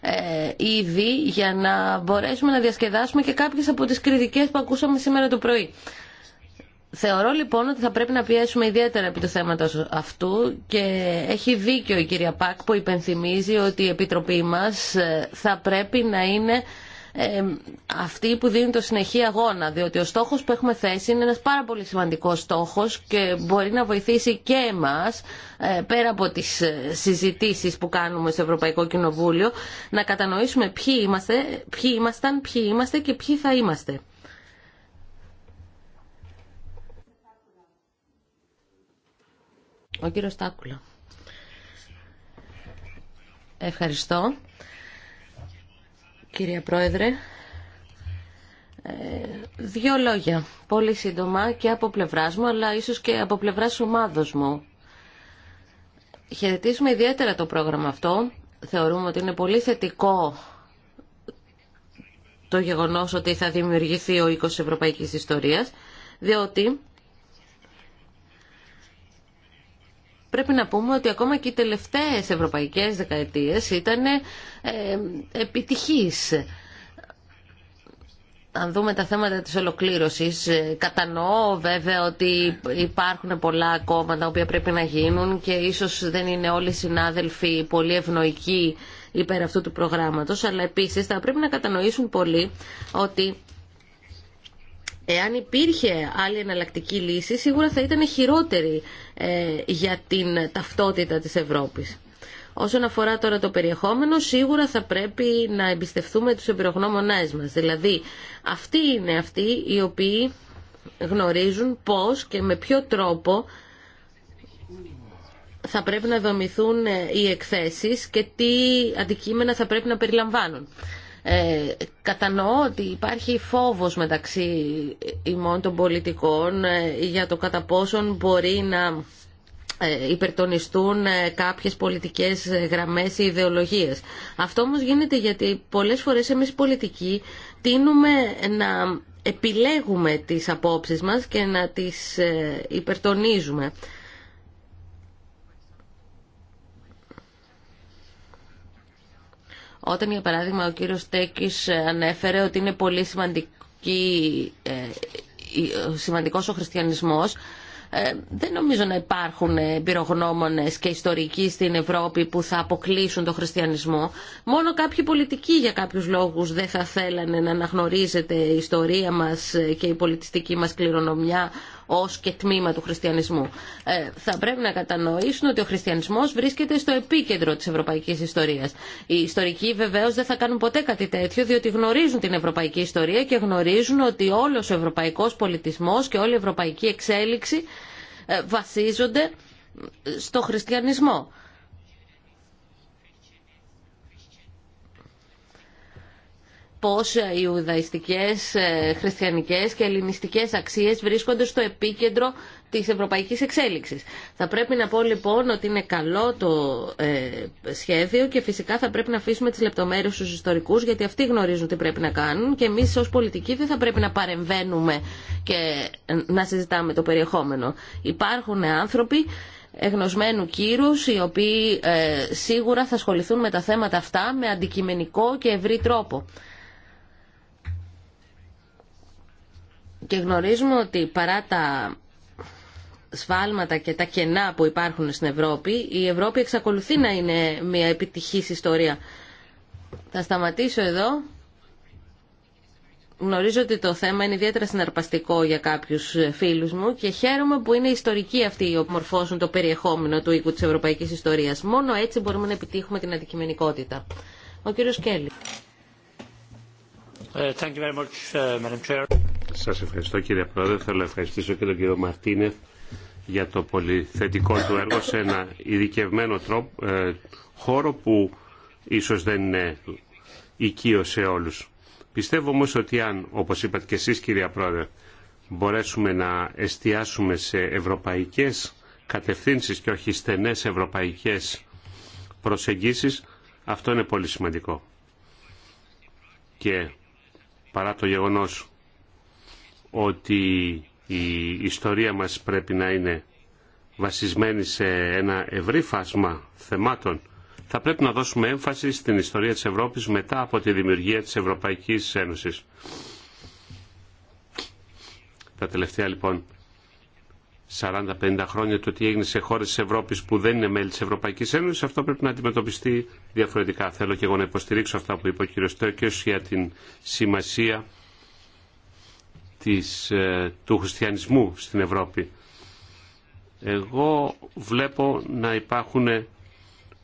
ε, ήδη για να μπορέσουμε να διασκεδάσουμε και κάποιες από τις κριτικές που ακούσαμε σήμερα το πρωί. Θεωρώ λοιπόν ότι θα πρέπει να πιέσουμε ιδιαίτερα επί του θέματος αυτού και έχει δίκιο η κυρία Πακ που υπενθυμίζει ότι η Επιτροπή μας ε, θα πρέπει να είναι ε, αυτή που δίνει το συνεχή αγώνα διότι ο στόχος που έχουμε θέσει είναι ένας πάρα πολύ σημαντικός στόχος και μπορεί να βοηθήσει και εμάς ε, πέρα από τις συζητήσεις που κάνουμε στο Ευρωπαϊκό Κοινοβούλιο να κατανοήσουμε ποιοι είμαστε, ποιοι ήμασταν, ποιοι είμαστε και ποιοι θα είμαστε. Ο κύριο Τάκουλα. Ευχαριστώ. Κύριε Πρόεδρε, ε, δύο λόγια, πολύ σύντομα και από πλευράς μου, αλλά ίσως και από πλευράς ομάδος μου. Χαιρετίζουμε ιδιαίτερα το πρόγραμμα αυτό. Θεωρούμε ότι είναι πολύ θετικό το γεγονός ότι θα δημιουργηθεί ο οίκος Ευρωπαϊκής Ιστορίας, διότι πρέπει να πούμε ότι ακόμα και οι τελευταίες ευρωπαϊκές δεκαετίες ήταν ε, επιτυχής. Αν δούμε τα θέματα της ολοκλήρωσης, ε, κατανοώ βέβαια ότι υπάρχουν πολλά ακόμα τα οποία πρέπει να γίνουν και ίσως δεν είναι όλοι οι συνάδελφοι πολύ ευνοϊκοί υπέρ αυτού του προγράμματος, αλλά επίσης θα πρέπει να κατανοήσουν πολύ ότι Εάν υπήρχε άλλη εναλλακτική λύση, σίγουρα θα ήταν χειρότερη ε, για την ταυτότητα της Ευρώπης. Όσον αφορά τώρα το περιεχόμενο, σίγουρα θα πρέπει να εμπιστευτούμε τους εμπειρογνώμονές μας. Δηλαδή, αυτοί είναι αυτοί οι οποίοι γνωρίζουν πώς και με ποιο τρόπο θα πρέπει να δομηθούν ε, οι εκθέσεις και τι αντικείμενα θα πρέπει να περιλαμβάνουν. Ε, κατανοώ ότι υπάρχει φόβος μεταξύ ημών των πολιτικών ε, για το κατά πόσον μπορεί να ε, υπερτονιστούν ε, κάποιες πολιτικές γραμμές ή ιδεολογίες. Αυτό όμως γίνεται γιατί πολλές φορές εμείς πολιτικοί τίνουμε να επιλέγουμε τις απόψεις μας και να τις υπερτονίζουμε. Όταν, για παράδειγμα, ο κύριος Τέκης ε, ανέφερε ότι είναι πολύ σημαντική, ε, σημαντικός ο χριστιανισμός, ε, δεν νομίζω να υπάρχουν πυρογνώμονε και ιστορικοί στην Ευρώπη που θα αποκλείσουν τον χριστιανισμό. Μόνο κάποιοι πολιτικοί για κάποιους λόγους δεν θα θέλανε να αναγνωρίζεται η ιστορία μας και η πολιτιστική μας κληρονομιά ως και τμήμα του χριστιανισμού. Ε, θα πρέπει να κατανοήσουν ότι ο χριστιανισμός βρίσκεται στο επίκεντρο της ευρωπαϊκής ιστορίας. Οι ιστορικοί βεβαίως δεν θα κάνουν ποτέ κάτι τέτοιο διότι γνωρίζουν την ευρωπαϊκή ιστορία και γνωρίζουν ότι όλος ο ευρωπαϊκός πολιτισμός και όλη η ευρωπαϊκή εξέλιξη ε, βασίζονται στο χριστιανισμό. πώς οι ουδαϊστικές, ε, χριστιανικές και ελληνιστικές αξίες βρίσκονται στο επίκεντρο της ευρωπαϊκής εξέλιξης. Θα πρέπει να πω λοιπόν ότι είναι καλό το ε, σχέδιο και φυσικά θα πρέπει να αφήσουμε τις λεπτομέρειες στους ιστορικούς γιατί αυτοί γνωρίζουν τι πρέπει να κάνουν και εμείς ως πολιτικοί δεν θα πρέπει να παρεμβαίνουμε και να συζητάμε το περιεχόμενο. Υπάρχουν άνθρωποι εγνωσμένου κύρους οι οποίοι ε, σίγουρα θα ασχοληθούν με τα θέματα αυτά με αντικειμενικό και ευρύ τρόπο. και γνωρίζουμε ότι παρά τα σφάλματα και τα κενά που υπάρχουν στην Ευρώπη, η Ευρώπη εξακολουθεί να είναι μια επιτυχής ιστορία. Θα σταματήσω εδώ. Γνωρίζω ότι το θέμα είναι ιδιαίτερα συναρπαστικό για κάποιους φίλους μου και χαίρομαι που είναι ιστορικοί αυτοί η μορφώσουν το περιεχόμενο του οίκου της ευρωπαϊκής ιστορίας. Μόνο έτσι μπορούμε να επιτύχουμε την αντικειμενικότητα. Ο κύριος Κέλλη. Ε, thank uh, σας ευχαριστώ κύριε Πρόεδρε. Θέλω να ευχαριστήσω και τον κύριο Μαρτίνεφ για το πολυθετικό του έργο σε ένα ειδικευμένο τρόπο, ε, χώρο που ίσως δεν είναι οικείο σε όλους. Πιστεύω όμως ότι αν, όπως είπατε και εσείς κυρία Πρόεδρε, μπορέσουμε να εστιάσουμε σε ευρωπαϊκές κατευθύνσεις και όχι στενές ευρωπαϊκές προσεγγίσεις, αυτό είναι πολύ σημαντικό. Και παρά το γεγονός ότι η ιστορία μας πρέπει να είναι βασισμένη σε ένα ευρύ φάσμα θεμάτων. Θα πρέπει να δώσουμε έμφαση στην ιστορία της Ευρώπης μετά από τη δημιουργία της Ευρωπαϊκής Ένωσης. Τα τελευταία λοιπόν 40-50 χρόνια το τι έγινε σε χώρες της Ευρώπης που δεν είναι μέλη της Ευρωπαϊκής Ένωσης, αυτό πρέπει να αντιμετωπιστεί διαφορετικά. Θέλω και εγώ να υποστηρίξω αυτά που είπε ο κ. για την σημασία της, ε, του χριστιανισμού στην Ευρώπη. Εγώ βλέπω να υπάρχουν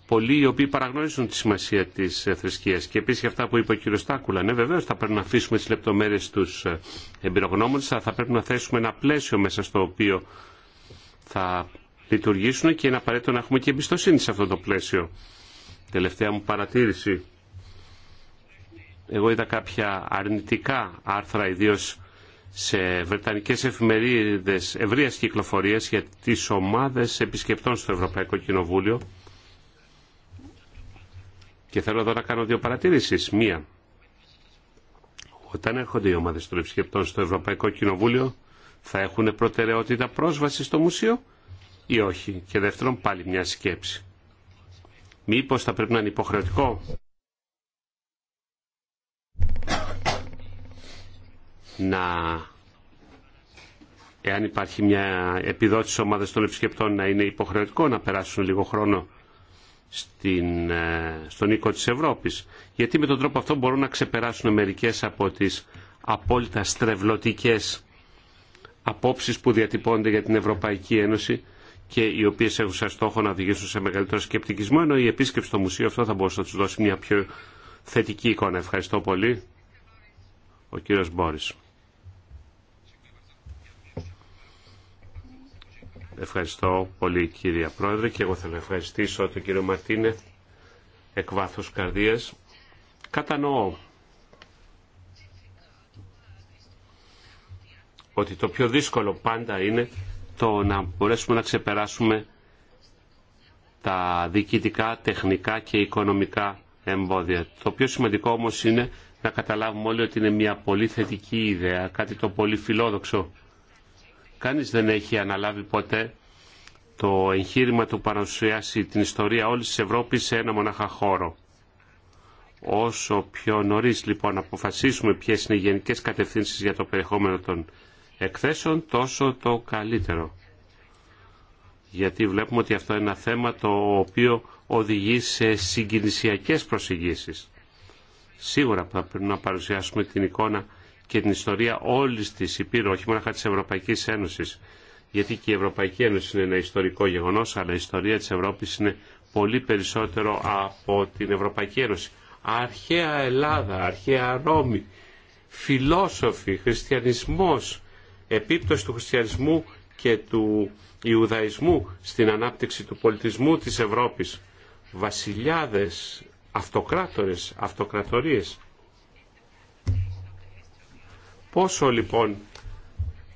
πολλοί οι οποίοι παραγνωρίζουν τη σημασία της ε, θρησκείας και επίσης για αυτά που είπε ο κύριος Στάκουλα. Ναι βεβαίως θα πρέπει να αφήσουμε τις λεπτομέρειες τους ε, εμπειρογνώμων, αλλά θα πρέπει να θέσουμε ένα πλαίσιο μέσα στο οποίο θα λειτουργήσουν και είναι απαραίτητο να έχουμε και εμπιστοσύνη σε αυτό το πλαίσιο. Τελευταία μου παρατήρηση. Εγώ είδα κάποια αρνητικά άρθρα ιδίως σε βρετανικές εφημερίδες ευρείας κυκλοφορίας για τις ομάδες επισκεπτών στο Ευρωπαϊκό Κοινοβούλιο και θέλω εδώ να κάνω δύο παρατήρησεις. Μία, όταν έρχονται οι ομάδες των επισκεπτών στο Ευρωπαϊκό Κοινοβούλιο θα έχουν προτεραιότητα πρόσβαση στο μουσείο ή όχι. Και δεύτερον πάλι μια σκέψη. Μήπως θα πρέπει να είναι υποχρεωτικό να εάν υπάρχει μια επιδότηση ομάδας των επισκεπτών να είναι υποχρεωτικό να περάσουν λίγο χρόνο στην, ε, στον οίκο της Ευρώπης. Γιατί με τον τρόπο αυτό μπορούν να ξεπεράσουν μερικές από τις απόλυτα στρεβλωτικές απόψεις που διατυπώνται για την Ευρωπαϊκή Ένωση και οι οποίες έχουν σαν στόχο να οδηγήσουν σε μεγαλύτερο σκεπτικισμό, ενώ η επίσκεψη στο μουσείο αυτό θα μπορούσε να τους δώσει μια πιο θετική εικόνα. Ευχαριστώ πολύ. Ο κύριος Μπόρης. Ευχαριστώ πολύ κύριε Πρόεδρε και εγώ θέλω να ευχαριστήσω τον κύριο Μαρτίνε εκ βάθους καρδίας. Κατανοώ ότι το πιο δύσκολο πάντα είναι το να μπορέσουμε να ξεπεράσουμε τα διοικητικά, τεχνικά και οικονομικά εμπόδια. Το πιο σημαντικό όμως είναι να καταλάβουμε όλοι ότι είναι μια πολύ θετική ιδέα, κάτι το πολύ φιλόδοξο Κανείς δεν έχει αναλάβει ποτέ το εγχείρημα του παρουσιάσει την ιστορία όλης της Ευρώπης σε ένα μονάχα χώρο. Όσο πιο νωρίς λοιπόν αποφασίσουμε ποιες είναι οι γενικές κατευθύνσεις για το περιεχόμενο των εκθέσεων, τόσο το καλύτερο. Γιατί βλέπουμε ότι αυτό είναι ένα θέμα το οποίο οδηγεί σε συγκινησιακές προσεγγίσεις. Σίγουρα πρέπει να παρουσιάσουμε την εικόνα και την ιστορία όλη τη Υπήρου, όχι μόνο τη Ευρωπαϊκή Ένωσης. Γιατί και η Ευρωπαϊκή Ένωση είναι ένα ιστορικό γεγονό, αλλά η ιστορία τη Ευρώπη είναι πολύ περισσότερο από την Ευρωπαϊκή Ένωση. Αρχαία Ελλάδα, αρχαία Ρώμη, φιλόσοφοι, χριστιανισμό επίπτωση του χριστιανισμού και του Ιουδαϊσμού στην ανάπτυξη του πολιτισμού της Ευρώπης. Βασιλιάδες, αυτοκράτορες, αυτοκρατορίες. Πόσο λοιπόν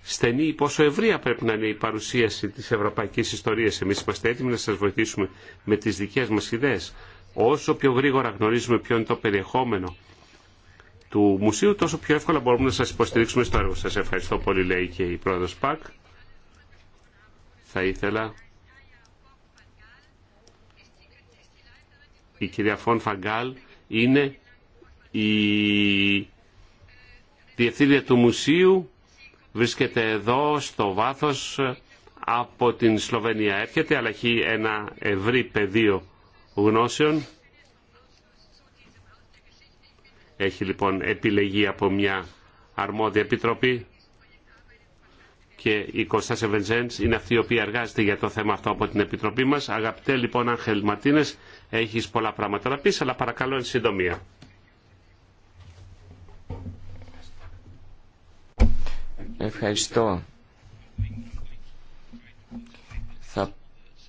στενή ή πόσο ευρεία πρέπει να είναι η παρουσίαση της ευρωπαϊκής ιστορίας. Εμείς είμαστε έτοιμοι να σας βοηθήσουμε με τις δικές μας ιδέες. Όσο πιο γρήγορα γνωρίζουμε ποιο είναι το περιεχόμενο του μουσείου, τόσο πιο εύκολα μπορούμε να σας υποστηρίξουμε στο έργο σας. Ευχαριστώ πολύ, λέει και η πρόεδρος ΠΑΚ. Θα ήθελα η κυρία Φων Φαγκάλ είναι η διευθύνεια του μουσείου βρίσκεται εδώ στο βάθος ε, από την Σλοβενία έρχεται αλλά έχει ένα ευρύ πεδίο γνώσεων. Έχει λοιπόν επιλεγεί από μια αρμόδια επιτροπή και η Κωνστάς Ευεντζέντς είναι αυτή η οποία εργάζεται για το θέμα αυτό από την επιτροπή μας. Αγαπητέ λοιπόν Άγχελ Ματίνες, έχεις πολλά πράγματα να πεις αλλά παρακαλώ εν συντομία. Ευχαριστώ. Θα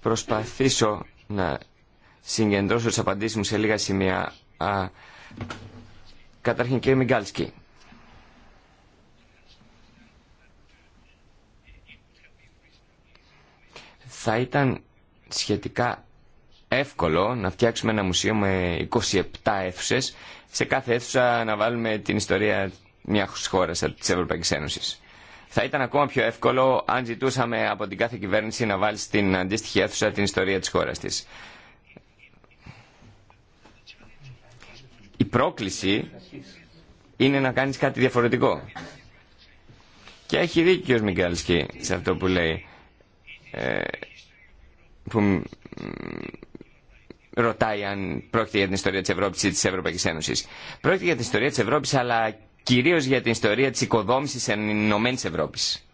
προσπαθήσω να συγκεντρώσω τις απαντήσεις μου σε λίγα σημεία. Καταρχήν κύριε Μιγκάλσκι. Θα ήταν σχετικά εύκολο να φτιάξουμε ένα μουσείο με 27 αίθουσε. Σε κάθε αίθουσα να βάλουμε την ιστορία μια χώρα τη Ευρωπαϊκή Ένωση. Θα ήταν ακόμα πιο εύκολο αν ζητούσαμε από την κάθε κυβέρνηση να βάλει στην αντίστοιχη αίθουσα την ιστορία της χώρας της. Η πρόκληση είναι να κάνεις κάτι διαφορετικό. Και έχει δίκιο ο Μιγκάλσκι σε αυτό που λέει. Ε, που ρωτάει αν πρόκειται για την ιστορία της Ευρώπης ή της Ευρωπαϊκής Ένωσης. Πρόκειται για την ιστορία της Ευρώπης αλλά κυρίως για την ιστορία της οικοδόμησης της Ενωμένης Ευρώπης.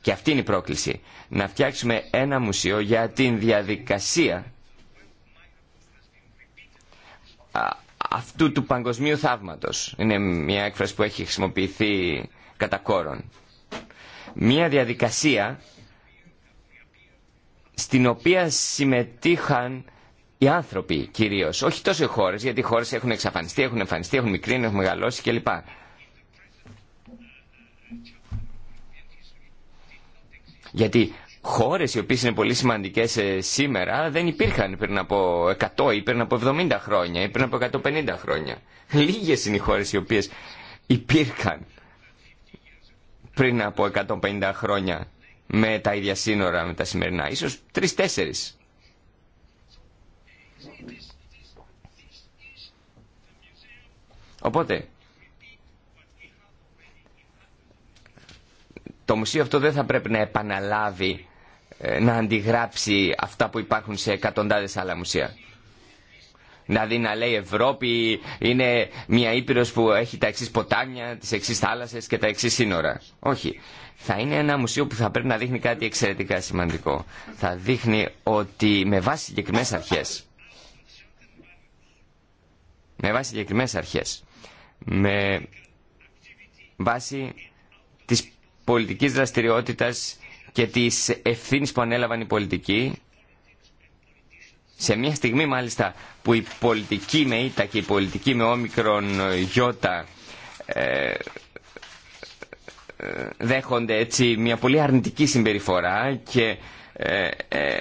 Και αυτή είναι η πρόκληση. Να φτιάξουμε ένα μουσείο για την διαδικασία αυτού του παγκοσμίου θαύματος. Είναι μια έκφραση που έχει χρησιμοποιηθεί κατά κόρον. Μια διαδικασία στην οποία συμμετείχαν οι άνθρωποι κυρίως. Όχι τόσο οι χώρες, γιατί οι χώρες έχουν εξαφανιστεί, έχουν εμφανιστεί, έχουν μικρύνει, έχουν μεγαλώσει κλπ. Γιατί χώρες οι οποίες είναι πολύ σημαντικές ε, σήμερα δεν υπήρχαν πριν από 100 ή πριν από 70 χρόνια ή πριν από 150 χρόνια. Λίγες είναι οι χώρες οι οποίες υπήρχαν πριν από 150 χρόνια με τα ίδια σύνορα με τα σημερινά. Ίσως τρεις-τέσσερις. Οπότε, Το μουσείο αυτό δεν θα πρέπει να επαναλάβει, ε, να αντιγράψει αυτά που υπάρχουν σε εκατοντάδες άλλα μουσεία. Δηλαδή να λέει Ευρώπη είναι μια ήπειρος που έχει τα εξή ποτάμια, τις εξή θάλασσες και τα εξή σύνορα. Όχι. Θα είναι ένα μουσείο που θα πρέπει να δείχνει κάτι εξαιρετικά σημαντικό. Θα δείχνει ότι με βάση συγκεκριμένε αρχές, με βάση συγκεκριμένε αρχές, με βάση τις πολιτικής δραστηριότητας και της ευθύνης που ανέλαβαν οι πολιτικοί σε μια στιγμή μάλιστα που η πολιτική με ήττα και η πολιτική με όμικρον γιώτα ε, δέχονται έτσι μια πολύ αρνητική συμπεριφορά και ε, ε,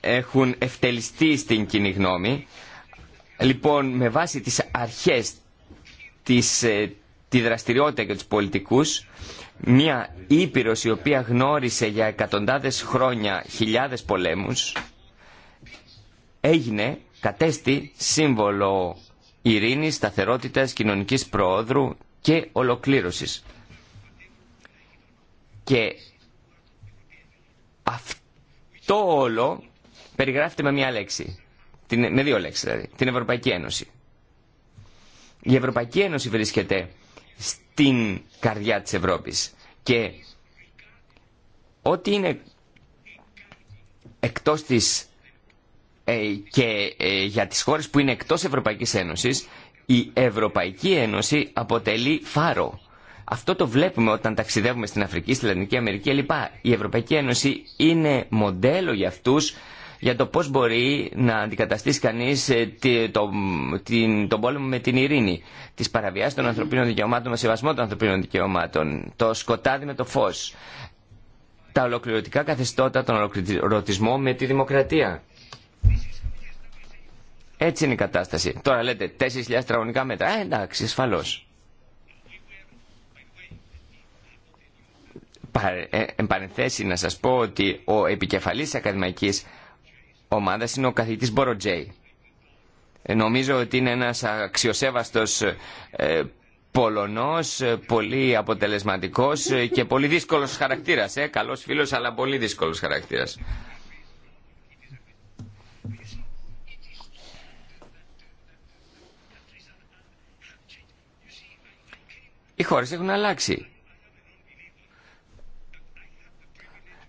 έχουν ευτελιστεί στην κοινή γνώμη. Λοιπόν, με βάση τις αρχές της, ε, τη δραστηριότητα και τους πολιτικούς μια Ήπειρος η οποία γνώρισε για εκατοντάδες χρόνια χιλιάδες πολέμους έγινε, κατέστη σύμβολο ειρήνης, σταθερότητας, κοινωνικής προόδρου και ολοκλήρωσης. Και αυτό όλο περιγράφεται με μια λέξη, με δύο λέξεις δηλαδή, την Ευρωπαϊκή Ένωση. Η Ευρωπαϊκή Ένωση βρίσκεται στην καρδιά της Ευρώπης. Και ό,τι είναι εκτός της ε, και ε, για τις χώρες που είναι εκτός Ευρωπαϊκής Ένωσης, η Ευρωπαϊκή Ένωση αποτελεί φάρο. Αυτό το βλέπουμε όταν ταξιδεύουμε στην Αφρική, στη Λατινική Αμερική κλπ. Η Ευρωπαϊκή Ένωση είναι μοντέλο για αυτούς για το πώς μπορεί να αντικαταστήσει κανείς ε, τον πόλεμο με την ειρήνη, τις παραβιάσεις των ανθρωπίνων δικαιωμάτων, με σεβασμό των ανθρωπίνων δικαιωμάτων, το σκοτάδι με το φως, τα ολοκληρωτικά καθεστώτα, τον ολοκληρωτισμό με τη δημοκρατία. Έτσι είναι η κατάσταση. Τώρα λέτε 4.000 τραγωνικά μέτρα. Ε, εντάξει, ασφαλώς. Ε, εν να σας πω ότι ο επικεφαλής της Ακαδημαϊκής ομάδα είναι ο καθηγητής Μποροτζέη. Ε, νομίζω ότι είναι ένας αξιοσέβαστος ε, Πολωνός, ε, πολύ αποτελεσματικός και πολύ δύσκολος χαρακτήρας. Ε, καλός φίλος, αλλά πολύ δύσκολος χαρακτήρας. Οι χώρες έχουν αλλάξει.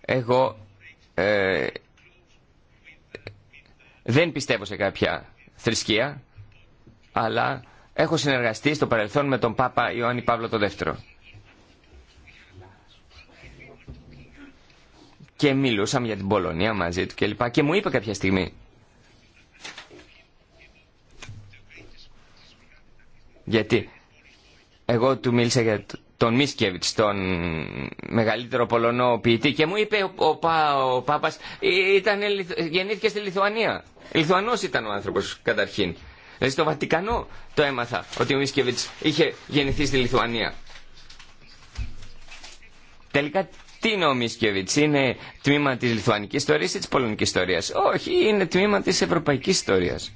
Εγώ δεν πιστεύω σε κάποια θρησκεία, αλλά έχω συνεργαστεί στο παρελθόν με τον Πάπα Ιωάννη Παύλο II. Και μιλούσαμε για την Πολωνία μαζί του κλπ. Και, και μου είπε κάποια στιγμή Γιατί εγώ του μίλησα για το, τον Μίσκεβιτς, τον μεγαλύτερο Πολωνό ποιητή και μου είπε ο, ο, Πάπας ήταν, γεννήθηκε στη Λιθουανία. Λιθουανός ήταν ο άνθρωπος καταρχήν. Δηλαδή στο Βατικανό το έμαθα ότι ο Μίσκεβιτς είχε γεννηθεί στη Λιθουανία. Τελικά τι είναι ο Μίσκεβιτς, είναι τμήμα της Λιθουανικής ιστορίας ή της Πολωνικής ιστορίας. Όχι, είναι τμήμα της Ευρωπαϊκής ιστορίας.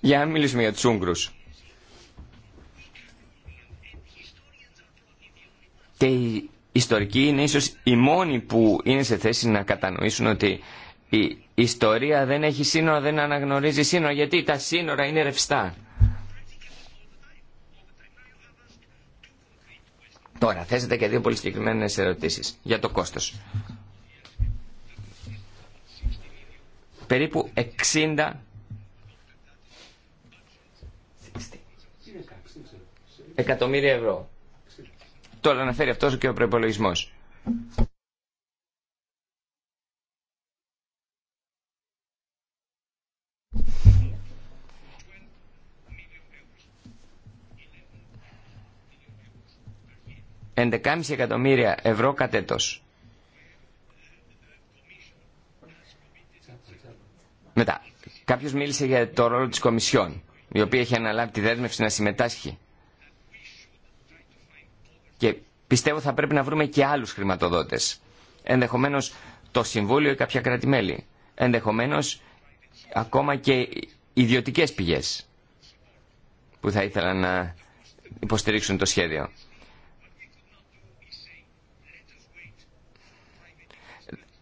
Για να μιλήσουμε για τους Ούγγρους. και οι ιστορικοί είναι ίσως οι μόνοι που είναι σε θέση να κατανοήσουν ότι η ιστορία δεν έχει σύνορα, δεν αναγνωρίζει σύνορα, γιατί τα σύνορα είναι ρευστά. Τώρα, θέσετε και δύο πολύ συγκεκριμένε ερωτήσεις για το κόστος. Περίπου 60 εκατομμύρια ευρώ το αναφέρει αυτός και ο προπολογισμό. Εντεκάμιση εκατομμύρια ευρώ κατ' έτος. Μετά, κάποιος μίλησε για το ρόλο της Κομισιόν... ...η οποία έχει αναλάβει τη δέσμευση να συμμετάσχει και πιστεύω θα πρέπει να βρούμε και άλλους χρηματοδότες. Ενδεχομένως το Συμβούλιο ή κάποια Ενδεχομένως ακόμα και ιδιωτικές πηγές που θα ήθελαν να υποστηρίξουν το σχέδιο.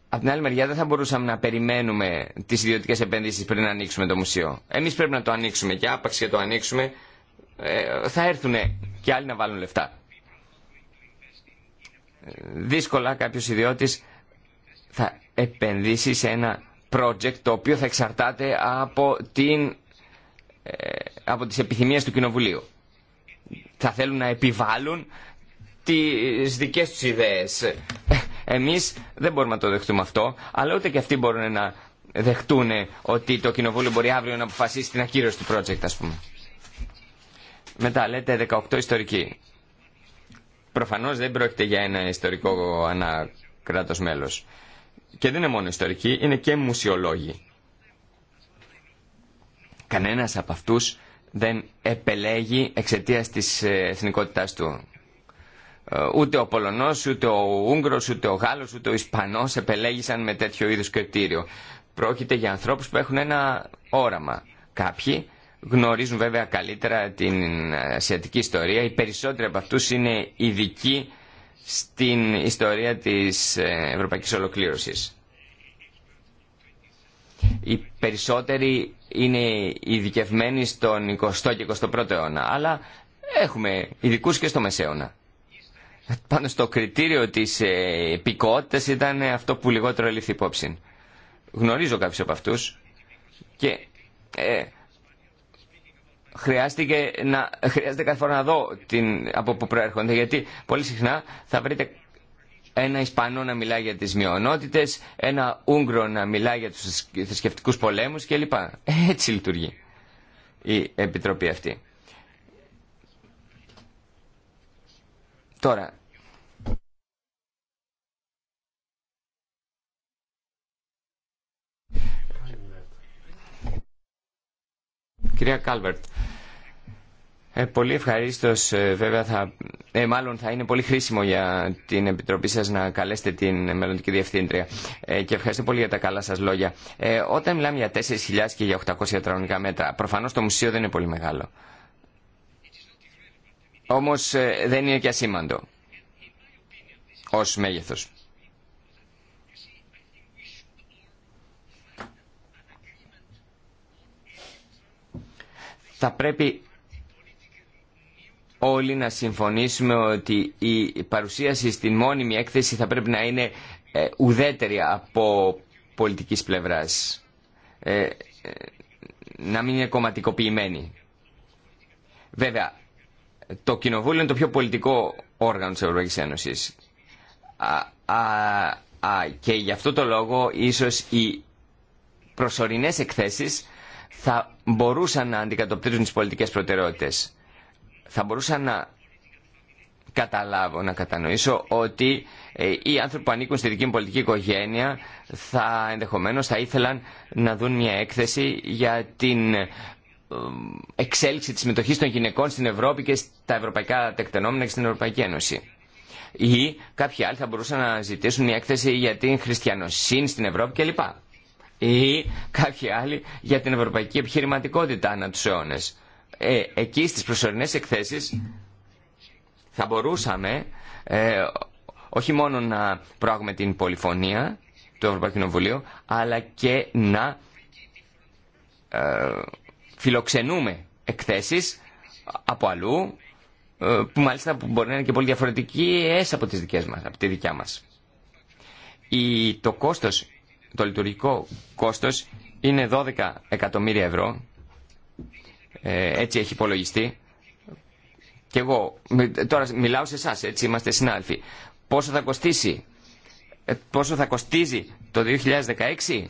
Από την άλλη μεριά δεν θα μπορούσαμε να περιμένουμε τις ιδιωτικές επενδύσεις πριν να ανοίξουμε το μουσείο. Εμείς πρέπει να το ανοίξουμε και άπαξ και το ανοίξουμε ε, θα έρθουν και άλλοι να βάλουν λεφτά δύσκολα κάποιος ιδιώτης θα επενδύσει σε ένα project το οποίο θα εξαρτάται από, την, ε, από τις επιθυμίες του Κοινοβουλίου. Θα θέλουν να επιβάλλουν τις δικές τους ιδέες. Εμείς δεν μπορούμε να το δεχτούμε αυτό, αλλά ούτε και αυτοί μπορούν να δεχτούν ότι το Κοινοβούλιο μπορεί αύριο να αποφασίσει την ακύρωση του project, ας πούμε. Μετά λέτε 18 ιστορικοί. Προφανώς δεν πρόκειται για ένα ιστορικό ανά μέλος. Και δεν είναι μόνο ιστορικοί, είναι και μουσιολόγοι. Κανένας από αυτούς δεν επελέγει εξαιτίας της ε, εθνικότητάς του. Ε, ούτε ο Πολωνός, ούτε ο Ούγγρος, ούτε ο Γάλλος, ούτε ο Ισπανός επελέγησαν με τέτοιο είδους κριτήριο. Πρόκειται για ανθρώπους που έχουν ένα όραμα. Κάποιοι γνωρίζουν βέβαια καλύτερα την ασιατική ιστορία. Οι περισσότεροι από αυτούς είναι ειδικοί στην ιστορία της ευρωπαϊκής ολοκλήρωσης. Οι περισσότεροι είναι ειδικευμένοι στον 20ο και 21ο αιώνα, αλλά έχουμε ειδικού και στο μεσαίωνα. Πάνω στο κριτήριο της επικότητας ήταν αυτό που λιγότερο ελήφθη υπόψη. Γνωρίζω κάποιους από αυτούς και ε, χρειάστηκε να, χρειάζεται κάθε φορά να δω την, από πού προέρχονται, γιατί πολύ συχνά θα βρείτε ένα Ισπανό να μιλάει για τις μειονότητες, ένα Ούγγρο να μιλάει για τους θρησκευτικού πολέμους κλπ. Έτσι λειτουργεί η Επιτροπή αυτή. Τώρα, Κυρία Κάλβερτ, ε, πολύ ευχαρίστω, ε, βέβαια, ε, μάλλον θα είναι πολύ χρήσιμο για την Επιτροπή σα να καλέσετε την μελλοντική διευθύντρια. Ε, και ευχαριστώ πολύ για τα καλά σα λόγια. όταν μιλάμε για 4.000 και για 800 τετραγωνικά μέτρα, προφανώ το μουσείο δεν είναι πολύ μεγάλο. Όμω δεν είναι και ασήμαντο ω μέγεθο. θα πρέπει όλοι να συμφωνήσουμε ότι η παρουσίαση στην μόνιμη έκθεση θα πρέπει να είναι ε, ουδέτερη από πολιτικής πλευράς. Ε, ε, να μην είναι κομματικοποιημένη. Βέβαια, το κοινοβούλιο είναι το πιο πολιτικό όργανο της Ευρωπαϊκής Ένωσης. και γι' αυτό το λόγο ίσως οι προσωρινές εκθέσεις θα μπορούσαν να αντικατοπτρίζουν τις πολιτικές προτεραιότητες. Θα μπορούσαν να καταλάβω, να κατανοήσω ότι ε, οι άνθρωποι που ανήκουν στη δική μου πολιτική οικογένεια θα ενδεχομένως θα ήθελαν να δουν μια έκθεση για την ε, εξέλιξη της συμμετοχής των γυναικών στην Ευρώπη και στα ευρωπαϊκά τεκτενόμενα και στην Ευρωπαϊκή Ένωση. Ή κάποιοι άλλοι θα μπορούσαν να ζητήσουν μια έκθεση για την χριστιανοσύνη στην Ευρώπη κλπ ή κάποιοι άλλοι για την ευρωπαϊκή επιχειρηματικότητα ανά τους αιώνες. Ε, εκεί στις προσωρινές εκθέσεις θα μπορούσαμε ε, όχι μόνο να προάγουμε την πολυφωνία του Ευρωπαϊκού Κοινοβουλίου, αλλά και να ε, φιλοξενούμε εκθέσεις από αλλού, που μάλιστα μπορεί να είναι και πολύ διαφορετικές από τις δικές μας, από τη δικιά μας. το κόστος το λειτουργικό κόστος είναι 12 εκατομμύρια ευρώ, ε, έτσι έχει υπολογιστεί. Και εγώ τώρα μιλάω σε εσά, έτσι είμαστε συνάδελφοι. Πόσο θα κοστίσει, ε, πόσο θα κοστίζει το 2016,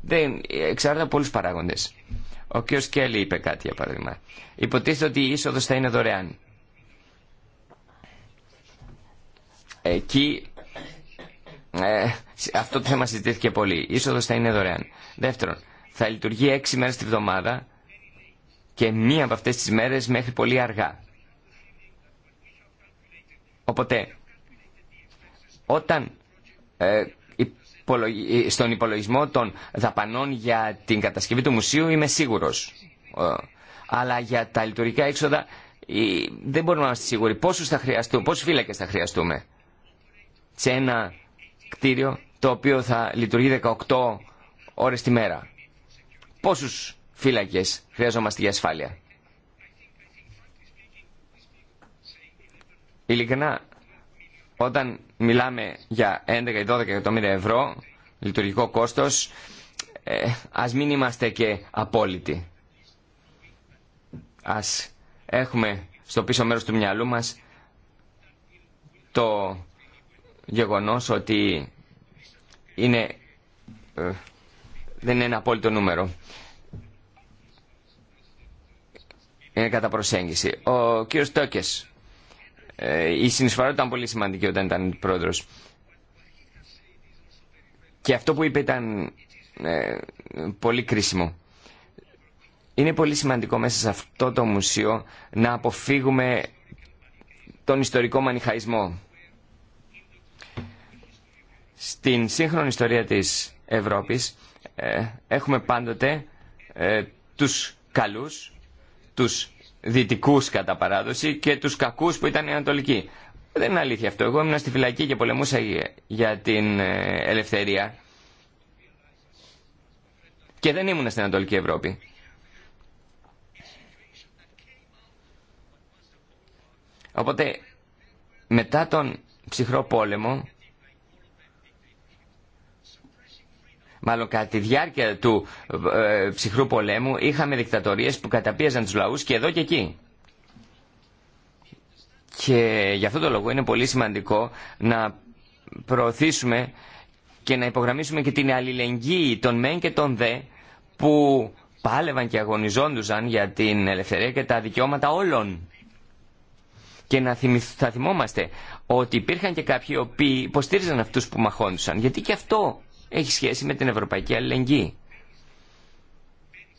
δεν εξαρτάται από πολλού παράγοντε. Ο κ. Σκέλη είπε κάτι για παράδειγμα. Υποτίθεται ότι η είσοδος θα είναι δωρεάν. Εκεί ε, αυτό το θέμα συζητήθηκε πολύ. Η είσοδο θα είναι δωρεάν. Δεύτερον, θα λειτουργεί έξι μέρε τη βδομάδα και μία από αυτέ τι μέρε μέχρι πολύ αργά. Οπότε, όταν ε, ε, στον υπολογισμό των δαπανών για την κατασκευή του μουσείου είμαι σίγουρος. Αλλά για τα λειτουργικά έξοδα δεν μπορούμε να είμαστε σίγουροι πόσους, θα πόσους φύλακες θα χρειαστούμε. Σε ένα κτίριο το οποίο θα λειτουργεί 18 ώρες τη μέρα. Πόσους φύλακες χρειαζόμαστε για ασφάλεια. Ειλικρινά, όταν μιλάμε για 11 ή 12 εκατομμύρια ευρώ λειτουργικό κόστος, ε, ας μην είμαστε και απόλυτοι. Ας έχουμε στο πίσω μέρος του μυαλού μας το γεγονός ότι είναι, ε, δεν είναι ένα απόλυτο νούμερο. Είναι κατά προσέγγιση. Ο κύριος Τόκες, ε, η συνεισφορά ήταν πολύ σημαντική όταν ήταν πρόεδρος. Και αυτό που είπε ήταν ε, πολύ κρίσιμο. Είναι πολύ σημαντικό μέσα σε αυτό το μουσείο να αποφύγουμε τον ιστορικό μανιχαϊσμό στην σύγχρονη ιστορία της Ευρώπης ε, έχουμε πάντοτε ε, τους καλούς, τους δυτικούς κατά παράδοση και τους κακούς που ήταν οι Ανατολικοί. Δεν είναι αλήθεια αυτό. Εγώ ήμουν στη φυλακή και πολεμούσα για την ε, ελευθερία και δεν ήμουν στην Ανατολική Ευρώπη. Οπότε μετά τον ψυχρό πόλεμο μάλλον κατά τη διάρκεια του ε, ψυχρού πολέμου είχαμε δικτατορίες που καταπίεζαν τους λαούς και εδώ και εκεί. Και γι' αυτό το λόγο είναι πολύ σημαντικό να προωθήσουμε και να υπογραμμίσουμε και την αλληλεγγύη των μεν και των δε που πάλευαν και αγωνιζόντουσαν για την ελευθερία και τα δικαιώματα όλων. Και να θα θυμόμαστε ότι υπήρχαν και κάποιοι οποίοι υποστήριζαν αυτούς που μαχόντουσαν. Γιατί και αυτό έχει σχέση με την ευρωπαϊκή αλληλεγγύη.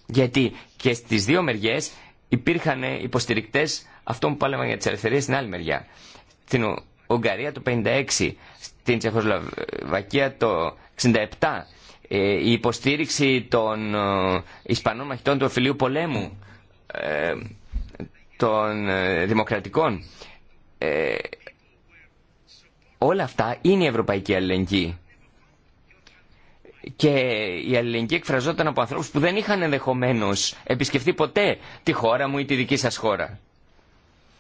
Γιατί και στις δύο μεριέ υπήρχαν υποστηρικτές αυτών που πάλευαν για τι ελευθερίε στην άλλη μεριά. Στην Ουγγαρία το 1956, στην Τσεχοσλοβακία το 1967, ε, η υποστήριξη των ε, Ισπανών μαχητών του Οφιλίου Πολέμου, ε, των Δημοκρατικών, όλα αυτά είναι η Ευρωπαϊκή Αλληλεγγύη και η αλληλεγγύη εκφραζόταν από ανθρώπους που δεν είχαν ενδεχομένω επισκεφθεί ποτέ τη χώρα μου ή τη δική σας χώρα.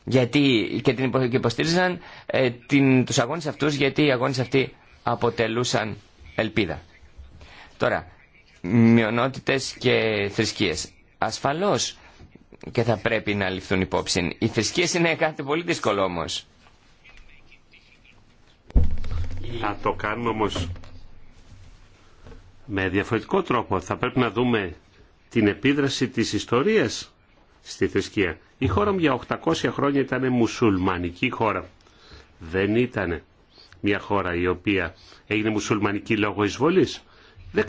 Γιατί και την υποστήριζαν ε, την, τους αγώνες αυτούς γιατί οι αγώνες αυτοί αποτελούσαν ελπίδα. Τώρα, μειονότητες και θρησκείες. Ασφαλώς και θα πρέπει να ληφθούν υπόψη. Οι θρησκείες είναι κάτι πολύ δύσκολο όμως. Θα το κάνουμε όμως με διαφορετικό τρόπο. Θα πρέπει να δούμε την επίδραση της ιστορίας στη θρησκεία. Η χώρα μου για 800 χρόνια ήταν μουσουλμανική χώρα. Δεν ήταν μια χώρα η οποία έγινε μουσουλμανική λόγω εισβολής. 10.000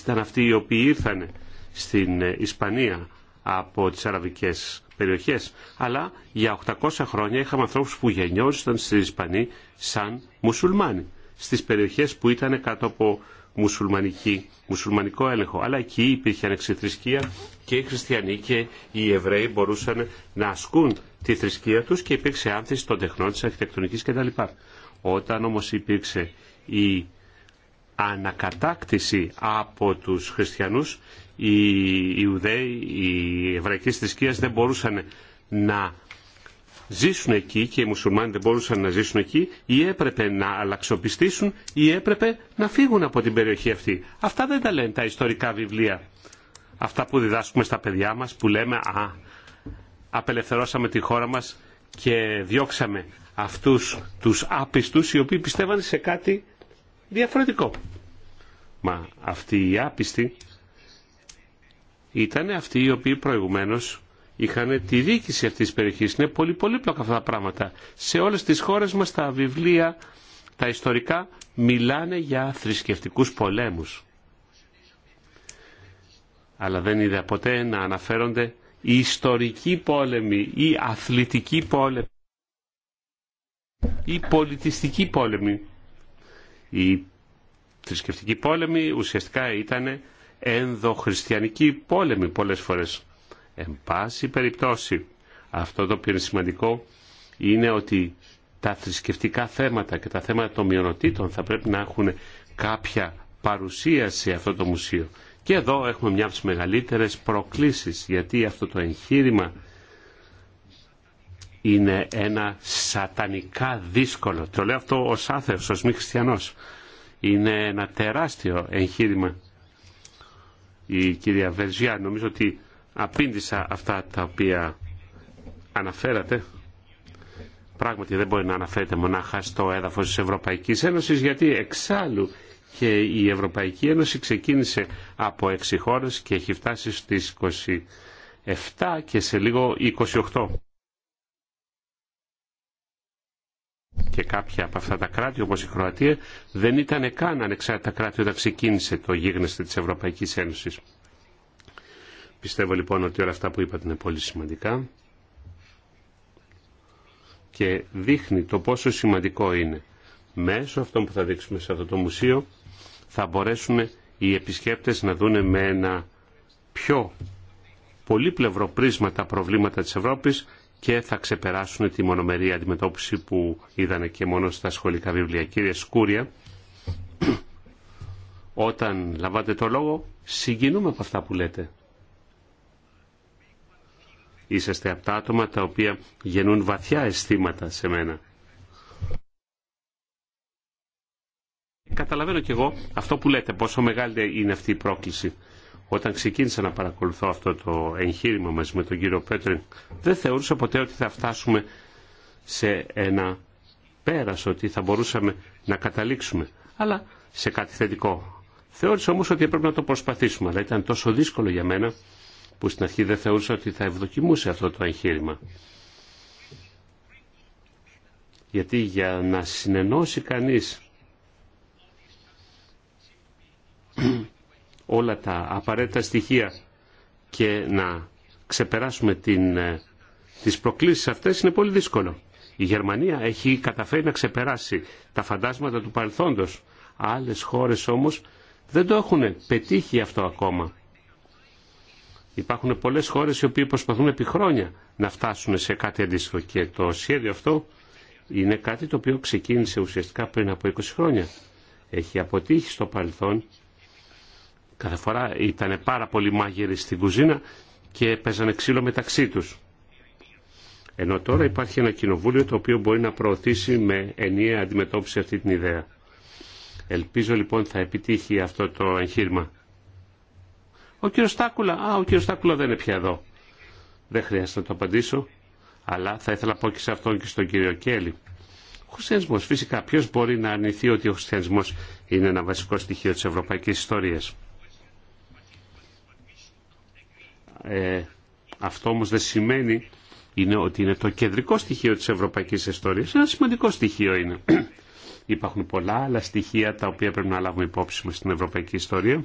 ήταν αυτοί οι οποίοι ήρθαν στην Ισπανία από τις αραβικές περιοχές. Αλλά για 800 χρόνια είχαμε ανθρώπους που γεννιόζησαν στην Ισπανία σαν μουσουλμάνοι. Στις περιοχές που ήταν κάτω από μουσουλμανική, μουσουλμανικό έλεγχο. Αλλά εκεί υπήρχε ανεξιθρησκεία και οι χριστιανοί και οι Εβραίοι μπορούσαν να ασκούν τη θρησκεία τους και υπήρξε άνθηση των τεχνών της αρχιτεκτονικής κτλ. Όταν όμως υπήρξε η ανακατάκτηση από τους χριστιανούς, οι Ιουδαίοι, οι εβραϊκές θρησκείες δεν μπορούσαν να ζήσουν εκεί και οι μουσουλμάνοι δεν μπορούσαν να ζήσουν εκεί ή έπρεπε να αλλαξοπιστήσουν ή έπρεπε να φύγουν από την περιοχή αυτή. Αυτά δεν τα λένε τα ιστορικά βιβλία. Αυτά που διδάσκουμε στα παιδιά μας που λέμε «Α, απελευθερώσαμε τη χώρα μας και διώξαμε αυτούς τους άπιστους οι οποίοι πιστεύαν σε κάτι διαφορετικό». Μα αυτοί οι άπιστοι ήταν αυτοί οι οποίοι προηγουμένως είχαν τη διοίκηση αυτής της περιοχής. Είναι πολύ πολύπλοκα αυτά τα πράγματα. Σε όλες τις χώρες μας τα βιβλία, τα ιστορικά, μιλάνε για θρησκευτικούς πολέμους. Αλλά δεν είδα ποτέ να αναφέρονται οι ιστορικοί πόλεμοι, η αθλητικοί πόλεμοι, η πολιτιστικοί πόλεμοι. Οι θρησκευτικοί πόλεμοι ουσιαστικά ήταν ενδοχριστιανικη πολεμη πολλές φορές. Εν πάση περιπτώσει, αυτό το οποίο είναι σημαντικό είναι ότι τα θρησκευτικά θέματα και τα θέματα των μειονοτήτων θα πρέπει να έχουν κάποια παρουσίαση σε αυτό το μουσείο. Και εδώ έχουμε μια από τις μεγαλύτερες προκλήσεις, γιατί αυτό το εγχείρημα είναι ένα σατανικά δύσκολο. Το λέω αυτό ως άθεος, ως μη χριστιανός. Είναι ένα τεράστιο εγχείρημα. Η κυρία Βερζιά νομίζω ότι απήντησα αυτά τα οποία αναφέρατε. Πράγματι δεν μπορεί να αναφέρεται μονάχα στο έδαφος της Ευρωπαϊκής Ένωσης γιατί εξάλλου και η Ευρωπαϊκή Ένωση ξεκίνησε από 6 χώρες και έχει φτάσει στις 27 και σε λίγο 28. Και κάποια από αυτά τα κράτη, όπως η Κροατία, δεν ήταν καν ανεξάρτητα κράτη όταν ξεκίνησε το γίγνεσθε της Ευρωπαϊκής Ένωσης. Πιστεύω λοιπόν ότι όλα αυτά που είπατε είναι πολύ σημαντικά και δείχνει το πόσο σημαντικό είναι. Μέσω αυτών που θα δείξουμε σε αυτό το μουσείο θα μπορέσουν οι επισκέπτες να δούνε με ένα πιο πολύπλευρο πρίσμα τα προβλήματα της Ευρώπης και θα ξεπεράσουν τη μονομερή αντιμετώπιση που είδανε και μόνο στα σχολικά βιβλία. Κύριε Σκούρια, όταν λαμβάνετε το λόγο, συγκινούμε από αυτά που λέτε. Είσαστε από τα άτομα τα οποία γεννούν βαθιά αισθήματα σε μένα. Καταλαβαίνω κι εγώ αυτό που λέτε, πόσο μεγάλη είναι αυτή η πρόκληση. Όταν ξεκίνησα να παρακολουθώ αυτό το εγχείρημα μαζί με τον κύριο Πέτριν, δεν θεωρούσα ποτέ ότι θα φτάσουμε σε ένα πέρας, ότι θα μπορούσαμε να καταλήξουμε, αλλά σε κάτι θετικό. Θεώρησα όμως ότι έπρεπε να το προσπαθήσουμε, αλλά ήταν τόσο δύσκολο για μένα που στην αρχή δεν θεωρούσα ότι θα ευδοκιμούσε αυτό το εγχείρημα. Γιατί για να συνενώσει κανείς όλα τα απαραίτητα στοιχεία και να ξεπεράσουμε την, ε, τις προκλήσεις αυτές είναι πολύ δύσκολο. Η Γερμανία έχει καταφέρει να ξεπεράσει τα φαντάσματα του παρελθόντος. Άλλες χώρες όμως δεν το έχουν πετύχει αυτό ακόμα. Υπάρχουν πολλέ χώρες οι οποίοι προσπαθούν επί χρόνια να φτάσουν σε κάτι αντίστοιχο και το σχέδιο αυτό είναι κάτι το οποίο ξεκίνησε ουσιαστικά πριν από 20 χρόνια. Έχει αποτύχει στο παρελθόν. Κάθε φορά ήταν πάρα πολύ μάγειροι στην κουζίνα και παίζανε ξύλο μεταξύ του. Ενώ τώρα υπάρχει ένα κοινοβούλιο το οποίο μπορεί να προωθήσει με ενιαία αντιμετώπιση αυτή την ιδέα. Ελπίζω λοιπόν θα επιτύχει αυτό το εγχείρημα. Ο κύριος Στάκουλα, α, ο κύριος Στάκουλα δεν είναι πια εδώ. Δεν χρειάζεται να το απαντήσω, αλλά θα ήθελα να πω και σε αυτόν και στον κύριο Κέλλη. Ο χριστιανισμός, φυσικά, ποιος μπορεί να αρνηθεί ότι ο χριστιανισμός είναι ένα βασικό στοιχείο της ευρωπαϊκής ιστορίας. Ε, αυτό όμως δεν σημαίνει είναι ότι είναι το κεντρικό στοιχείο της ευρωπαϊκής ιστορίας. Ένα σημαντικό στοιχείο είναι. Υπάρχουν πολλά άλλα στοιχεία τα οποία πρέπει να λάβουμε υπόψη μας στην ευρωπαϊκή ιστορία.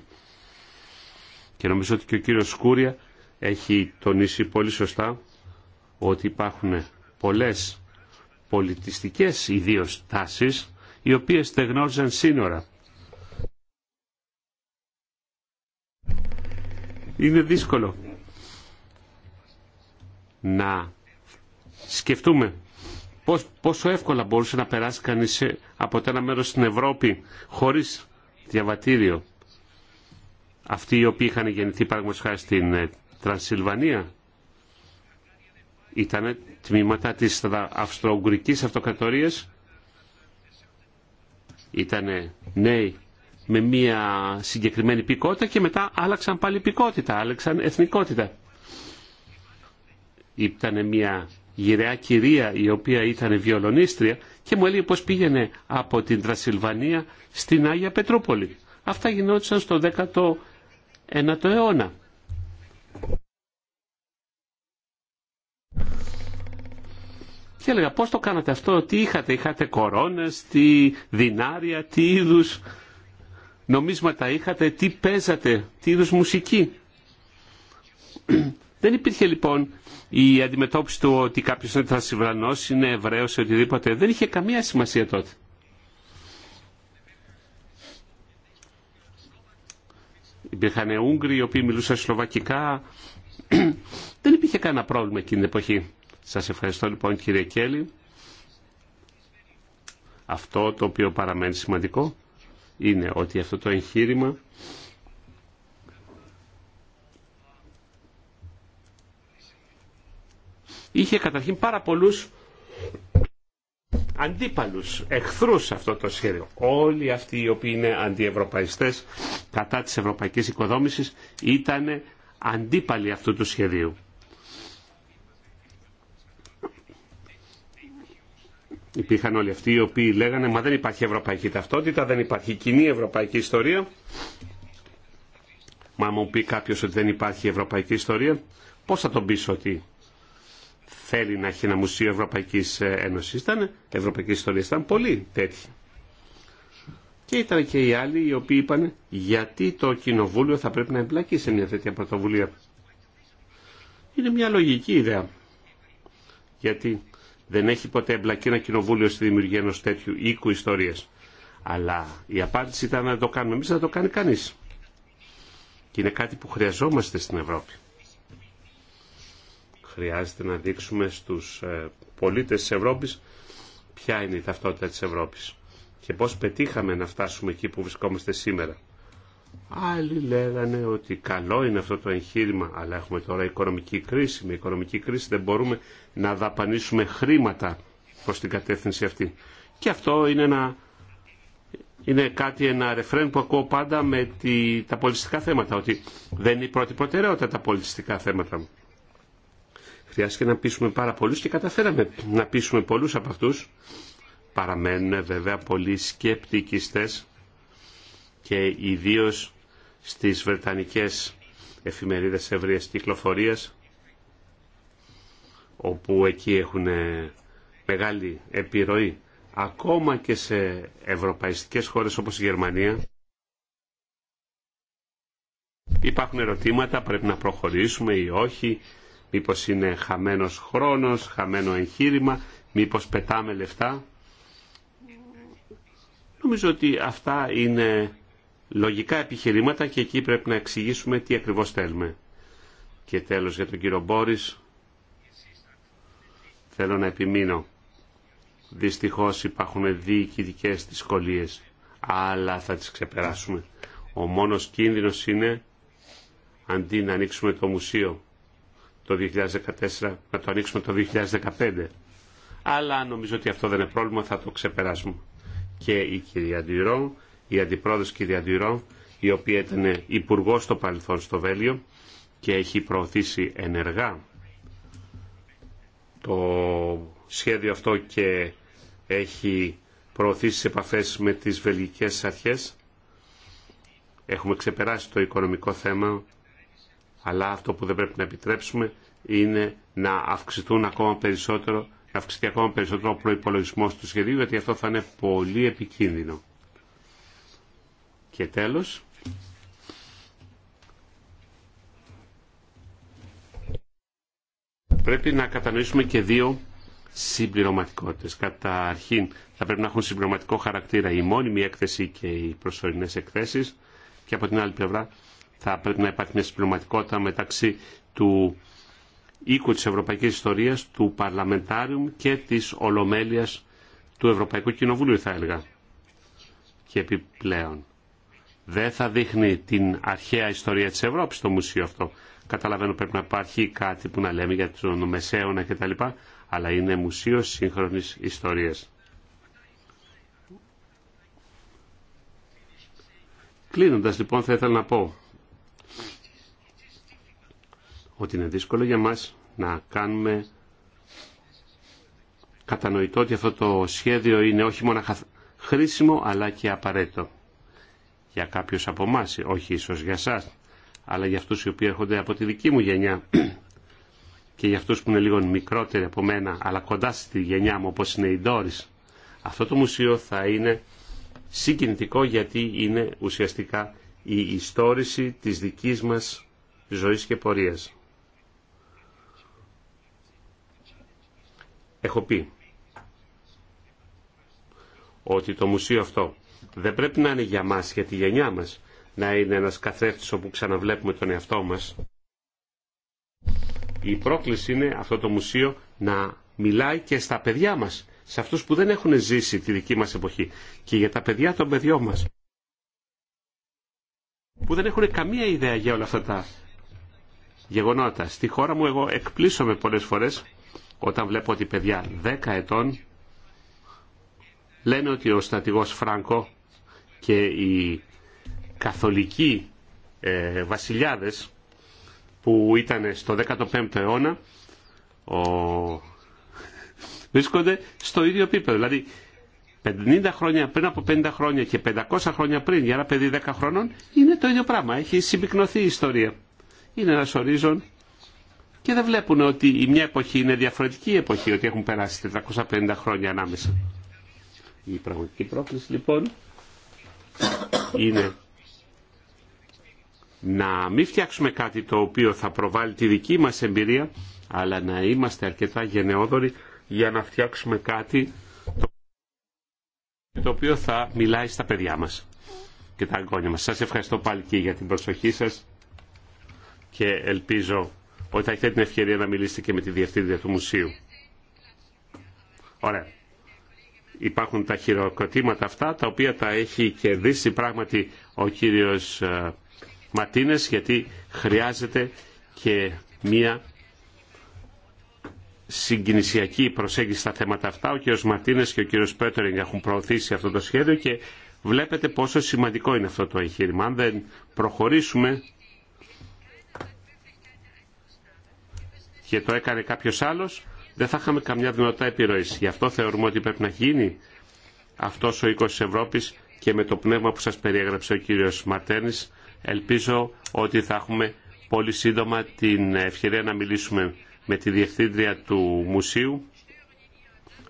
Και νομίζω ότι και ο κύριος Σκούρια έχει τονίσει πολύ σωστά ότι υπάρχουν πολλές πολιτιστικές ιδίω τάσεις οι οποίες στεγνώριζαν σύνορα. Είναι δύσκολο να σκεφτούμε πόσο εύκολα μπορούσε να περάσει κανείς από ένα μέρος στην Ευρώπη χωρίς διαβατήριο αυτοί οι οποίοι είχαν γεννηθεί παραγωγικά στην ε, Τρανσιλβανία ήταν τμήματα της αυστρο Αυτοκρατορίας ήταν νέοι με μια συγκεκριμένη πικότητα και μετά άλλαξαν πάλι πικότητα, άλλαξαν εθνικότητα. Ήταν μια γυραιά κυρία η οποία ήταν βιολονίστρια και μου έλεγε πως πήγαινε από την Τρασιλβανία στην Άγια Πετρούπολη. Αυτά γινόντουσαν στο 10ο ένα το αιώνα. Και έλεγα πώς το κάνατε αυτό, τι είχατε, είχατε κορώνες, τι δυνάρια, τι είδους νομίσματα είχατε, τι παίζατε, τι είδους μουσική. Δεν υπήρχε λοιπόν η αντιμετώπιση του ότι κάποιο θα συμβρανώσει, είναι Εβραίο ή οτιδήποτε. Δεν είχε καμία σημασία τότε. υπήρχαν Ούγγροι οι οποίοι μιλούσαν σλοβακικά. Δεν υπήρχε κανένα πρόβλημα εκείνη την εποχή. Σας ευχαριστώ λοιπόν κύριε Κέλλη. Αυτό το οποίο παραμένει σημαντικό είναι ότι αυτό το εγχείρημα είχε καταρχήν πάρα πολλούς αντίπαλους, εχθρούς σε αυτό το σχέδιο. Όλοι αυτοί οι οποίοι είναι αντιευρωπαϊστές κατά της ευρωπαϊκής οικοδόμησης ήταν αντίπαλοι αυτού του σχεδίου. Υπήρχαν όλοι αυτοί οι οποίοι λέγανε «Μα δεν υπάρχει ευρωπαϊκή ταυτότητα, δεν υπάρχει κοινή ευρωπαϊκή ιστορία». Μα μου πει κάποιος ότι δεν υπάρχει ευρωπαϊκή ιστορία, πώς θα τον πεις ότι θέλει να έχει ένα μουσείο Ευρωπαϊκή ε, Ένωση, Ήταν, Ευρωπαϊκή Ιστορία ήταν πολύ τέτοιοι. Και ήταν και οι άλλοι οι οποίοι είπαν γιατί το κοινοβούλιο θα πρέπει να εμπλακεί σε μια τέτοια πρωτοβουλία. Είναι μια λογική ιδέα. Γιατί δεν έχει ποτέ εμπλακεί ένα κοινοβούλιο στη δημιουργία ενό τέτοιου οίκου ιστορία. Αλλά η απάντηση ήταν να το κάνουμε εμεί, να το κάνει κανεί. Και είναι κάτι που χρειαζόμαστε στην Ευρώπη. Χρειάζεται να δείξουμε στους ε, πολίτες της Ευρώπης ποια είναι η ταυτότητα της Ευρώπης και πώς πετύχαμε να φτάσουμε εκεί που βρισκόμαστε σήμερα. Άλλοι λέγανε ότι καλό είναι αυτό το εγχείρημα, αλλά έχουμε τώρα οικονομική κρίση. Με οικονομική κρίση δεν μπορούμε να δαπανίσουμε χρήματα προς την κατεύθυνση αυτή. Και αυτό είναι, ένα, είναι κάτι, ένα ρεφρέν που ακούω πάντα με τη, τα πολιτιστικά θέματα, ότι δεν είναι η πρώτη προτεραιότητα τα πολιτιστικά θέματα μου. Χρειάστηκε να πείσουμε πάρα πολλούς και καταφέραμε να πείσουμε πολλούς από αυτούς. Παραμένουν βέβαια πολλοί σκεπτικιστές και ιδίως στις βρετανικές εφημερίδες ευρείας κυκλοφορίας όπου εκεί έχουν μεγάλη επιρροή ακόμα και σε ευρωπαϊστικές χώρες όπως η Γερμανία υπάρχουν ερωτήματα πρέπει να προχωρήσουμε ή όχι μήπως είναι χαμένος χρόνος, χαμένο εγχείρημα, μήπως πετάμε λεφτά. Νομίζω ότι αυτά είναι λογικά επιχειρήματα και εκεί πρέπει να εξηγήσουμε τι ακριβώς θέλουμε. Και τέλος για τον κύριο Μπόρις, θέλω να επιμείνω. Δυστυχώς υπάρχουν διοικητικές δυσκολίες, αλλά θα τις ξεπεράσουμε. Ο μόνος κίνδυνος είναι αντί να ανοίξουμε το μουσείο το 2014, να το ανοίξουμε το 2015. Αλλά νομίζω ότι αυτό δεν είναι πρόβλημα, θα το ξεπεράσουμε. Και η κυρία Ντυρό, η αντιπρόεδρος κυρία Ντυρό, η οποία ήταν υπουργό στο παρελθόν στο Βέλγιο και έχει προωθήσει ενεργά το σχέδιο αυτό και έχει προωθήσει επαφές με τις βελγικές αρχές. Έχουμε ξεπεράσει το οικονομικό θέμα αλλά αυτό που δεν πρέπει να επιτρέψουμε είναι να αυξηθούν ακόμα περισσότερο, να αυξηθεί ακόμα περισσότερο ο προπολογισμό του σχεδίου, γιατί αυτό θα είναι πολύ επικίνδυνο. Και τέλος, πρέπει να κατανοήσουμε και δύο συμπληρωματικότητες. Καταρχήν, θα πρέπει να έχουν συμπληρωματικό χαρακτήρα η μόνιμη έκθεση και οι προσωρινές εκθέσεις και από την άλλη πλευρά θα πρέπει να υπάρχει μια συμπληρωματικότητα μεταξύ του οίκου της Ευρωπαϊκής Ιστορίας, του Παρλαμεντάριου και της Ολομέλειας του Ευρωπαϊκού Κοινοβουλίου θα έλεγα. Και επιπλέον δεν θα δείχνει την αρχαία ιστορία της Ευρώπης το μουσείο αυτό. Καταλαβαίνω πρέπει να υπάρχει κάτι που να λέμε για τον Μεσαίωνα κτλ. Αλλά είναι μουσείο σύγχρονης ιστορίας. Κλείνοντας λοιπόν θα ήθελα να πω ότι είναι δύσκολο για μας να κάνουμε κατανοητό ότι αυτό το σχέδιο είναι όχι μόνο χρήσιμο αλλά και απαραίτητο. Για κάποιους από εμά, όχι ίσως για σας, αλλά για αυτούς οι οποίοι έρχονται από τη δική μου γενιά και για αυτούς που είναι λίγο μικρότεροι από μένα αλλά κοντά στη γενιά μου όπως είναι η Ντόρις, αυτό το μουσείο θα είναι συγκινητικό γιατί είναι ουσιαστικά η ιστόρηση της δικής μας ζωής και πορείας. έχω πει ότι το μουσείο αυτό δεν πρέπει να είναι για μας, για τη γενιά μας, να είναι ένας καθρέφτης όπου ξαναβλέπουμε τον εαυτό μας. Η πρόκληση είναι αυτό το μουσείο να μιλάει και στα παιδιά μας, σε αυτούς που δεν έχουν ζήσει τη δική μας εποχή και για τα παιδιά των παιδιών μας, που δεν έχουν καμία ιδέα για όλα αυτά τα γεγονότα. Στη χώρα μου εγώ με πολλές φορές όταν βλέπω ότι παιδιά 10 ετών λένε ότι ο στρατηγός Φράνκο και οι καθολικοί ε, βασιλιάδες που ήταν στο 15ο αιώνα ο... βρίσκονται στο ίδιο επίπεδο. Δηλαδή 50 χρόνια πριν από 50 χρόνια και 500 χρόνια πριν για ένα παιδί 10 χρόνων είναι το ίδιο πράγμα. Έχει συμπυκνωθεί η ιστορία. Είναι ένα ορίζον και δεν βλέπουν ότι η μια εποχή είναι διαφορετική εποχή, ότι έχουν περάσει 450 χρόνια ανάμεσα. Η πραγματική πρόκληση λοιπόν είναι να μην φτιάξουμε κάτι το οποίο θα προβάλλει τη δική μας εμπειρία, αλλά να είμαστε αρκετά γενναιόδοροι για να φτιάξουμε κάτι το οποίο θα μιλάει στα παιδιά μας και τα αγκόνια μας. Σας ευχαριστώ πάλι και για την προσοχή σας και ελπίζω ότι θα έχετε την ευκαιρία να μιλήσετε και με τη Διευθύντρια του Μουσείου. Ωραία. Υπάρχουν τα χειροκροτήματα αυτά, τα οποία τα έχει κερδίσει πράγματι ο κύριος ε, Ματίνες, γιατί χρειάζεται και μία συγκινησιακή προσέγγιση στα θέματα αυτά. Ο κύριος Ματίνες και ο κύριος Πέτερινγκ έχουν προωθήσει αυτό το σχέδιο και βλέπετε πόσο σημαντικό είναι αυτό το εγχείρημα. Αν δεν προχωρήσουμε και το έκανε κάποιο άλλο, δεν θα είχαμε καμιά δυνατότητα επιρροή. Γι' αυτό θεωρούμε ότι πρέπει να γίνει αυτό ο οίκο τη Ευρώπη και με το πνεύμα που σας περιέγραψε ο κύριος Μαρτένη, ελπίζω ότι θα έχουμε πολύ σύντομα την ευκαιρία να μιλήσουμε με τη διευθύντρια του μουσείου.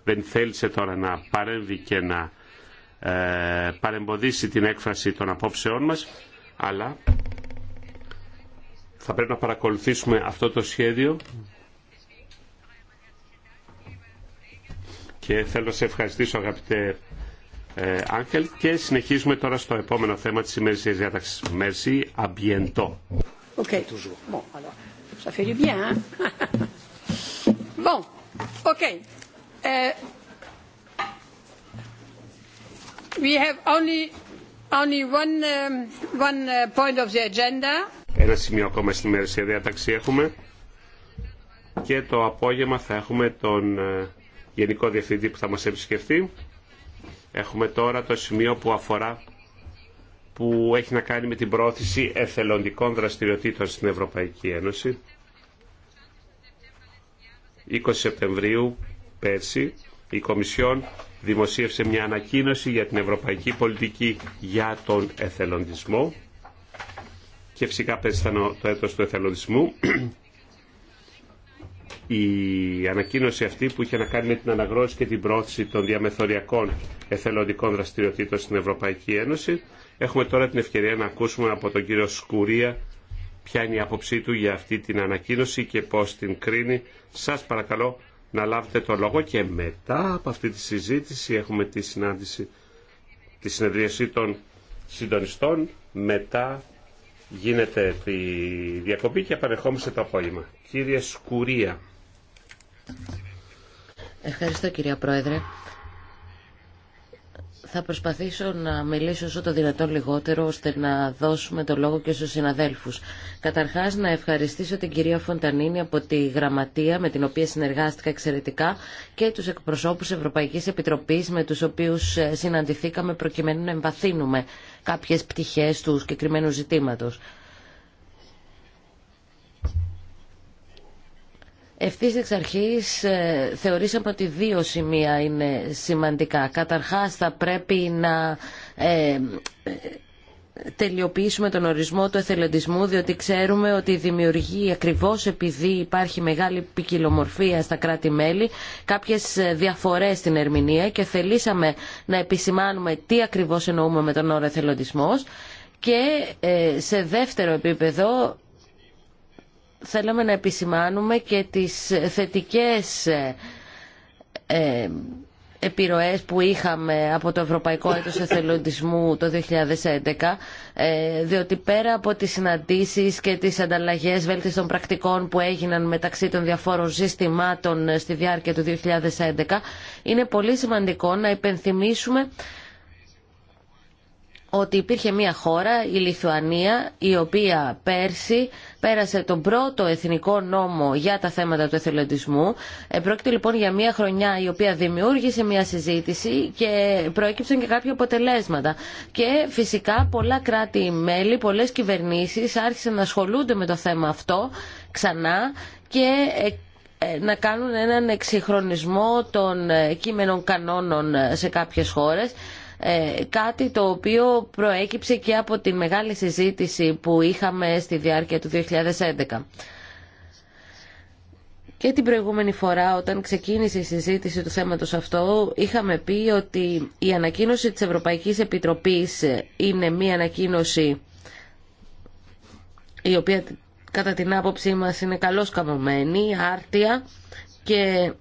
Δεν θέλησε τώρα να παρέμβει και να ε, παρεμποδίσει την έκφραση των απόψεών μας, αλλά θα πρέπει να παρακολουθήσουμε αυτό το σχέδιο και θέλω να σε ευχαριστήσω αγαπητέ ε, Άγγελ και συνεχίζουμε τώρα στο επόμενο θέμα της ημέρησης διάταξης. Μέρση αμπιεντό. Ok. Bon, alors, ça fait du bien, hein Bon, ok. Euh, we have only, only one, um, one uh, point of the agenda. Ένα σημείο ακόμα στην ημέρησια διάταξη έχουμε και το απόγευμα θα έχουμε τον ε, Γενικό Διευθυντή που θα μας επισκεφτεί. Έχουμε τώρα το σημείο που αφορά που έχει να κάνει με την πρόθεση εθελοντικών δραστηριοτήτων στην Ευρωπαϊκή Ένωση. 20 Σεπτεμβρίου πέρσι η Κομισιόν δημοσίευσε μια ανακοίνωση για την Ευρωπαϊκή Πολιτική για τον Εθελοντισμό και φυσικά πέστανε το έτος του εθελοντισμού η ανακοίνωση αυτή που είχε να κάνει με την αναγνώριση και την πρόθεση των διαμεθοριακών εθελοντικών δραστηριοτήτων στην Ευρωπαϊκή Ένωση. Έχουμε τώρα την ευκαιρία να ακούσουμε από τον κύριο Σκουρία ποια είναι η άποψή του για αυτή την ανακοίνωση και πώς την κρίνει. Σας παρακαλώ να λάβετε το λόγο και μετά από αυτή τη συζήτηση έχουμε τη συνάντηση, τη συνεδρίαση των συντονιστών μετά γίνεται τη διακοπή και επανερχόμαστε το απόγευμα. Κύριε Σκουρία. Ευχαριστώ κυρία Πρόεδρε. Θα προσπαθήσω να μιλήσω όσο το δυνατόν λιγότερο ώστε να δώσουμε το λόγο και στους συναδέλφους. Καταρχάς να ευχαριστήσω την κυρία Φοντανίνη από τη Γραμματεία με την οποία συνεργάστηκα εξαιρετικά και τους εκπροσώπους Ευρωπαϊκής Επιτροπής με τους οποίους ε, συναντηθήκαμε προκειμένου να εμβαθύνουμε κάποιες πτυχές του συγκεκριμένου ζητήματος. Ευθύ εξ αρχή ε, θεωρήσαμε ότι δύο σημεία είναι σημαντικά. Καταρχά θα πρέπει να ε, τελειοποιήσουμε τον ορισμό του εθελοντισμού διότι ξέρουμε ότι δημιουργεί ακριβώς επειδή υπάρχει μεγάλη ποικιλομορφία στα κράτη-μέλη κάποιες ε, διαφορές στην ερμηνεία και θελήσαμε να επισημάνουμε τι ακριβώς εννοούμε με τον όρο εθελοντισμό. και σε δεύτερο επίπεδο θέλαμε να επισημάνουμε και τις θετικές ε, ε, επιρροές που είχαμε από το Ευρωπαϊκό Έτος Εθελοντισμού το 2011, ε, διότι πέρα από τις συναντήσεις και τις ανταλλαγές βέλτιστων πρακτικών που έγιναν μεταξύ των διαφόρων συστημάτων στη διάρκεια του 2011, είναι πολύ σημαντικό να υπενθυμίσουμε ότι υπήρχε μια χώρα, η Λιθουανία, η οποία πέρσι πέρασε τον πρώτο εθνικό νόμο για τα θέματα του εθελοντισμού. Ε, πρόκειται λοιπόν για μια χρονιά η οποία δημιούργησε μια συζήτηση και προέκυψαν και κάποια αποτελέσματα. Και φυσικά πολλά κράτη-μέλη, πολλές κυβερνήσεις άρχισαν να ασχολούνται με το θέμα αυτό ξανά και ε, ε, να κάνουν έναν εξυγχρονισμό των κείμενων κανόνων σε κάποιες χώρες ε, κάτι το οποίο προέκυψε και από τη μεγάλη συζήτηση που είχαμε στη διάρκεια του 2011. Και την προηγούμενη φορά όταν ξεκίνησε η συζήτηση του θέματος αυτό είχαμε πει ότι η ανακοίνωση της Ευρωπαϊκής Επιτροπής είναι μία ανακοίνωση η οποία κατά την άποψή μας είναι καλώς καμωμένη, άρτια και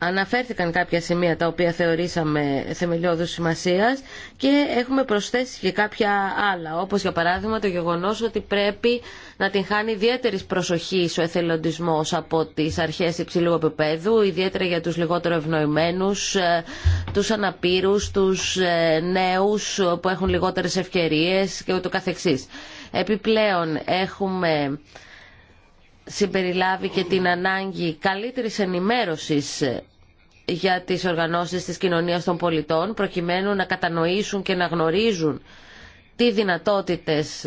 Αναφέρθηκαν κάποια σημεία τα οποία θεωρήσαμε θεμελιώδους σημασίας και έχουμε προσθέσει και κάποια άλλα, όπως για παράδειγμα το γεγονός ότι πρέπει να την χάνει ιδιαίτερης προσοχής ο εθελοντισμός από τις αρχές υψηλού επίπεδου, ιδιαίτερα για τους λιγότερο ευνοημένους, ε, τους αναπήρους, τους ε, νέους που έχουν λιγότερες ευκαιρίες και ούτω καθεξής. Επιπλέον έχουμε συμπεριλάβει και την ανάγκη καλύτερης ενημέρωσης για τις οργανώσεις της κοινωνίας των πολιτών προκειμένου να κατανοήσουν και να γνωρίζουν τι δυνατότητες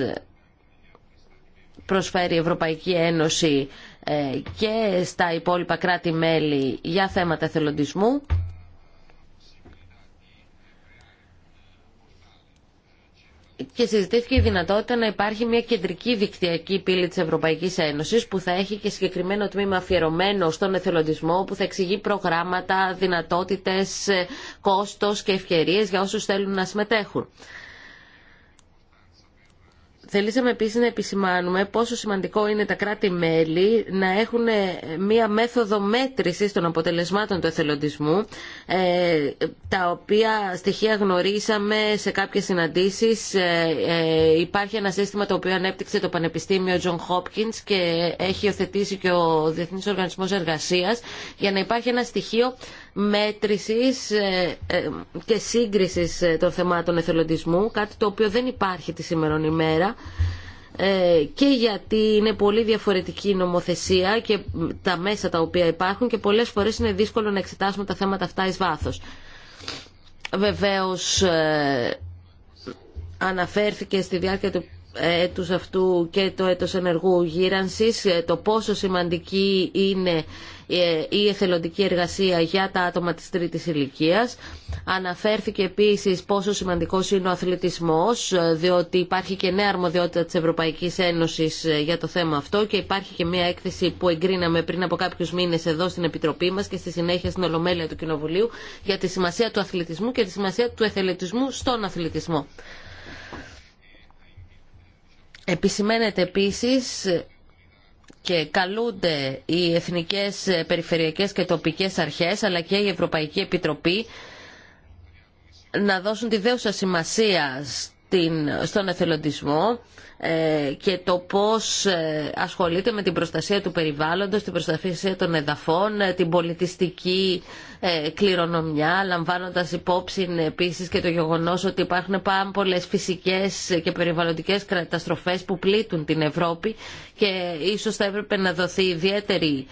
προσφέρει η Ευρωπαϊκή Ένωση ε, και στα υπόλοιπα κράτη-μέλη για θέματα εθελοντισμού και συζητήθηκε η δυνατότητα να υπάρχει μια κεντρική δικτυακή πύλη της Ευρωπαϊκής Ένωσης που θα έχει και συγκεκριμένο τμήμα αφιερωμένο στον εθελοντισμό που θα εξηγεί προγράμματα, δυνατότητες, ε, κόστος και ευκαιρίες για όσους θέλουν να συμμετέχουν. Θελήσαμε επίσης να επισημάνουμε πόσο σημαντικό είναι τα κράτη-μέλη να έχουν ε, μία μέθοδο μέτρησης των αποτελεσμάτων του εθελοντισμού, ε, τα οποία στοιχεία γνωρίσαμε σε κάποιες συναντήσεις. Ε, υπάρχει ένα σύστημα το οποίο ανέπτυξε το Πανεπιστήμιο John Hopkins και έχει υιοθετήσει και ο Διεθνής Οργανισμός Εργασίας για να υπάρχει ένα στοιχείο μέτρησης ε, ε, και σύγκρισης ε, των θεμάτων εθελοντισμού, κάτι το οποίο δεν υπάρχει τη σήμερον ημέρα και γιατί είναι πολύ διαφορετική η νομοθεσία και τα μέσα τα οποία υπάρχουν και πολλές φορές είναι δύσκολο να εξετάσουμε τα θέματα αυτά εις βάθος. Βεβαίως αναφέρθηκε στη διάρκεια του έτους αυτού και το έτος ενεργού γύρανσης, ε, το πόσο σημαντική είναι ε, η εθελοντική εργασία για τα άτομα της τρίτης ηλικίας. Αναφέρθηκε επίσης πόσο σημαντικός είναι ο αθλητισμός, ε, διότι υπάρχει και νέα αρμοδιότητα της Ευρωπαϊκής Ένωσης για το θέμα αυτό και υπάρχει και μια έκθεση που εγκρίναμε πριν από κάποιους μήνες εδώ στην Επιτροπή μας και στη συνέχεια στην Ολομέλεια του Κοινοβουλίου για τη σημασία του αθλητισμού και τη σημασία του εθελοντισμού στον αθλητισμό. Επισημαίνεται επίσης και καλούνται οι εθνικές, περιφερειακές και τοπικές αρχές αλλά και η Ευρωπαϊκή Επιτροπή να δώσουν τη δέουσα σημασία στον εθελοντισμό ε, και το πώς ε, ασχολείται με την προστασία του περιβάλλοντος, την προστασία των εδαφών, ε, την πολιτιστική κληρονομιά, λαμβάνοντας υπόψη επίσης και το γεγονός ότι υπάρχουν πάρα πολλές φυσικές και περιβαλλοντικές καταστροφές που πλήττουν την Ευρώπη και ίσως θα έπρεπε να δοθεί ιδιαίτερη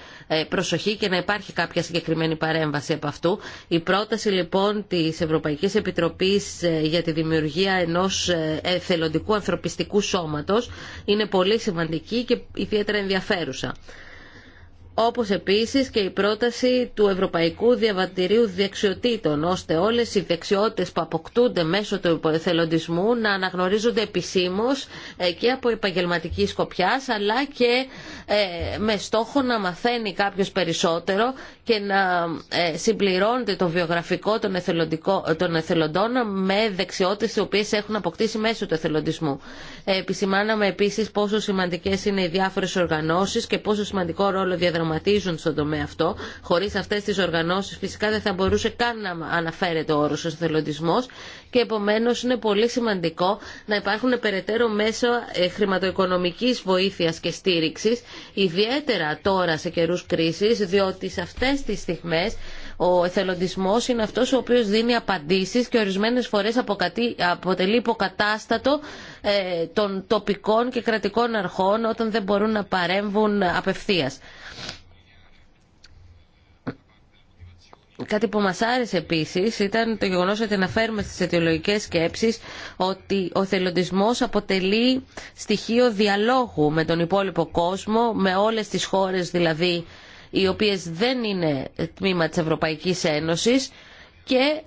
προσοχή και να υπάρχει κάποια συγκεκριμένη παρέμβαση από αυτού. Η πρόταση λοιπόν της Ευρωπαϊκής Επιτροπής για τη δημιουργία ενός εθελοντικού ανθρωπιστικού σώματος είναι πολύ σημαντική και ιδιαίτερα ενδιαφέρουσα όπως επίσης και η πρόταση του Ευρωπαϊκού Διαβατηρίου Δεξιοτήτων, ώστε όλες οι δεξιότητες που αποκτούνται μέσω του εθελοντισμού να αναγνωρίζονται επισήμως ε, και από επαγγελματική σκοπιά, αλλά και ε, με στόχο να μαθαίνει κάποιος περισσότερο και να ε, συμπληρώνεται το βιογραφικό των εθελοντών με δεξιότητες οι οποίες έχουν αποκτήσει μέσω του εθελοντισμού. Επισημάναμε επίσης πόσο σημαντικές είναι οι διάφορες οργανώσεις και πόσο σημαντικό ρόλο διαδραματίζουν στον τομέα αυτό. Χωρί αυτέ τι οργανώσει φυσικά δεν θα μπορούσε καν να αναφέρεται ο όρο εθελοντισμό και επομένω είναι πολύ σημαντικό να υπάρχουν περαιτέρω μέσα ε, χρηματοοικονομική βοήθεια και στήριξη, ιδιαίτερα τώρα σε καιρού κρίση, διότι σε αυτέ τι στιγμέ ο εθελοντισμό είναι αυτό ο οποίο δίνει απαντήσει και ορισμένε φορέ αποτελεί υποκατάστατο ε, των τοπικών και κρατικών αρχών όταν δεν μπορούν να παρέμβουν απευθεία. Κάτι που μας άρεσε επίσης ήταν το γεγονός ότι αναφέρουμε στις αιτιολογικές σκέψεις ότι ο θελοντισμός αποτελεί στοιχείο διαλόγου με τον υπόλοιπο κόσμο, με όλες τις χώρες δηλαδή οι οποίες δεν είναι τμήμα της Ευρωπαϊκής Ένωσης και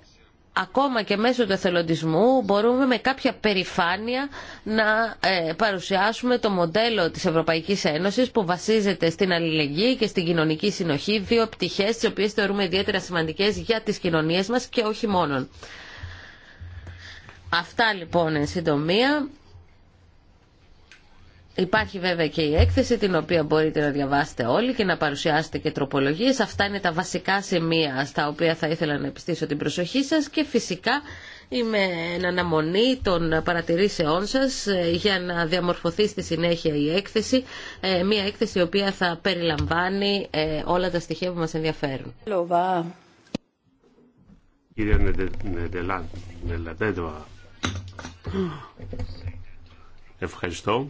ακόμα και μέσω του εθελοντισμού μπορούμε με κάποια περηφάνεια να ε, παρουσιάσουμε το μοντέλο της Ευρωπαϊκής Ένωσης που βασίζεται στην αλληλεγγύη και στην κοινωνική συνοχή, δύο πτυχές τις οποίες θεωρούμε ιδιαίτερα σημαντικές για τις κοινωνίες μας και όχι μόνον. Αυτά λοιπόν εν συντομία. Υπάρχει βέβαια και η έκθεση την οποία μπορείτε να διαβάσετε όλοι και να παρουσιάσετε και τροπολογίες. Αυτά είναι τα βασικά σημεία στα οποία θα ήθελα να επιστήσω την προσοχή σας και φυσικά είμαι εν αναμονή των παρατηρήσεών σας ε, για να διαμορφωθεί στη συνέχεια η έκθεση, ε, μια έκθεση η οποία θα περιλαμβάνει ε, όλα τα στοιχεία που μας ενδιαφέρουν. ευχαριστώ.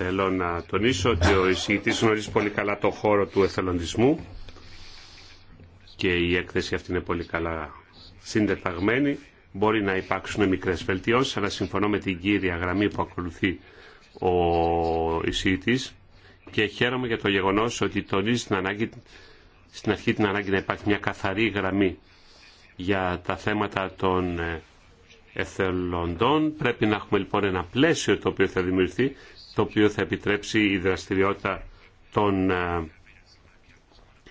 Θέλω να τονίσω ότι ο εισηγητής γνωρίζει πολύ καλά το χώρο του εθελοντισμού και η έκθεση αυτή είναι πολύ καλά συντεταγμένη. Μπορεί να υπάρξουν μικρές βελτιώσεις, αλλά συμφωνώ με την κύρια γραμμή που ακολουθεί ο εισηγητής και χαίρομαι για το γεγονός ότι τονίζει την ανάγκη, στην αρχή την ανάγκη να υπάρχει μια καθαρή γραμμή για τα θέματα των ε, εθελοντών. Πρέπει να έχουμε λοιπόν ένα πλαίσιο το οποίο θα δημιουργηθεί το οποίο θα επιτρέψει η δραστηριότητα των ε,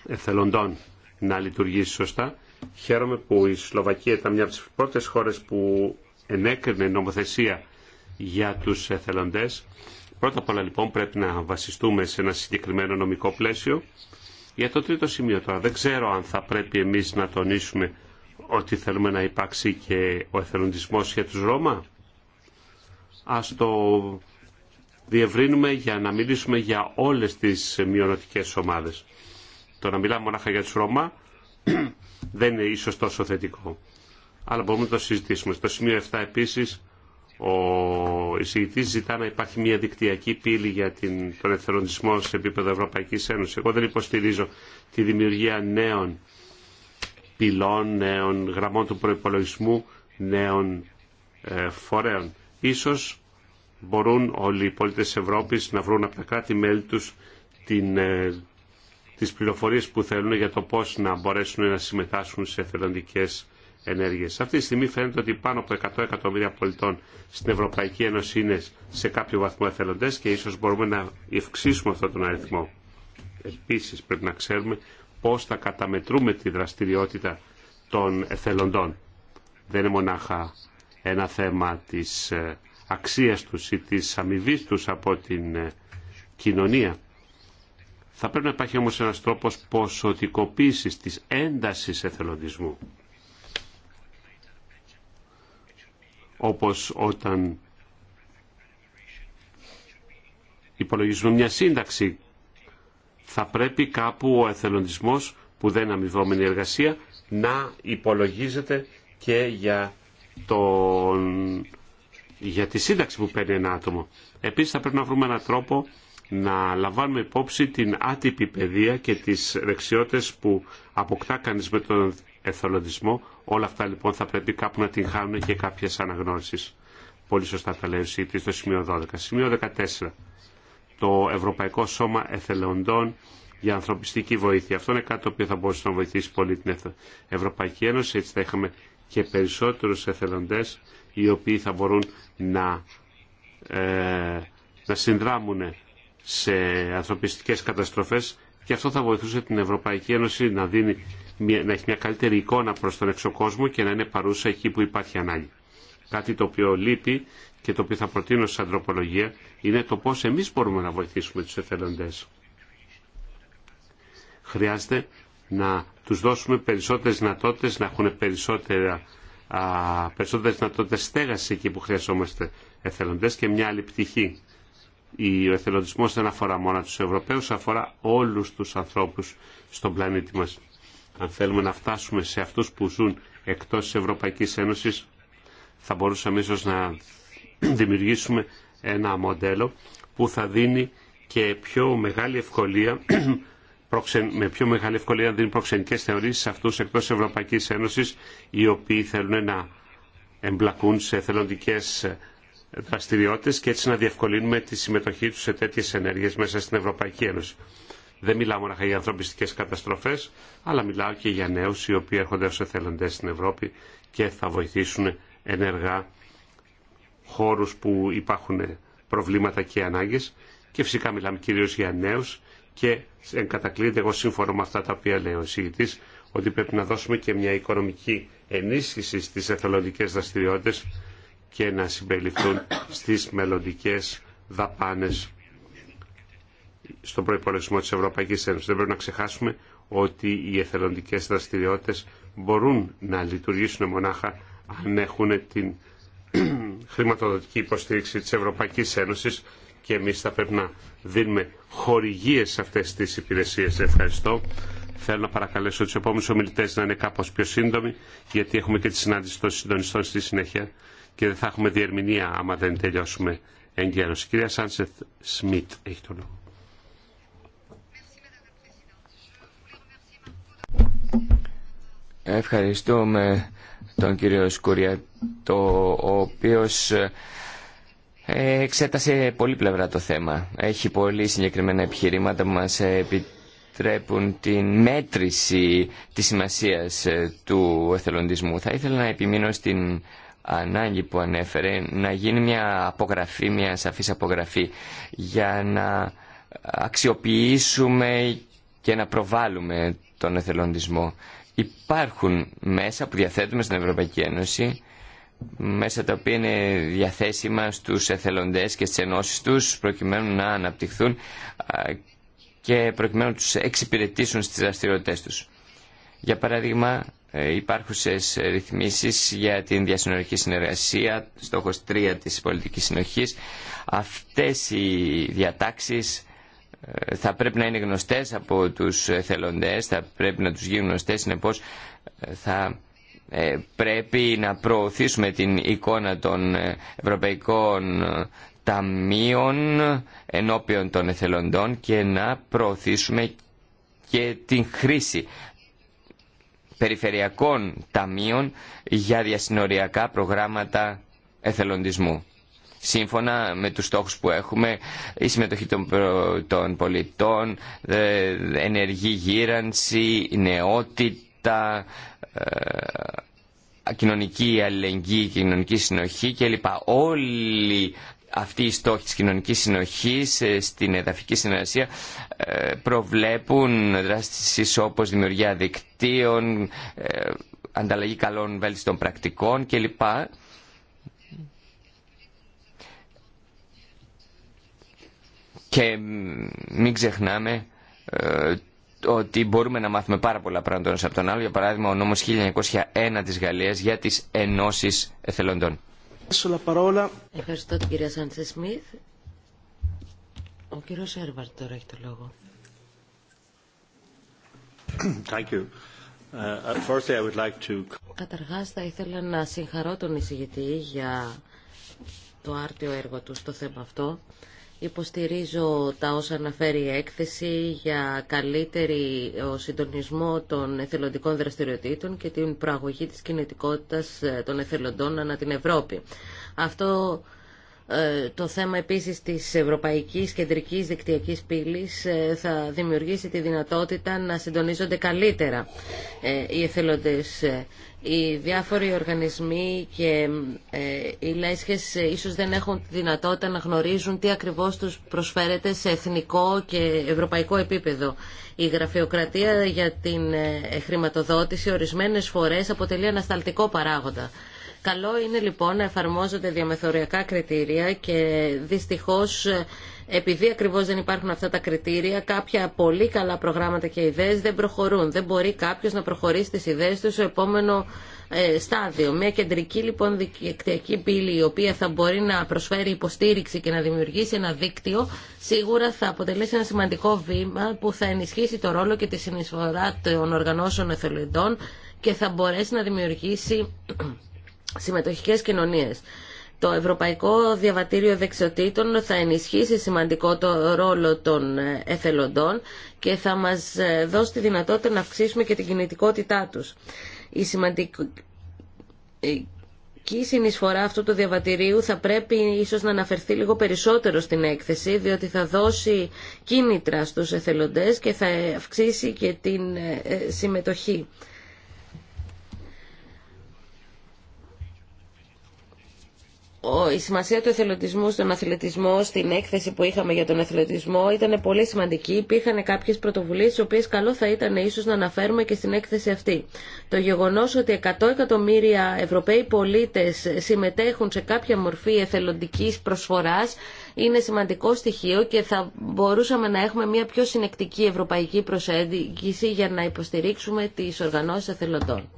εθελοντών να λειτουργήσει σωστά. Χαίρομαι που η Σλοβακία ήταν μια από τις πρώτες χώρες που ενέκρινε νομοθεσία για τους εθελοντές. Πρώτα απ' όλα λοιπόν πρέπει να βασιστούμε σε ένα συγκεκριμένο νομικό πλαίσιο. Για το τρίτο σημείο τώρα δεν ξέρω αν θα πρέπει εμείς να τονίσουμε ότι θέλουμε να υπάρξει και ο εθελοντισμός για τους Ρώμα. Ας διευρύνουμε για να μιλήσουμε για όλες τις μειονοτικές ομάδες. Το να μιλάμε μονάχα για τους Ρώμα δεν είναι ίσως τόσο θετικό. Αλλά μπορούμε να το συζητήσουμε. Στο σημείο 7 επίσης ο εισηγητής ζητά να υπάρχει μια δικτυακή πύλη για την, τον εθελοντισμό σε επίπεδο Ευρωπαϊκής Ένωσης. Εγώ δεν υποστηρίζω τη δημιουργία νέων πυλών, νέων γραμμών του προϋπολογισμού, νέων ε, φορέων. Ίσως μπορούν όλοι οι πολίτες της Ευρώπης να βρουν από τα κράτη-μέλη τους την, ε, τις πληροφορίες που θέλουν για το πώς να μπορέσουν να συμμετάσχουν σε εθελοντικές ενέργειες. αυτή τη στιγμή φαίνεται ότι πάνω από 100 εκατομμύρια πολιτών στην Ευρωπαϊκή Ένωση είναι σε κάποιο βαθμό εθελοντές και ίσως μπορούμε να ευξήσουμε αυτόν τον αριθμό. Επίσης πρέπει να ξέρουμε πώς θα καταμετρούμε τη δραστηριότητα των εθελοντών. Δεν είναι μονάχα ένα θέμα της ε, αξίας τους ή της αμοιβή τους από την ε, κοινωνία. Θα πρέπει να υπάρχει όμως ένας τρόπος ποσοτικοποίησης της έντασης εθελοντισμού. Όπως όταν υπολογίζουμε μια σύνταξη, θα πρέπει κάπου ο εθελοντισμός που δεν είναι αμοιβόμενη εργασία να υπολογίζεται και για τον για τη σύνταξη που παίρνει ένα άτομο. Επίσης θα πρέπει να βρούμε έναν τρόπο να λαμβάνουμε υπόψη την άτυπη παιδεία και τις δεξιότητες που αποκτά κανείς με τον εθελοντισμό. Όλα αυτά λοιπόν θα πρέπει κάπου να την χάνουν και κάποιες αναγνώσεις. Πολύ σωστά τα λέει ο στο σημείο 12. Σημείο 14. Το Ευρωπαϊκό Σώμα Εθελοντών για ανθρωπιστική βοήθεια. Αυτό είναι κάτι το οποίο θα μπορούσε να βοηθήσει πολύ την Ευρωπαϊκή Ένωση. Έτσι θα είχαμε και περισσότερους εθελοντές οι οποίοι θα μπορούν να, ε, να συνδράμουν σε ανθρωπιστικές καταστροφές και αυτό θα βοηθούσε την Ευρωπαϊκή Ένωση να, δίνει, να έχει μια καλύτερη εικόνα προς τον εξωκόσμο και να είναι παρούσα εκεί που υπάρχει ανάγκη. Κάτι το οποίο λείπει και το οποίο θα προτείνω σαν ανθρωπολογία είναι το πώς εμείς μπορούμε να βοηθήσουμε τους εθελοντές. Χρειάζεται να τους δώσουμε περισσότερες δυνατότητες, να έχουν περισσότερα περισσότερε δυνατότητε στέγαση εκεί που χρειαζόμαστε εθελοντές και μια άλλη πτυχή. Ο εθελοντισμό δεν αφορά μόνο τους Ευρωπαίους, αφορά όλους του ανθρώπους στον πλανήτη μας. Αν θέλουμε να φτάσουμε σε αυτού που ζουν εκτός τη Ευρωπαϊκής Ένωσης, θα μπορούσαμε ίσως να δημιουργήσουμε ένα μοντέλο που θα δίνει και πιο μεγάλη ευκολία με πιο μεγάλη ευκολία να δίνει προξενικές θεωρήσεις σε αυτούς εκτός Ευρωπαϊκής Ένωσης οι οποίοι θέλουν να εμπλακούν σε εθελοντικές δραστηριότητε και έτσι να διευκολύνουμε τη συμμετοχή του σε τέτοιε ενέργειε μέσα στην Ευρωπαϊκή Ένωση. Δεν μιλάω μόνο για ανθρωπιστικέ καταστροφέ, αλλά μιλάω και για νέου οι οποίοι έρχονται ω εθελοντέ στην Ευρώπη και θα βοηθήσουν ενεργά χώρου που υπάρχουν προβλήματα και ανάγκε. Και φυσικά μιλάμε κυρίω για νέου και εν κατακλείδη εγώ σύμφωνο με αυτά τα οποία λέει ο εισηγητής ότι πρέπει να δώσουμε και μια οικονομική ενίσχυση στις εθελοντικές δραστηριότητες και να συμπεριληφθούν στις μελλοντικέ δαπάνες στον προϋπολογισμό της Ευρωπαϊκής Ένωσης. Δεν πρέπει να ξεχάσουμε ότι οι εθελοντικές δραστηριότητες μπορούν να λειτουργήσουν μονάχα αν έχουν την χρηματοδοτική υποστήριξη της Ευρωπαϊκής Ένωσης και εμείς θα πρέπει να δίνουμε χορηγίες σε αυτές τις υπηρεσίες. Ευχαριστώ. Θέλω να παρακαλέσω τους επόμενους ομιλητές να είναι κάπως πιο σύντομοι, γιατί έχουμε και τη συνάντηση των συντονιστών στη συνέχεια και δεν θα έχουμε διερμηνία άμα δεν τελειώσουμε εγκαίρως. Η κυρία Σάνσεθ Σμιτ έχει το λόγο. Ευχαριστούμε τον κύριο Σκουριά, το, ο οποίος εξέτασε πολύ πλευρά το θέμα. Έχει πολύ συγκεκριμένα επιχειρήματα που μας επιτρέπουν την μέτρηση της σημασίας ε, του εθελοντισμού. Θα ήθελα να επιμείνω στην ανάγκη που ανέφερε να γίνει μια απογραφή, μια σαφής απογραφή για να αξιοποιήσουμε και να προβάλλουμε τον εθελοντισμό. Υπάρχουν μέσα που διαθέτουμε στην Ευρωπαϊκή Ένωση μέσα τα οποία είναι διαθέσιμα στους εθελοντές και στις ενώσεις τους προκειμένου να αναπτυχθούν και προκειμένου να τους εξυπηρετήσουν στις δραστηριότητε τους. Για παράδειγμα, ε, υπάρχουσες ρυθμίσεις για την διασυνορική συνεργασία, στόχος 3 της πολιτικής συνοχής. Αυτές οι διατάξεις ε, θα πρέπει να είναι γνωστές από τους εθελοντές, θα πρέπει να τους γίνουν γνωστές, συνεπώς ε, θα ε, πρέπει να προωθήσουμε την εικόνα των ε, ευρωπαϊκών ε, ταμείων ενώπιον των εθελοντών και να προωθήσουμε και την χρήση περιφερειακών ταμείων για διασυνοριακά προγράμματα εθελοντισμού. Σύμφωνα με τους στόχους που έχουμε, η συμμετοχή των πολιτών, ενεργή γύρανση, νεότητα, τα ε, κοινωνική αλληλεγγύη, κοινωνική συνοχή κλπ. Όλοι αυτοί οι στόχοι της κοινωνικής συνοχής ε, στην εδαφική συνεργασία ε, προβλέπουν δράσεις όπως δημιουργία δικτύων, ανταλλαγή καλών βέλτιστων πρακτικών κλπ. Και μην ξεχνάμε ότι μπορούμε να μάθουμε πάρα πολλά πράγματα από τον άλλο. Για παράδειγμα, ο νόμος 1901 της Γαλλίας για τις ενώσει εθελοντών. Ευχαριστώ την κυρία Σάντσε Σμιθ. Ο κύριος Έρβαρτ τώρα έχει το λόγο. Thank θα ήθελα να συγχαρώ τον εισηγητή για το άρτιο έργο του στο θέμα αυτό. Υποστηρίζω τα όσα αναφέρει η έκθεση για καλύτερη ο συντονισμό των εθελοντικών δραστηριοτήτων και την προαγωγή της κινητικότητας ε, των εθελοντών ανά την Ευρώπη. Αυτό ε, το θέμα επίσης της Ευρωπαϊκής Κεντρικής Δικτυακής Πύλης ε, θα δημιουργήσει τη δυνατότητα να συντονίζονται καλύτερα ε, οι εθελοντές. Οι διάφοροι οργανισμοί και οι λέσχες ίσως δεν έχουν τη δυνατότητα να γνωρίζουν τι ακριβώς τους προσφέρεται σε εθνικό και ευρωπαϊκό επίπεδο. Η γραφειοκρατία για την χρηματοδότηση ορισμένες φορές αποτελεί ανασταλτικό παράγοντα. Καλό είναι λοιπόν να εφαρμόζονται διαμεθοριακά κριτήρια και δυστυχώς επειδή ακριβώς δεν υπάρχουν αυτά τα κριτήρια, κάποια πολύ καλά προγράμματα και ιδέες δεν προχωρούν. Δεν μπορεί κάποιος να προχωρήσει τις ιδέες του στο επόμενο ε, στάδιο. Μια κεντρική λοιπόν δικτυακή πύλη η οποία θα μπορεί να προσφέρει υποστήριξη και να δημιουργήσει ένα δίκτυο σίγουρα θα αποτελέσει ένα σημαντικό βήμα που θα ενισχύσει το ρόλο και τη συνεισφορά των οργανώσεων εθελοντών και θα μπορέσει να δημιουργήσει συμμετοχικές κοινωνίες. Το Ευρωπαϊκό Διαβατήριο Δεξιοτήτων θα ενισχύσει σημαντικό το ρόλο των εθελοντών και θα μας δώσει τη δυνατότητα να αυξήσουμε και την κινητικότητά τους. Η σημαντική συνεισφορά αυτού του διαβατηρίου θα πρέπει ίσως να αναφερθεί λίγο περισσότερο στην έκθεση, διότι θα δώσει κίνητρα στους εθελοντές και θα αυξήσει και την ε, συμμετοχή. η σημασία του εθελοντισμού στον αθλητισμό, στην έκθεση που είχαμε για τον εθελοντισμό, ήταν πολύ σημαντική. Υπήρχαν κάποιε πρωτοβουλίε, τι οποίε καλό θα ήταν ίσω να αναφέρουμε και στην έκθεση αυτή. Το γεγονό ότι 100 εκατομμύρια Ευρωπαίοι πολίτε συμμετέχουν σε κάποια μορφή εθελοντική προσφορά είναι σημαντικό στοιχείο και θα μπορούσαμε να έχουμε μια πιο συνεκτική ευρωπαϊκή προσέγγιση για να υποστηρίξουμε τι οργανώσει εθελοντών.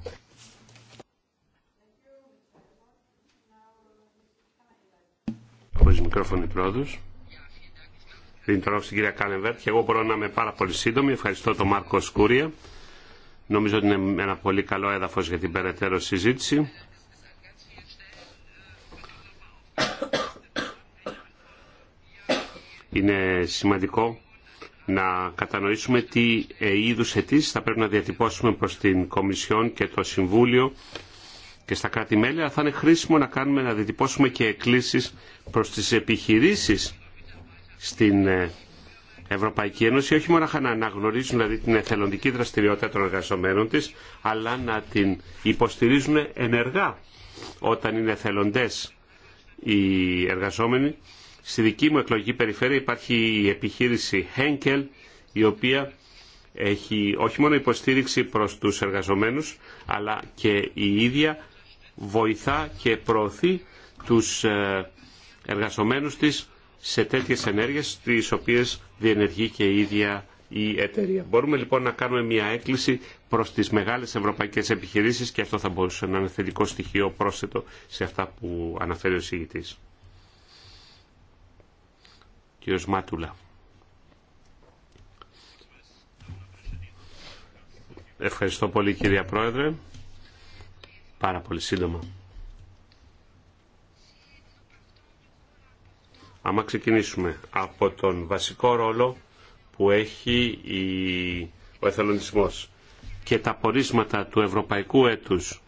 Χωρίς μικρόφωνο Δίνει τώρα στην κυρία και εγώ μπορώ να είμαι πάρα πολύ σύντομη. Ευχαριστώ τον Μάρκο Σκούρια. Νομίζω ότι είναι ένα πολύ καλό έδαφος για την περαιτέρω συζήτηση. Είναι σημαντικό να κατανοήσουμε τι ε, είδους αιτήσει θα πρέπει να διατυπώσουμε προς την Κομισιόν και το Συμβούλιο και στα κράτη-μέλη, θα είναι χρήσιμο να κάνουμε να διτυπώσουμε και εκκλήσεις προς τις επιχειρήσεις στην ε, Ευρωπαϊκή Ένωση, όχι μόνο να αναγνωρίζουν δηλαδή, την εθελοντική δραστηριότητα των εργαζομένων της, αλλά να την υποστηρίζουν ενεργά όταν είναι εθελοντές οι εργαζόμενοι. Στη δική μου εκλογική περιφέρεια υπάρχει η επιχείρηση Henkel, η οποία έχει όχι μόνο υποστήριξη προς τους εργαζομένους αλλά και η ίδια βοηθά και προωθεί τους ε, εργαζομένους της σε τέτοιες ενέργειες τις οποίες διενεργεί και η ίδια η εταιρεία. Μπορούμε λοιπόν να κάνουμε μια έκκληση προς τις μεγάλες ευρωπαϊκές επιχειρήσεις και αυτό θα μπορούσε να είναι θετικό στοιχείο πρόσθετο σε αυτά που αναφέρει ο συγητής. Κύριος Μάτουλα. Ευχαριστώ πολύ κύριε Πρόεδρε πάρα πολύ σύντομα. Αν ξεκινήσουμε από τον βασικό ρόλο που έχει η... ο εθελοντισμός και τα πορίσματα του ευρωπαϊκού έτους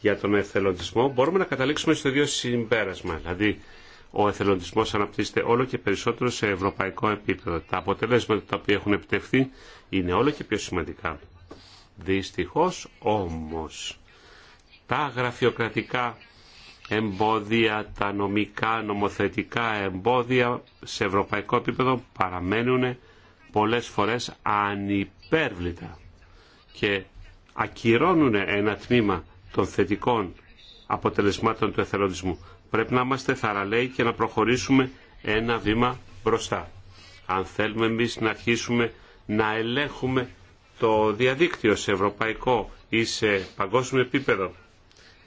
για τον εθελοντισμό, μπορούμε να καταλήξουμε στο ίδιο συμπέρασμα. Δηλαδή, ο εθελοντισμός αναπτύσσεται όλο και περισσότερο σε ευρωπαϊκό επίπεδο. Τα αποτελέσματα τα οποία έχουν επιτευχθεί είναι όλο και πιο σημαντικά. Δυστυχώς όμως τα γραφειοκρατικά εμπόδια, τα νομικά, νομοθετικά εμπόδια σε ευρωπαϊκό επίπεδο παραμένουν πολλές φορές ανυπέρβλητα και ακυρώνουν ένα τμήμα των θετικών αποτελεσμάτων του εθελοντισμού. Πρέπει να είμαστε θαραλέοι και να προχωρήσουμε ένα βήμα μπροστά. Αν θέλουμε εμείς να αρχίσουμε να ελέγχουμε το διαδίκτυο σε ευρωπαϊκό ή σε παγκόσμιο επίπεδο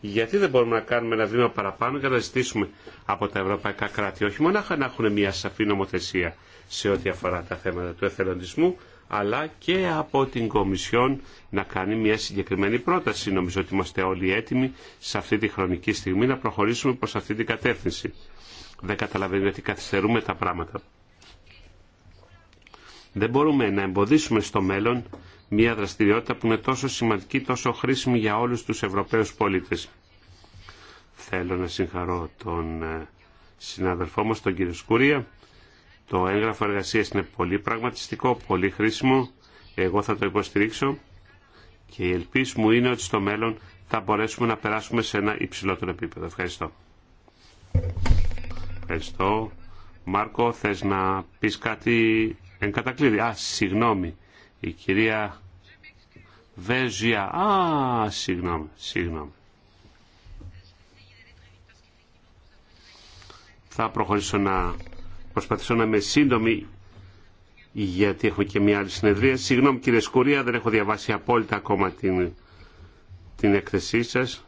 γιατί δεν μπορούμε να κάνουμε ένα βήμα παραπάνω για να ζητήσουμε από τα ευρωπαϊκά κράτη όχι μόνο να έχουν μια σαφή νομοθεσία σε ό,τι αφορά τα θέματα του εθελοντισμού, αλλά και από την Κομισιόν να κάνει μια συγκεκριμένη πρόταση. Νομίζω ότι είμαστε όλοι έτοιμοι σε αυτή τη χρονική στιγμή να προχωρήσουμε προς αυτή την κατεύθυνση. Δεν καταλαβαίνω γιατί καθυστερούμε τα πράγματα. Δεν μπορούμε να εμποδίσουμε στο μέλλον μια δραστηριότητα που είναι τόσο σημαντική, τόσο χρήσιμη για όλους τους Ευρωπαίους πολίτες. Θέλω να συγχαρώ τον ε, συνάδελφό μας, τον κύριο Σκουρία. Το έγγραφο εργασίας είναι πολύ πραγματιστικό, πολύ χρήσιμο. Εγώ θα το υποστηρίξω και η ελπίση μου είναι ότι στο μέλλον θα μπορέσουμε να περάσουμε σε ένα υψηλότερο επίπεδο. Ευχαριστώ. Ευχαριστώ. Μάρκο, θες να πεις κάτι εν Α, συγγνώμη. Η κυρία Βέζια. Α, συγγνώμη, συγγνώμη. Θα προχωρήσω να προσπαθήσω να είμαι σύντομη γιατί έχω και μια άλλη συνεδρία. Συγγνώμη κύριε Σκουρία, δεν έχω διαβάσει απόλυτα ακόμα την, την έκθεσή σας.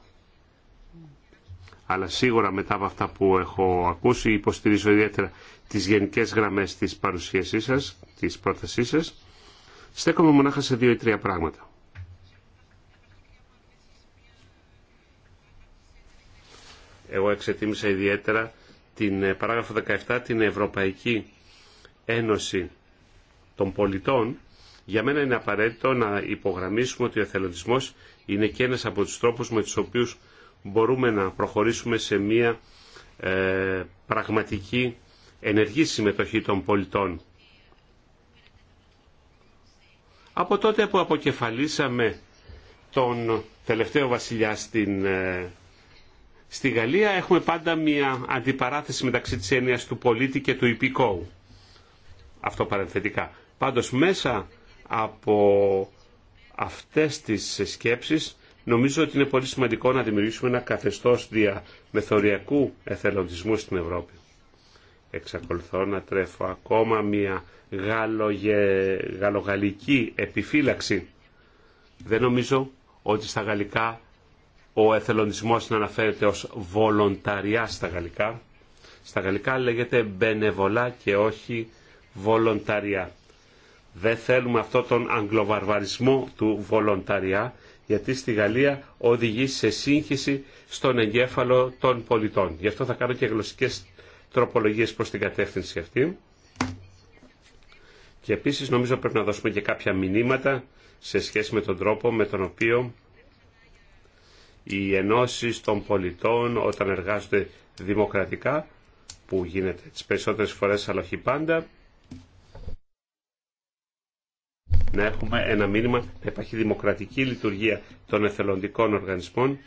Αλλά σίγουρα μετά από αυτά που έχω ακούσει υποστηρίζω ιδιαίτερα τις γενικές γραμμές της παρουσίασής σας, της πρότασής σας. Στέκομαι μονάχα σε δύο ή τρία πράγματα. Εγώ εξετίμησα ιδιαίτερα την ε, παράγραφο 17, την Ευρωπαϊκή Ένωση των Πολιτών. Για μένα είναι απαραίτητο να υπογραμμίσουμε ότι ο εθελοντισμός είναι και ένας από τους τρόπους με τους οποίους μπορούμε να προχωρήσουμε σε μια ε, πραγματική ενεργή συμμετοχή των πολιτών από τότε που αποκεφαλίσαμε τον τελευταίο βασιλιά στην, ε, στη Γαλλία έχουμε πάντα μια αντιπαράθεση μεταξύ της έννοιας του πολίτη και του υπηκόου. Αυτό παρενθετικά. Πάντως μέσα από αυτές τις σκέψεις νομίζω ότι είναι πολύ σημαντικό να δημιουργήσουμε ένα καθεστώς δια μεθοριακού εθελοντισμού στην Ευρώπη. Εξακολουθώ να τρέφω ακόμα μια γαλλογε... γαλλογαλλική επιφύλαξη. Δεν νομίζω ότι στα γαλλικά ο εθελοντισμός να αναφέρεται ως βολονταριά στα γαλλικά. Στα γαλλικά λέγεται μπενεβολά και όχι βολονταριά. Δεν θέλουμε αυτό τον αγγλοβαρβαρισμό του βολονταριά, γιατί στη Γαλλία οδηγεί σε σύγχυση στον εγκέφαλο των πολιτών. Γι' αυτό θα κάνω και γλωσσικές τροπολογίες προς την κατεύθυνση αυτή. Και επίσης νομίζω πρέπει να δώσουμε και κάποια μηνύματα σε σχέση με τον τρόπο με τον οποίο οι ενώσεις των πολιτών όταν εργάζονται δημοκρατικά, που γίνεται τις περισσότερες φορές αλλά όχι πάντα, να έχουμε ένα μήνυμα να υπάρχει δημοκρατική λειτουργία των εθελοντικών οργανισμών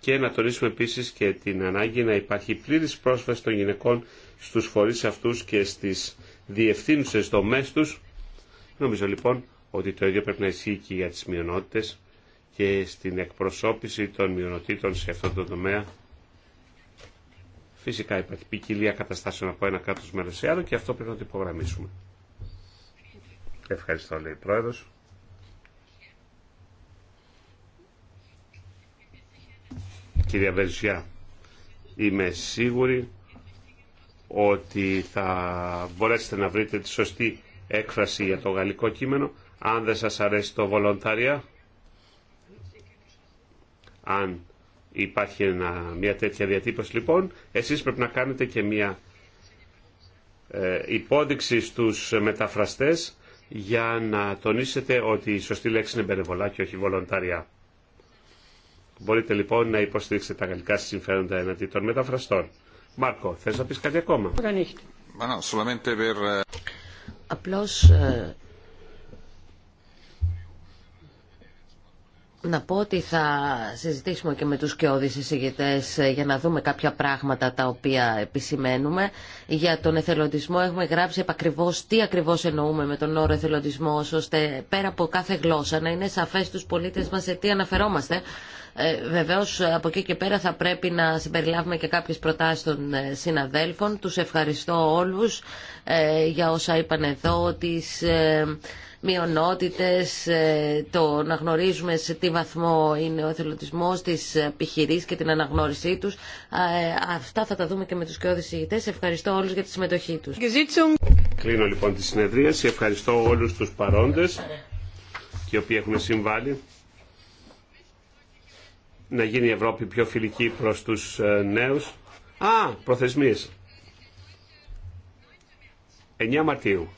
και να τονίσουμε επίσης και την ανάγκη να υπάρχει πλήρης πρόσβαση των γυναικών στους φορείς αυτούς και στις διευθύνουσε δομέ του. Νομίζω λοιπόν ότι το ίδιο πρέπει να ισχύει και για τις μειονότητε και στην εκπροσώπηση των μειονοτήτων σε αυτό το τομέα. Φυσικά υπάρχει ποικιλία καταστάσεων από ένα κράτο μέρο σε άλλο και αυτό πρέπει να το υπογραμμίσουμε. Ευχαριστώ λέει η Πρόεδρος. Κυρία Βερσιά, είμαι σίγουρη ότι θα μπορέσετε να βρείτε τη σωστή έκφραση για το γαλλικό κείμενο. Αν δεν σας αρέσει το βολοντάρια, αν υπάρχει μια τέτοια διατύπωση λοιπόν, εσείς πρέπει να κάνετε και μια ε, υπόδειξη στους μεταφραστές για να τονίσετε ότι η σωστή λέξη είναι περιβολά, και όχι βολοντάρια. Μπορείτε λοιπόν να υποστηρίξετε τα γαλλικά συμφέροντα εναντί των μεταφραστών. Μάρκο, θε να πει κάτι ακόμα. Ε, Απλώ ε, να πω ότι θα συζητήσουμε και με τους κοιόδης εισηγητές ε, για να δούμε κάποια πράγματα τα οποία επισημαίνουμε. Για τον εθελοντισμό έχουμε γράψει επακριβώς τι ακριβώς εννοούμε με τον όρο εθελοντισμό, ώστε πέρα από κάθε γλώσσα να είναι σαφές στους πολίτες μας σε τι αναφερόμαστε ε, Βεβαίω, από εκεί και πέρα θα πρέπει να συμπεριλάβουμε και κάποιε προτάσει των ε, συναδέλφων. Τους ευχαριστώ όλους ε, για όσα είπαν εδώ, τι μειονότητε, το να γνωρίζουμε σε τι βαθμό είναι ο εθελοντισμό, της επιχειρήσει και την αναγνώρισή τους. Αυτά θα τα δούμε και με του κοιόδη ηγητές. Ευχαριστώ όλους για τη συμμετοχή τους. Κλείνω λοιπόν τη συνεδρίαση. Ευχαριστώ όλου του παρόντε και οι οποίοι έχουν συμβάλει να γίνει η Ευρώπη πιο φιλική προς τους ε, νέους. Α, προθεσμίες. 9 Μαρτίου.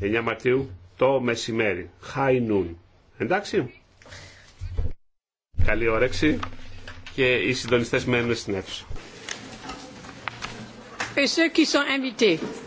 9 Μαρτίου το μεσημέρι. High noon. Εντάξει. Καλή όρεξη και οι συντονιστές μένουν στην αίθουσα. Et ceux qui sont invités.